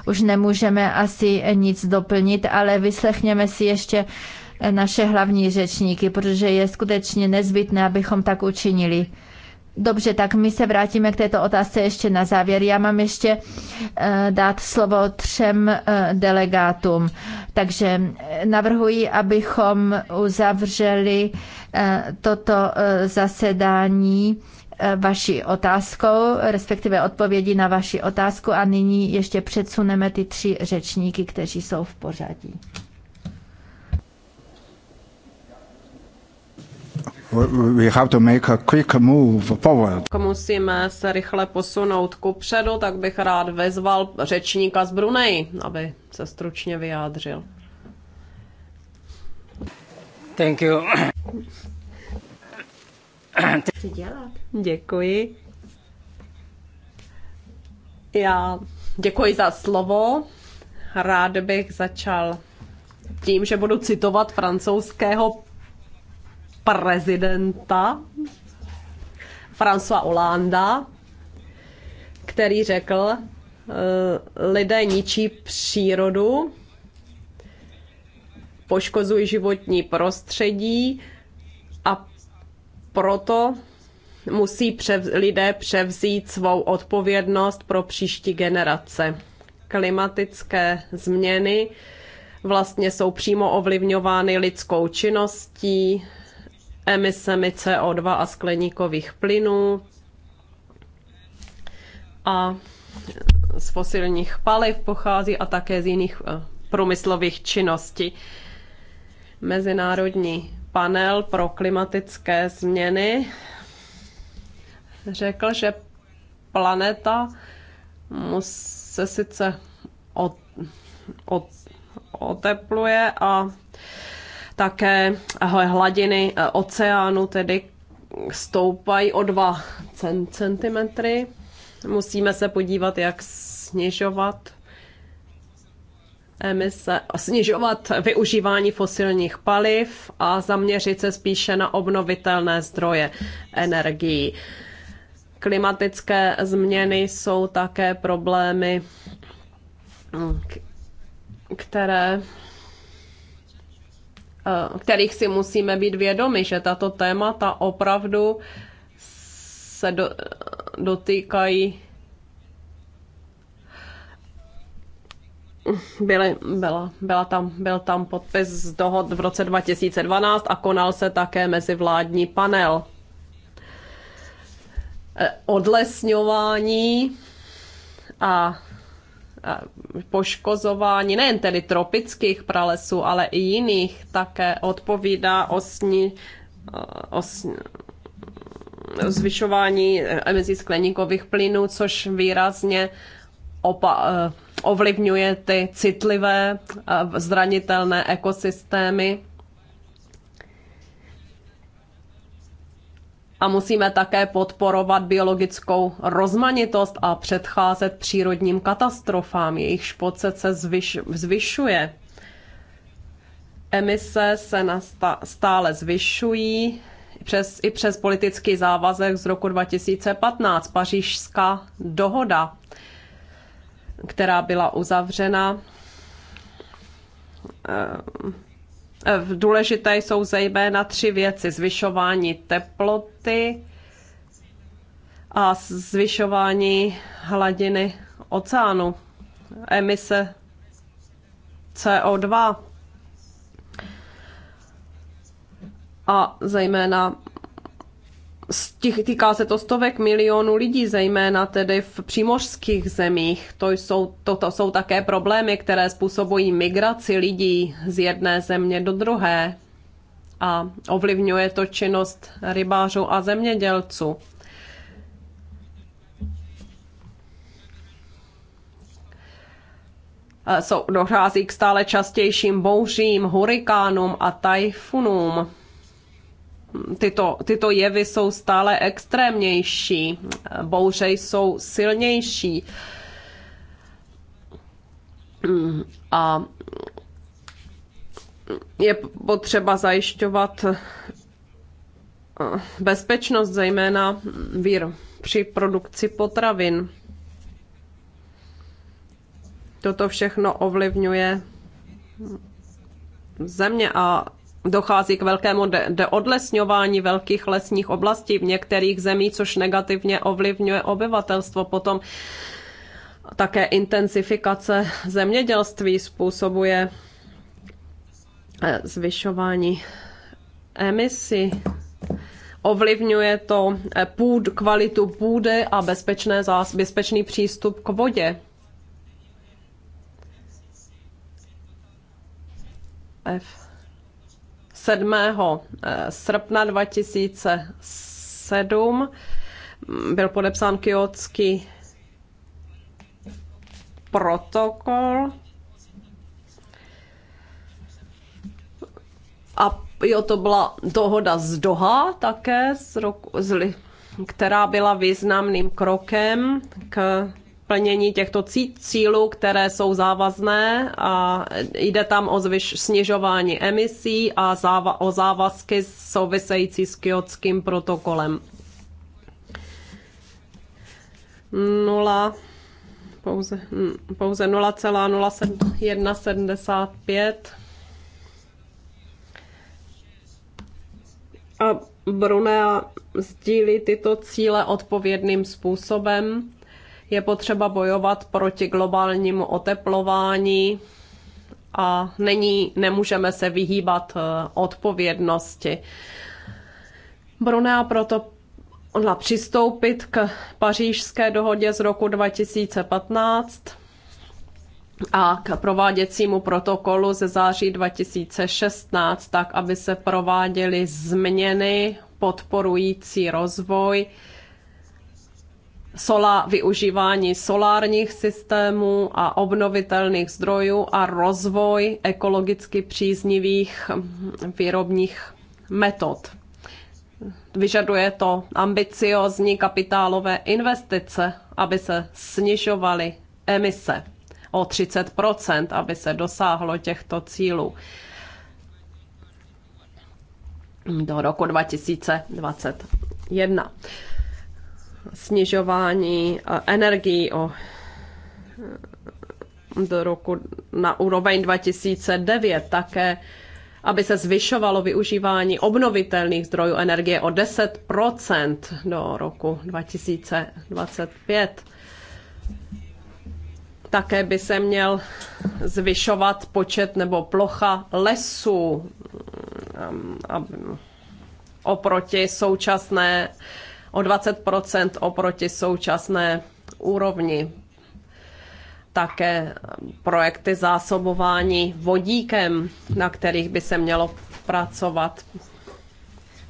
už nemůžeme asi nic doplnit, ale vyslechněme si ještě naše hlavní řečníky, protože je skutečně nezbytné, abychom tak učinili. Dobře, tak my se vrátíme k této otázce ještě na závěr. Já mám ještě eh, dát slovo třem eh, delegátům. Takže eh, navrhuji, abychom uzavřeli toto zasedání vaší otázkou, respektive odpovědi na vaši otázku a nyní ještě předsuneme ty tři řečníky, kteří jsou v pořadí. We have to make a quick move forward. Musíme se rychle posunout ku předu, tak bych rád vezval řečníka z Brunei, aby se stručně vyjádřil. Thank you. Děkuji. Já děkuji za slovo. Rád bych začal tím, že budu citovat francouzského prezidenta François Hollanda, který řekl, eh, lidé ničí přírodu, poškozují životní prostředí a proto musí převz- lidé převzít svou odpovědnost pro příští generace. Klimatické změny vlastně jsou přímo ovlivňovány lidskou činností, emisemi CO2 a skleníkových plynů a z fosilních paliv pochází a také z jiných eh, průmyslových činností. Mezinárodní panel pro klimatické změny řekl, že planeta se sice od, od, otepluje a také hladiny eh, oceánu tedy stoupají o 2 centimetry. Musíme se podívat, jak snižovat emise, snižovat využívání fosilních paliv a zaměřit se spíše na obnovitelné zdroje energií. Klimatické změny jsou také problémy, hm, které Eh, kterých si musíme být vědomi, že tato témata opravdu se do, dotýkají Byly, byla, byla tam, byl tam podpis z dohod v roce 2012 a konal se také mezivládní panel. Eh, odlesňování a Eh, poškozování nejen tedy tropických pralesů, ale i jiných také odpovídá osni, eh, osni zvyšování eh, emisí skleníkových plynů, což výrazně opa- ovlivňuje ty citlivé zranitelné ekosystémy a musíme také podporovat biologickou rozmanitost a předcházet přírodním katastrofám. jejich počet se zvyš, zvyšuje. Emise se stále zvyšují přes, i přes politický závazek z roku 2015, pařížská dohoda, která byla uzavřena. Eh, Eh, důležité jsou zejména tři věci. Zvyšování teploty a zvyšování hladiny oceánu, emise CO2 a zejména Týká se to stovek milionů lidí, zejména tedy v přímořských zemích. To jsou, to, to jsou také problémy, které způsobují migraci lidí z jedné země do druhé a ovlivňuje to činnost rybářů a zemědělců. dochází k stále častějším bouřím, hurikánům a tajfunům tyto, tyto jevy jsou stále extrémnější, bouře jsou silnější. A je potřeba zajišťovat eh, bezpečnost, zejména vír při produkci potravin. Toto všechno ovlivňuje země a Dochází k velkému deodlesňování odlesňování velkých lesních oblastí v některých zemích, což negativně ovlivňuje obyvatelstvo. Potom také intensifikace zemědělství způsobuje eh, zvyšování emisí. Ovlivňuje to eh, půd, kvalitu půdy a bezpečné bezpečný přístup k vodě. F. 7. Eh, srpna 2007 byl podepsán kyotský protokol a jo, to byla dohoda z Doha také, z roku, z, která byla významným krokem k plnění těchto cílů, které jsou závazné a jde tam o zvyš, snižování emisí a záva, o závazky související s kyotským protokolem. Nula pouze, hm, pouze 0,0175 a Brunea sdílí tyto cíle odpovědným způsobem je potřeba bojovat proti globálnímu oteplování a není, nemůžeme se vyhýbat eh, odpovědnosti. Brunea proto hodla přistoupit k pařížské dohodě z roku 2015 a k prováděcímu protokolu ze září 2016, tak aby se prováděly změny podporující rozvoj sola, využívání solárních systémů a obnovitelných zdrojů a rozvoj ekologicky příznivých hm, výrobních metod. Vyžaduje to ambiciozní kapitálové investice, aby se snižovaly emise o 30 aby se dosáhlo těchto cílů do roku 2021 snižování eh, energií o eh, do roku na úroveň 2009 také, aby se zvyšovalo využívání obnovitelných zdrojů energie o 10 do roku 2025. Také by se měl zvyšovat počet nebo plocha lesů eh, oproti současné o 20 oproti současné úrovni. Také projekty zásobování vodíkem, na kterých by se mělo pracovat.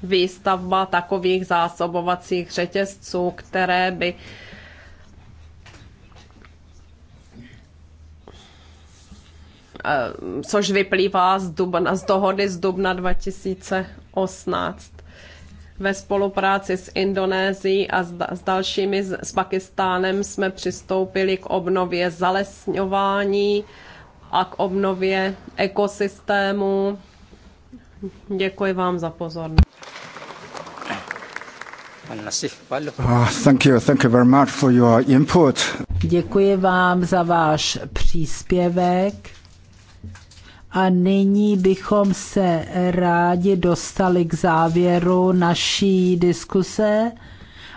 Výstavba takových zásobovacích řetězců, které by eh, což vyplývá z, dubna, z dohody z dubna 2018 ve spolupráci s Indonésií a s, dalšími, s Pakistánem jsme přistoupili k obnově zalesňování a k obnově ekosystému. Děkuji vám za pozornost. Ah, thank you, thank you very much for your input. Děkuji vám za váš příspěvek. A nyní bychom se rádi dostali k závěru naší diskuse.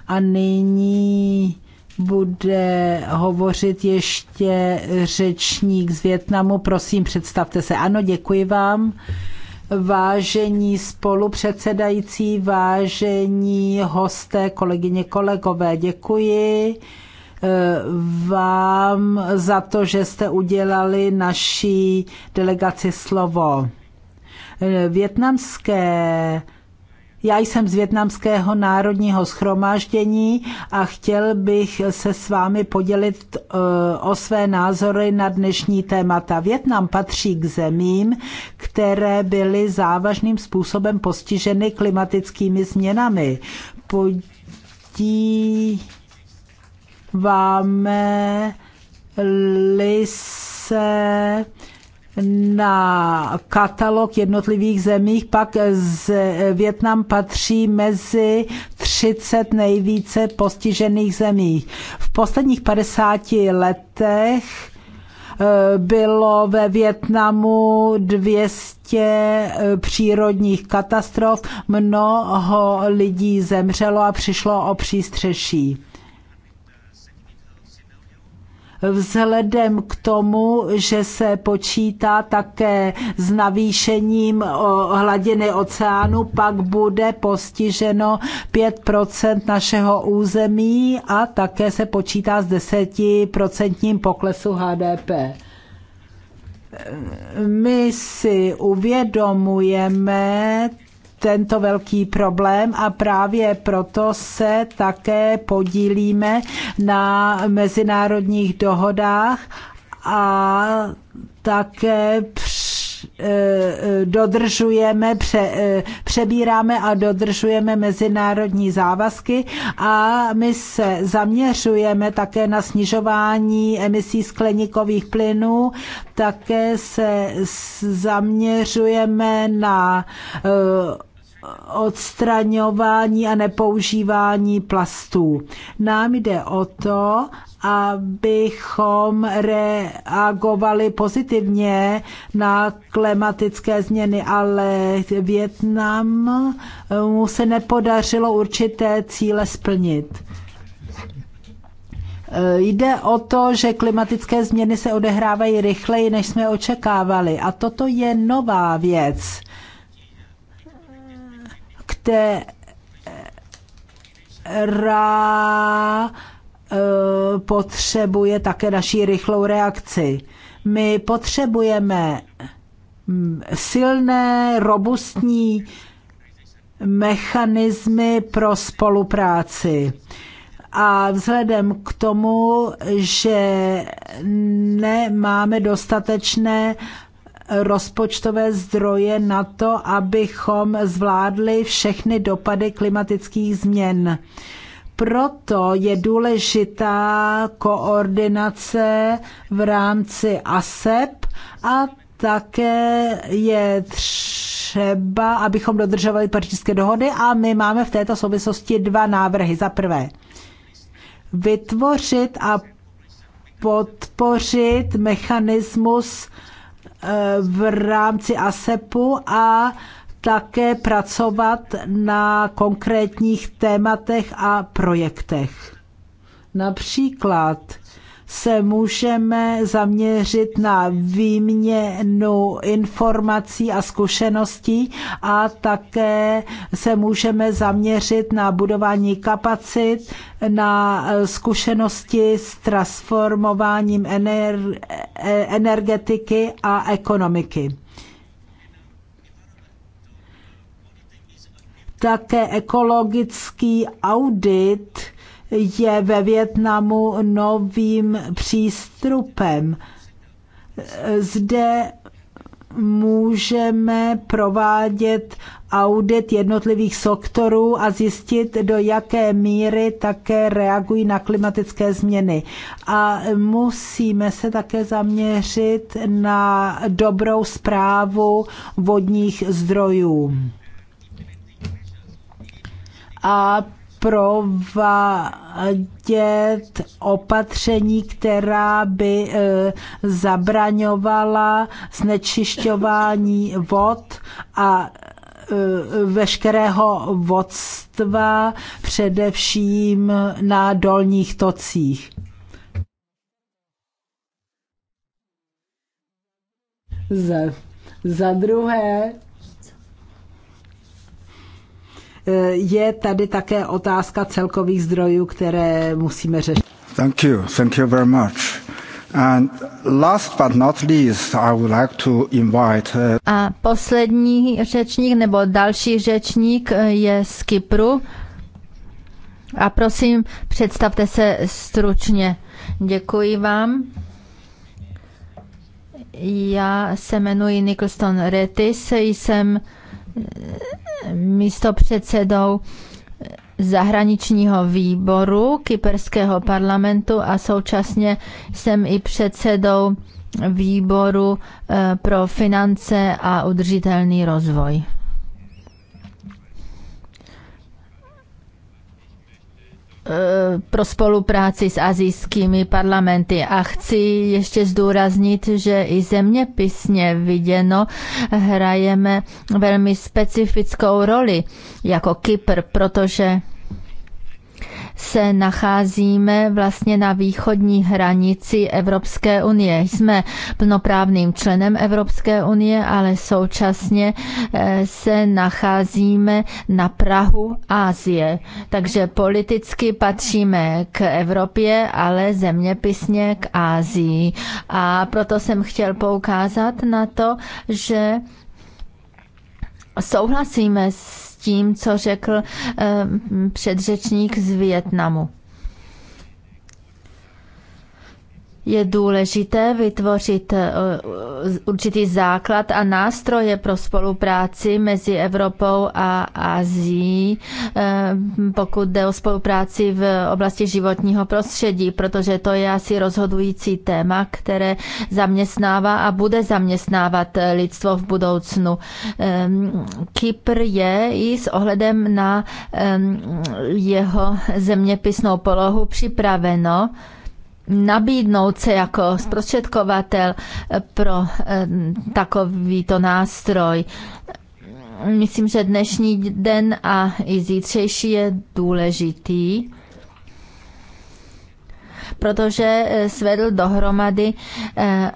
A nyní bude hovořit ještě řečník z Větnamu. Prosím, představte se. Ano, děkuji vám. Vážení spolupředsedající, vážení hosté, kolegyně, kolegové, děkuji vám za to, že jste udělali naší delegaci slovo. Větnamské já jsem z Větnamského národního schromáždění a chtěl bych se s vámi podělit e, o své názory na dnešní témata. Větnam patří k zemím, které byly závažným způsobem postiženy klimatickými změnami. Podí díváme lise na katalog jednotlivých zemích, pak z Větnam patří mezi 30 nejvíce postižených zemí. V posledních 50 letech eh, bylo ve Větnamu 200 eh, přírodních katastrof, mnoho lidí zemřelo a přišlo o přístřeší vzhledem k tomu, že se počítá také s navýšením hladiny oceánu, pak bude postiženo 5 našeho území a také se počítá s 10% poklesu HDP my si uvědomujeme tento velký problém a právě proto se také podílíme na mezinárodních dohodách a také Eh, eh, dodržujeme, pře, eh, přebíráme a dodržujeme mezinárodní závazky a my se zaměřujeme také na snižování emisí skleníkových plynů, také se zaměřujeme na odstraňování a nepoužívání plastů. Nám jde o to, abychom reagovali pozitivně na klimatické změny, ale Větnamu mu se nepodařilo určité cíle splnit. Jde o to, že klimatické změny se odehrávají rychleji, než jsme očekávali. A toto je nová věc, která E, potřebuje také naší rychlou reakci. My potřebujeme silné, robustní mechanismy pro spolupráci. A vzhledem k tomu, že nemáme dostatečné rozpočtové zdroje na to, abychom zvládli všechny dopady klimatických změn. Proto je důležitá koordinace v rámci ASEP a také je třeba, abychom dodržovali pařížské dohody a my máme v této souvislosti dva návrhy. Za prvé, vytvořit a podpořit mechanismus eh, v rámci ASEPu a také pracovat na konkrétních tématech a projektech. Například se můžeme zaměřit na výměnu informací a zkušeností a také se můžeme zaměřit na budování kapacit, na zkušenosti s transformováním e-, energetiky a ekonomiky. Také ekologický audit je ve Větnamu novým přístupem. Zde můžeme provádět audit jednotlivých sektorů a zjistit, do jaké míry také reagují na klimatické změny. A musíme se také zaměřit na dobrou zprávu vodních zdrojů a provádět opatření, která by e, zabraňovala znečišťování vod a e, veškerého vodstva, především na dolních tocích. Za, za druhé, je tady také otázka celkových zdrojů, které musíme řešit. Thank you. Thank you very much. And last but not least, I would like to invite... Uh, A poslední řečník nebo další řečník uh, je z Kypru. A prosím, představte se stručně. Děkuji vám. Já se jmenuji Nicholson Retis, jsem místo zahraničního výboru kyperského parlamentu a současně jsem i předsedou výboru eh, pro finance a udržitelný rozvoj. Eh, pro spolupráci s azijskými parlamenty. A chci ještě zdůraznit, že i zeměpisně viděno hrajeme velmi specifickou roli jako Kypr, protože se nacházíme vlastně na východní hranici Evropské unie. Jsme plnoprávným členem Evropské unie, ale současně eh, se nacházíme na Prahu Asie. Takže politicky patříme k Evropě, ale zeměpisně k Ázii. A proto jsem chtěl poukázat na to, že souhlasíme s tím, co řekl eh, předřečník z Vietnamu. je důležité vytvořit eh, eh, určitý základ a nástroje pro spolupráci mezi Evropou a Azií, eh, pokud jde o spolupráci v oblasti životního prostředí, protože to je asi rozhodující téma, které zaměstnává a bude zaměstnávat lidstvo v budoucnu. Kypr je i s ohledem na jeho zeměpisnou polohu připraveno nabídnout se jako zprostředkovatel pro eh, takovýto nástroj. Myslím, že dnešní den a i zítřejší je důležitý protože eh, svedl dohromady eh,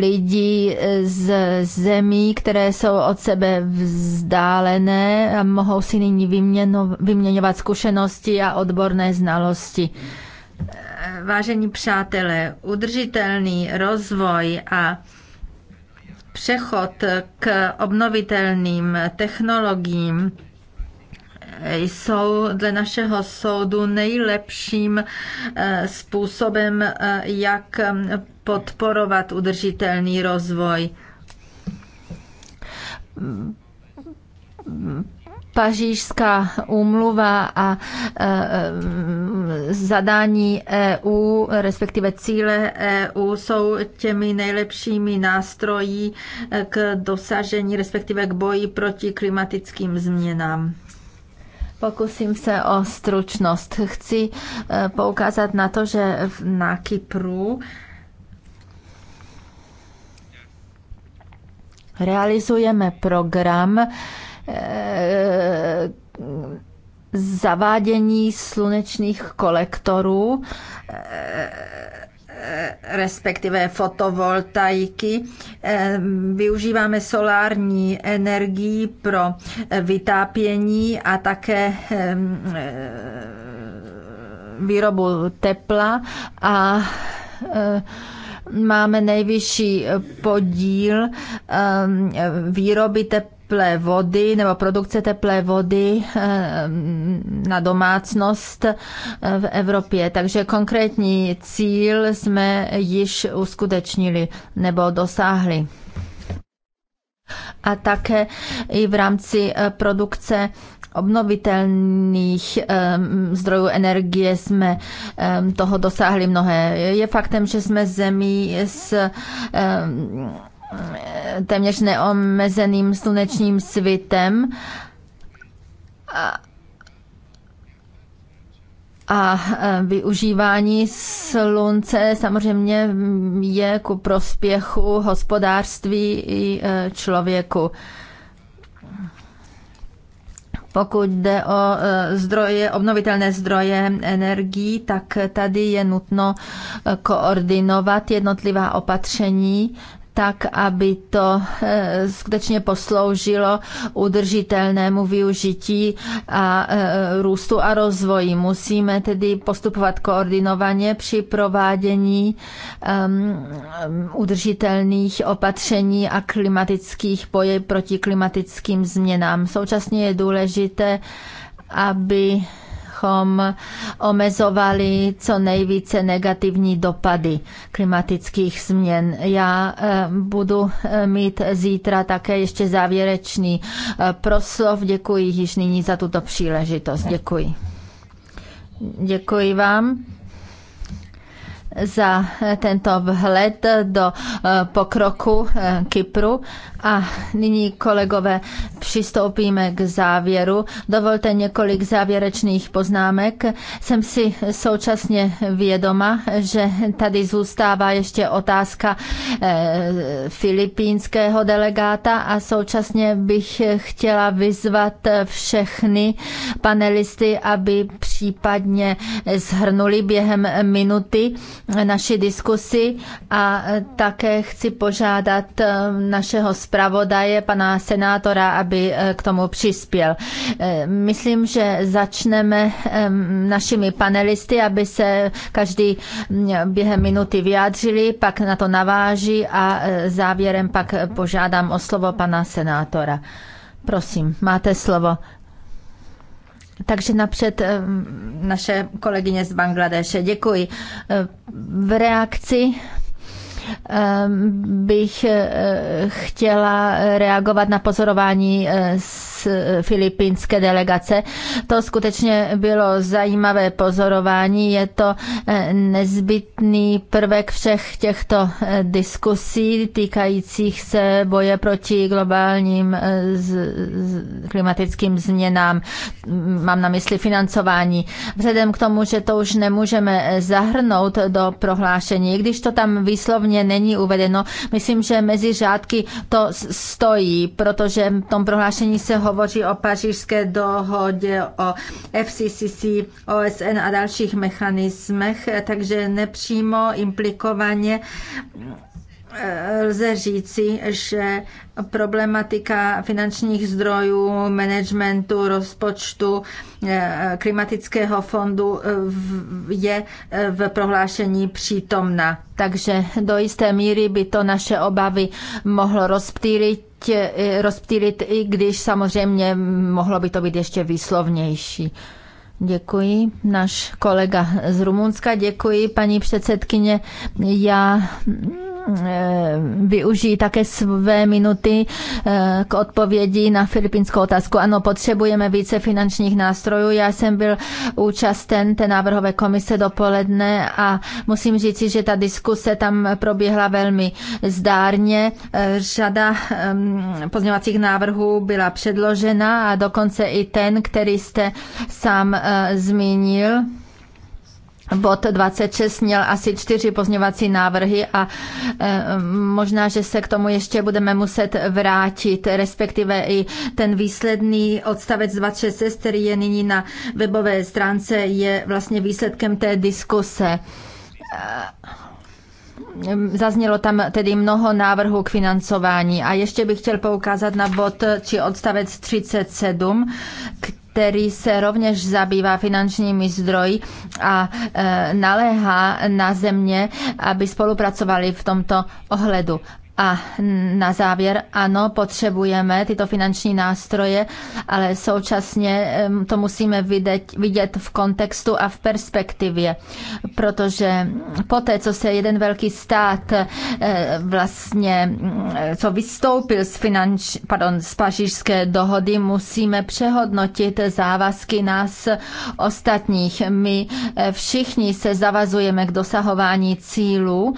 lidi z zemí, které jsou od sebe vzdálené a mohou si nyní vyměňovat zkušenosti a odborné znalosti. Vážení přátelé, udržitelný rozvoj a přechod k obnovitelným technologiím jsou dle našeho soudu nejlepším eh, způsobem, eh, jak podporovat udržitelný rozvoj pařížská úmluva a e, e, zadání EU, respektive cíle EU, jsou těmi nejlepšími nástroji k dosažení, respektive k boji proti klimatickým změnám. Pokusím se o stručnost. Chci e, poukázat na to, že na Kypru realizujeme program, Eh, zavádění slunečních kolektorů, eh, respektive fotovoltaiky. Eh, využíváme solární energii pro vytápění a také výrobu tepla a máme nejvyšší eh, podíl ehm, výroby teplé vody nebo produkce teplé vody ehm, na domácnost eh, v Evropě. Takže konkrétní cíl jsme již uskutečnili nebo dosáhli a také i v rámci eh, produkce obnovitelných zdrojů energie jsme toho dosáhli mnohé. Je faktem, že jsme zemí s téměř neomezeným slunečním svitem a využívání slunce samozřejmě je ku prospěchu hospodářství i e, člověku. Pokud jde o e, zdroje, obnovitelné zdroje energií, tak tady je nutno e, koordinovat jednotlivá opatření tak, aby to eh, skutečně posloužilo udržitelnému využití a eh, růstu a rozvoji. Musíme tedy postupovat koordinovaně při provádění ehm, ehm, udržitelných opatření a klimatických boje proti klimatickým změnám. Současně je důležité, aby abychom omezovali co nejvíce negativní dopady klimatických změn. Já eh, budu eh, mít zítra také ještě závěrečný eh, proslov. Děkuji již nyní za tuto příležitost. Děkuji. Děkuji vám za tento vhled do eh, pokroku eh, Kypru. A nyní, kolegové, přistoupíme k závěru. Dovolte několik závěrečných poznámek. Jsem si současně vědoma, že tady zůstává ještě otázka eh, filipínského delegáta a současně bych chtěla vyzvat všechny panelisty, aby případně zhrnuli během minuty naši diskusi a také chci požádat eh, našeho zpravodaje, pana senátora, aby eh, k tomu přispěl. Eh, myslím, že začneme našimi panelisty, aby se každý mm, během minuty vyjádřili, pak na to naváží a závěrem pak požádám o slovo pana senátora. Prosím, máte slovo. Takže napřed eh, naše kolegyně z Bangladeše. Děkuji. Eh, v reakci eh, bych chtěla reagovat na pozorování Eh, filipínské delegace. To skutečně bylo zajímavé pozorování. Je to eh, nezbytný prvek všech těchto eh, diskusí týkajících se boje proti globálním klimatickým změnám. Mm, mám na mysli financování. Vzhledem k tomu, že to už nemůžeme zahrnout do prohlášení, když to tam výslovně není uvedeno, myslím, že mezi řádky to stojí, protože v tom prohlášení se ho hovoří o pařížské dohodě, o FCCC, OSN a dalších mechanismech, takže nepřímo implikovaně Eh, lze říci, že problematika finančních zdrojů, managementu, rozpočtu, eh, klimatického fondu eh, je v prohlášení přítomna. Takže do jisté míry by to naše obavy mohlo rozptýlit, rozptýlit i když samozřejmě mohlo by to být ještě výslovnější. Děkuji. Náš kolega z Rumunska, děkuji, paní předsedkyně. Já Eh, využijí také své minuty eh, k odpovědi na filipínskou otázku. Ano, potřebujeme více finančních nástrojů. Já jsem byl účasten té návrhové komise dopoledne a musím říci, že ta diskuse tam proběhla velmi zdárně. Eh, řada ehm, pozměňovacích návrhů byla předložena a dokonce i ten, který jste sám zmínil Bod 26 měl asi čtyři pozměňovací návrhy a e, možná, že se k tomu ještě budeme muset vrátit, respektive i ten výsledný odstavec 26, který je nyní na webové stránce, je vlastně výsledkem té diskuse. Zaznělo tam tedy mnoho návrhů k financování. A ještě bych chtěl poukázat na bod či odstavec 37, který se rovněž zabývá finančními zdroji a e, naléhá na země, aby spolupracovali v tomto ohledu. A na závěr, ano, potřebujeme tyto finanční nástroje, ale současně to musíme vidět, vidět v kontextu a v perspektivě, protože poté, co se jeden velký stát eh, vlastně, mm, co vystoupil z, finanč, pardon, z pařížské dohody, musíme přehodnotit závazky nás ostatních. My eh, všichni se zavazujeme k dosahování cílů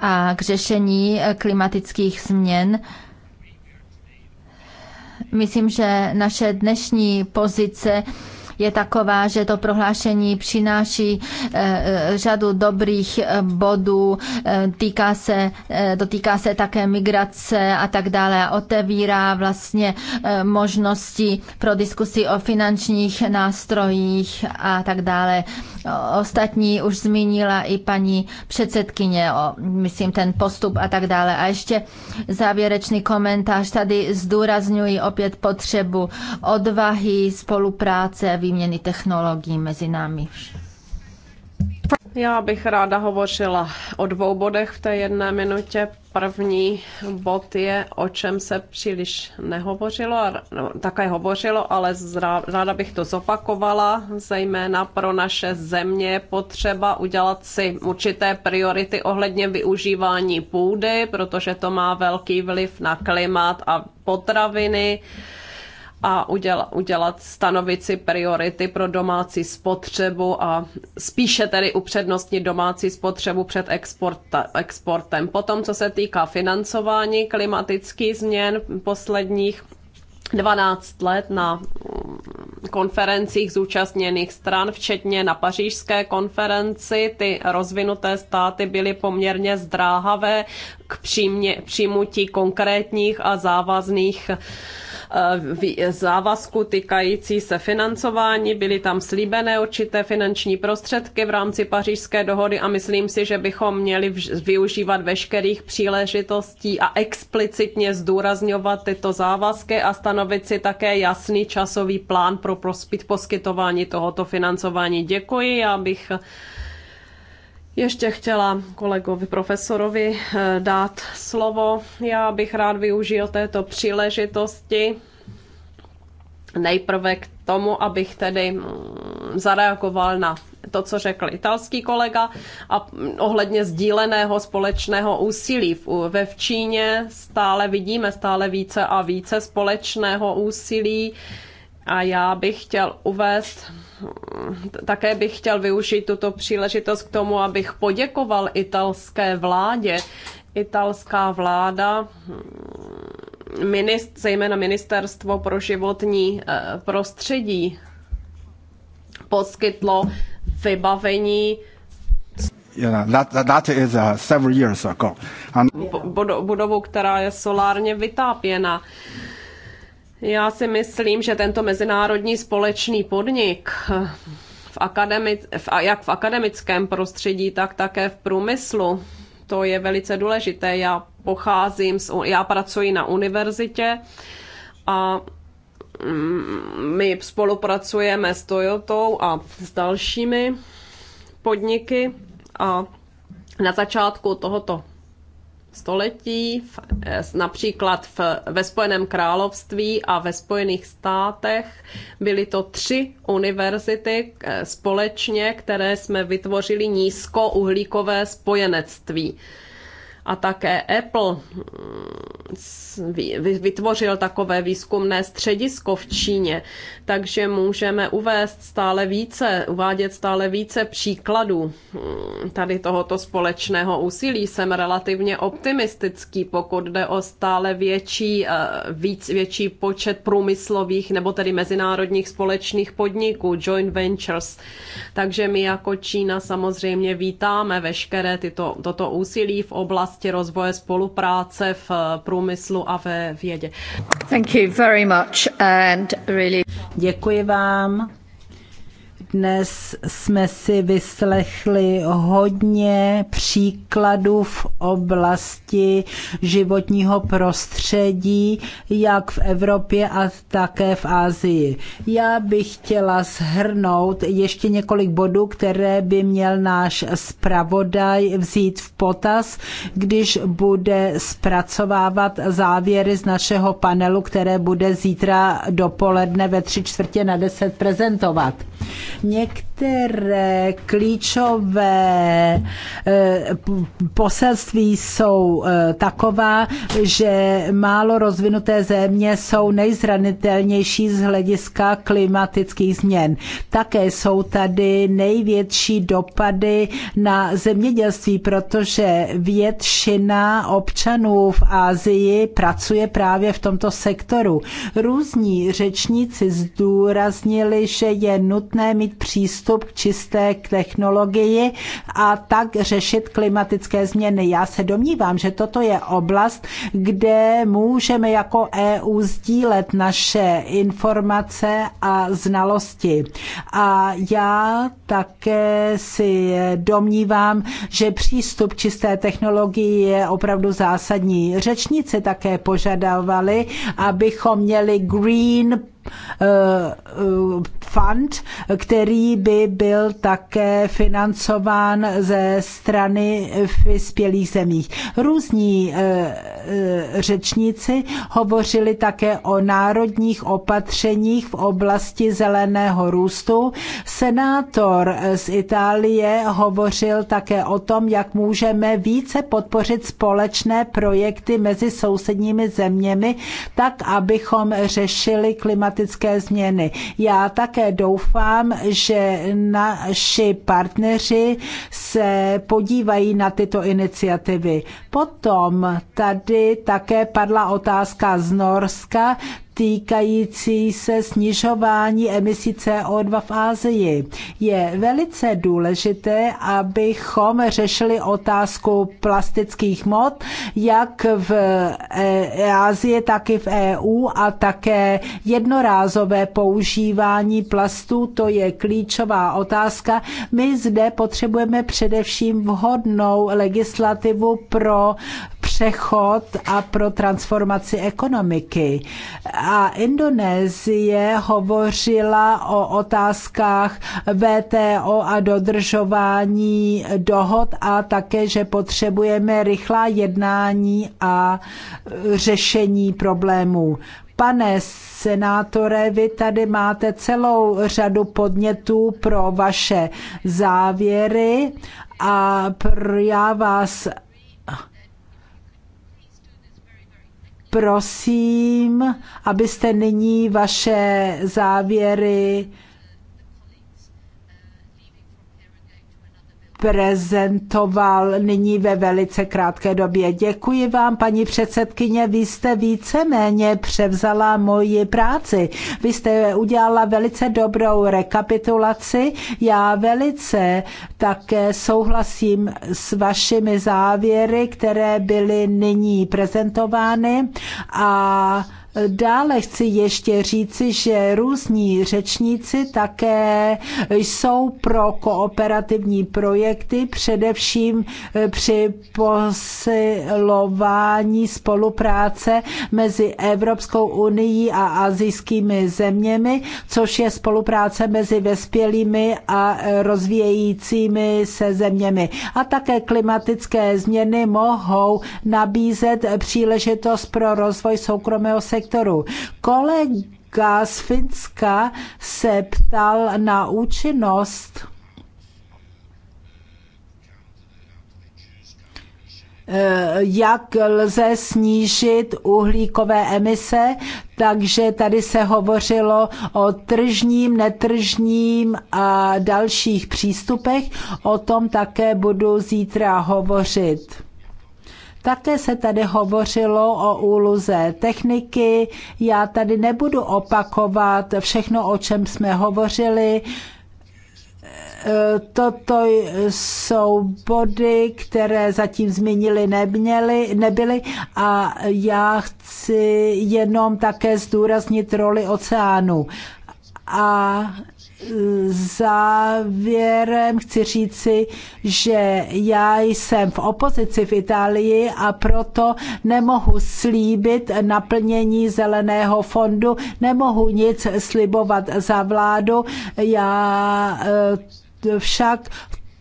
a k řešení eh, klimatických klimatických změn. Myslím, že naše dnešní pozice je taková, že to prohlášení přináší eh, eh, řadu dobrých eh, bodů, týká se, dotýká se také migrace a tak dále a otevírá vlastně možnosti pro diskusi o finančních nástrojích a tak dále. Ostatní už zmínila i paní předsedkyně, o, myslím, ten postup a tak dále. A ještě závěrečný komentář. Tady zdůrazňuji opět potřebu odvahy, spolupráce, výborní výměny technologií mezi námi. Já bych ráda hovořila o dvou bodech v té jedné minutě. První bod je, o čem se příliš nehovořilo, no, také hovořilo, ale zra, ráda bych to zopakovala, zejména pro naše země je potřeba udělat si určité priority ohledně využívání půdy, protože to má velký vliv na klimat a potraviny a udělat, udělat stanovit si priority pro domácí spotřebu a spíše tedy upřednostnit domácí spotřebu před exportem. Potom, co se týká financování klimatických změn posledních 12 let na mm, konferencích zúčastněných stran, včetně na pařížské konferenci. Ty rozvinuté státy byly poměrně zdráhavé k přijmě, přijmutí konkrétních a závazných Eh, závazku týkající se financování. Byly tam slíbené určité finanční prostředky v rámci pařížské dohody a myslím si, že bychom měli využívat veškerých příležitostí a explicitně zdůrazňovat tyto závazky a stanovit si také jasný časový plán pro poskytování tohoto financování. Děkuji, já bych ještě chtěla kolegovi profesorovi eh, dát slovo. Já bych rád využil této příležitosti nejprve k tomu, abych tedy mm, zareagoval na to, co řekl italský kolega a mm, ohledně sdíleného společného úsilí. Ve v Číně stále vidíme stále více a více společného úsilí a já bych chtěl uvést také bych chtěl využít tuto příležitost k tomu, abych poděkoval italské vládě. Italská vláda hm, minist, zejména Ministerstvo pro životní eh, prostředí poskytlo vybavení uh, Budovu, která je solárně vytápěna. Já si myslím, že tento mezinárodní společný podnik v akademic, v, jak v akademickém prostředí, tak také v průmyslu, to je velice důležité. Já pocházím, z, já pracuji na univerzitě a mm, my spolupracujeme s Toyotou a s dalšími podniky a na začátku tohoto století, eh, například v, ve Spojeném království a ve Spojených státech. Byly to tři univerzity eh, společně, které jsme vytvořili nízkouhlíkové spojenectví. A také Apple mm, vytvořil takové výzkumné středisko v Číně, takže můžeme uvést stále více, uvádět stále více příkladů hm, tady tohoto společného úsilí. Jsem relativně optimistický, pokud jde o stále větší, eh, víc, větší počet průmyslových nebo tedy mezinárodních společných podniků, joint ventures. Takže my jako Čína samozřejmě vítáme veškeré tyto, toto úsilí v oblasti rozvoje spolupráce v eh, průmyslu a ve vědě. Thank you very much and really... Děkuji vám. Dnes jsme si vyslechli hodně příkladů v oblasti životního prostředí, jak v Evropě a také v Asii. Já bych chtěla shrnout ještě několik bodů, které by měl náš zpravodaj vzít v potaz, když bude zpracovávat závěry z našeho panelu, které bude zítra dopoledne ve tři čtvrtě na deset prezentovat. Některé klíčové eh, poselství jsou eh, taková, že málo rozvinuté země jsou nejzranitelnější z hlediska klimatických změn. Také jsou tady největší dopady na zemědělství, protože většina občanů v Asii pracuje právě v tomto sektoru. Různí řečníci zdůraznili, že je nutné mít mít přístup k čisté technologii a tak řešit klimatické změny. Já se domnívám, že toto je oblast, kde můžeme jako EU sdílet naše informace a znalosti. A já také si domnívám, že přístup k čisté technologii je opravdu zásadní. Řečníci také požadovali, abychom měli green Eh, fund, který by byl také financován ze strany vyspělých zemí. Různí eh, eh, řečníci hovořili také o národních opatřeních v oblasti zeleného růstu. Senátor z Itálie hovořil také o tom, jak můžeme více podpořit společné projekty mezi sousedními zeměmi, tak abychom řešili klimatické klimatické změny. Já také doufám, že naši partneři se podívají na tyto iniciativy. Potom tady také padla otázka z Norska týkající se snižování emisí CO2 v Ázii. Je velice důležité, abychom řešili otázku plastických mod, jak v e, e, Ázii, tak i v EU a také jednorázové používání plastů, to je klíčová otázka. My zde potřebujeme především vhodnou legislativu pro přechod a pro transformaci ekonomiky a Indonésie hovořila o otázkách VTO a dodržování dohod a také, že potřebujeme rychlá jednání a řešení problémů. Pane senátore, vy tady máte celou řadu podnětů pro vaše závěry a já vás prosím, abyste nyní vaše závěry prezentoval nyní ve velice krátké době. Děkuji vám, paní předsedkyně, vy jste víceméně převzala moji práci. Vy jste udělala velice dobrou rekapitulaci. Já velice také souhlasím s vašimi závěry, které byly nyní prezentovány a Dále chci ještě říci, že různí řečníci také jsou pro kooperativní projekty, především eh, při posilování spolupráce mezi Evropskou unii a azijskými zeměmi, což je spolupráce mezi vespělými a eh, rozvíjejícími se zeměmi. A také klimatické změny mohou nabízet příležitost pro rozvoj soukromého sektoru sektoru. Kolega z Finska se ptal na účinnost eh, jak lze snížit uhlíkové emise, takže tady se hovořilo o tržním, netržním a dalších přístupech. O tom také budu zítra hovořit. Také se tady hovořilo o úluze techniky. Já tady nebudu opakovat všechno, o čem jsme hovořili toto jsou body, které zatím zmínili neměli, nebyly a já chci jenom také zdůraznit roli oceánu. A závěrem chci říci, že já jsem v opozici v Itálii a proto nemohu slíbit naplnění zeleného fondu, nemohu nic slibovat za vládu. Já eh, však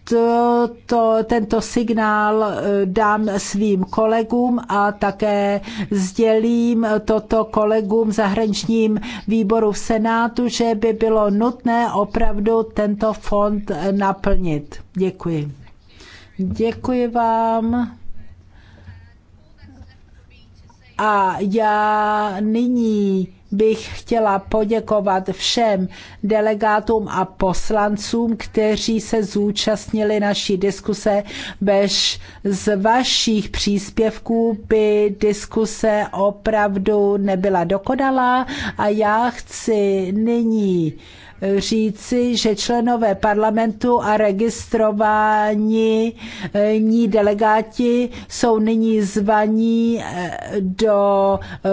to, to, tento signál eh, dám svým kolegům a také sdělím toto kolegům zahraničním výboru v Senátu, že by bylo nutné opravdu tento fond naplnit. Děkuji. Děkuji vám. A já nyní bych chtěla poděkovat všem delegátům a poslancům, kteří se zúčastnili naší diskuse, bež z vašich příspěvků by diskuse opravdu nebyla dokonalá a já chci nyní říci, že členové parlamentu a registrovaní eh, ní delegáti jsou nyní zvaní eh, do eh,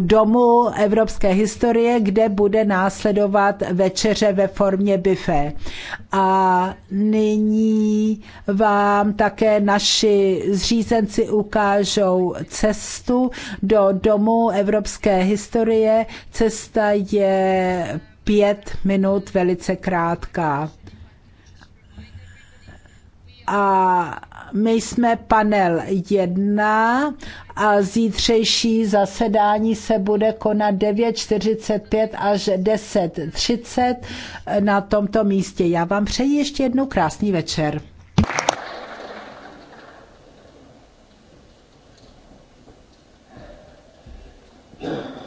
domu evropské historie, kde bude následovat večeře ve formě buffet. A nyní vám také naši zřízenci ukážou cestu do domu evropské historie. Cesta je pět minut velice krátká. A my jsme panel jedna a zítřejší zasedání se bude konat 9.45 až 10.30 na tomto místě. Já vám přeji ještě jednou krásný večer. Yeah.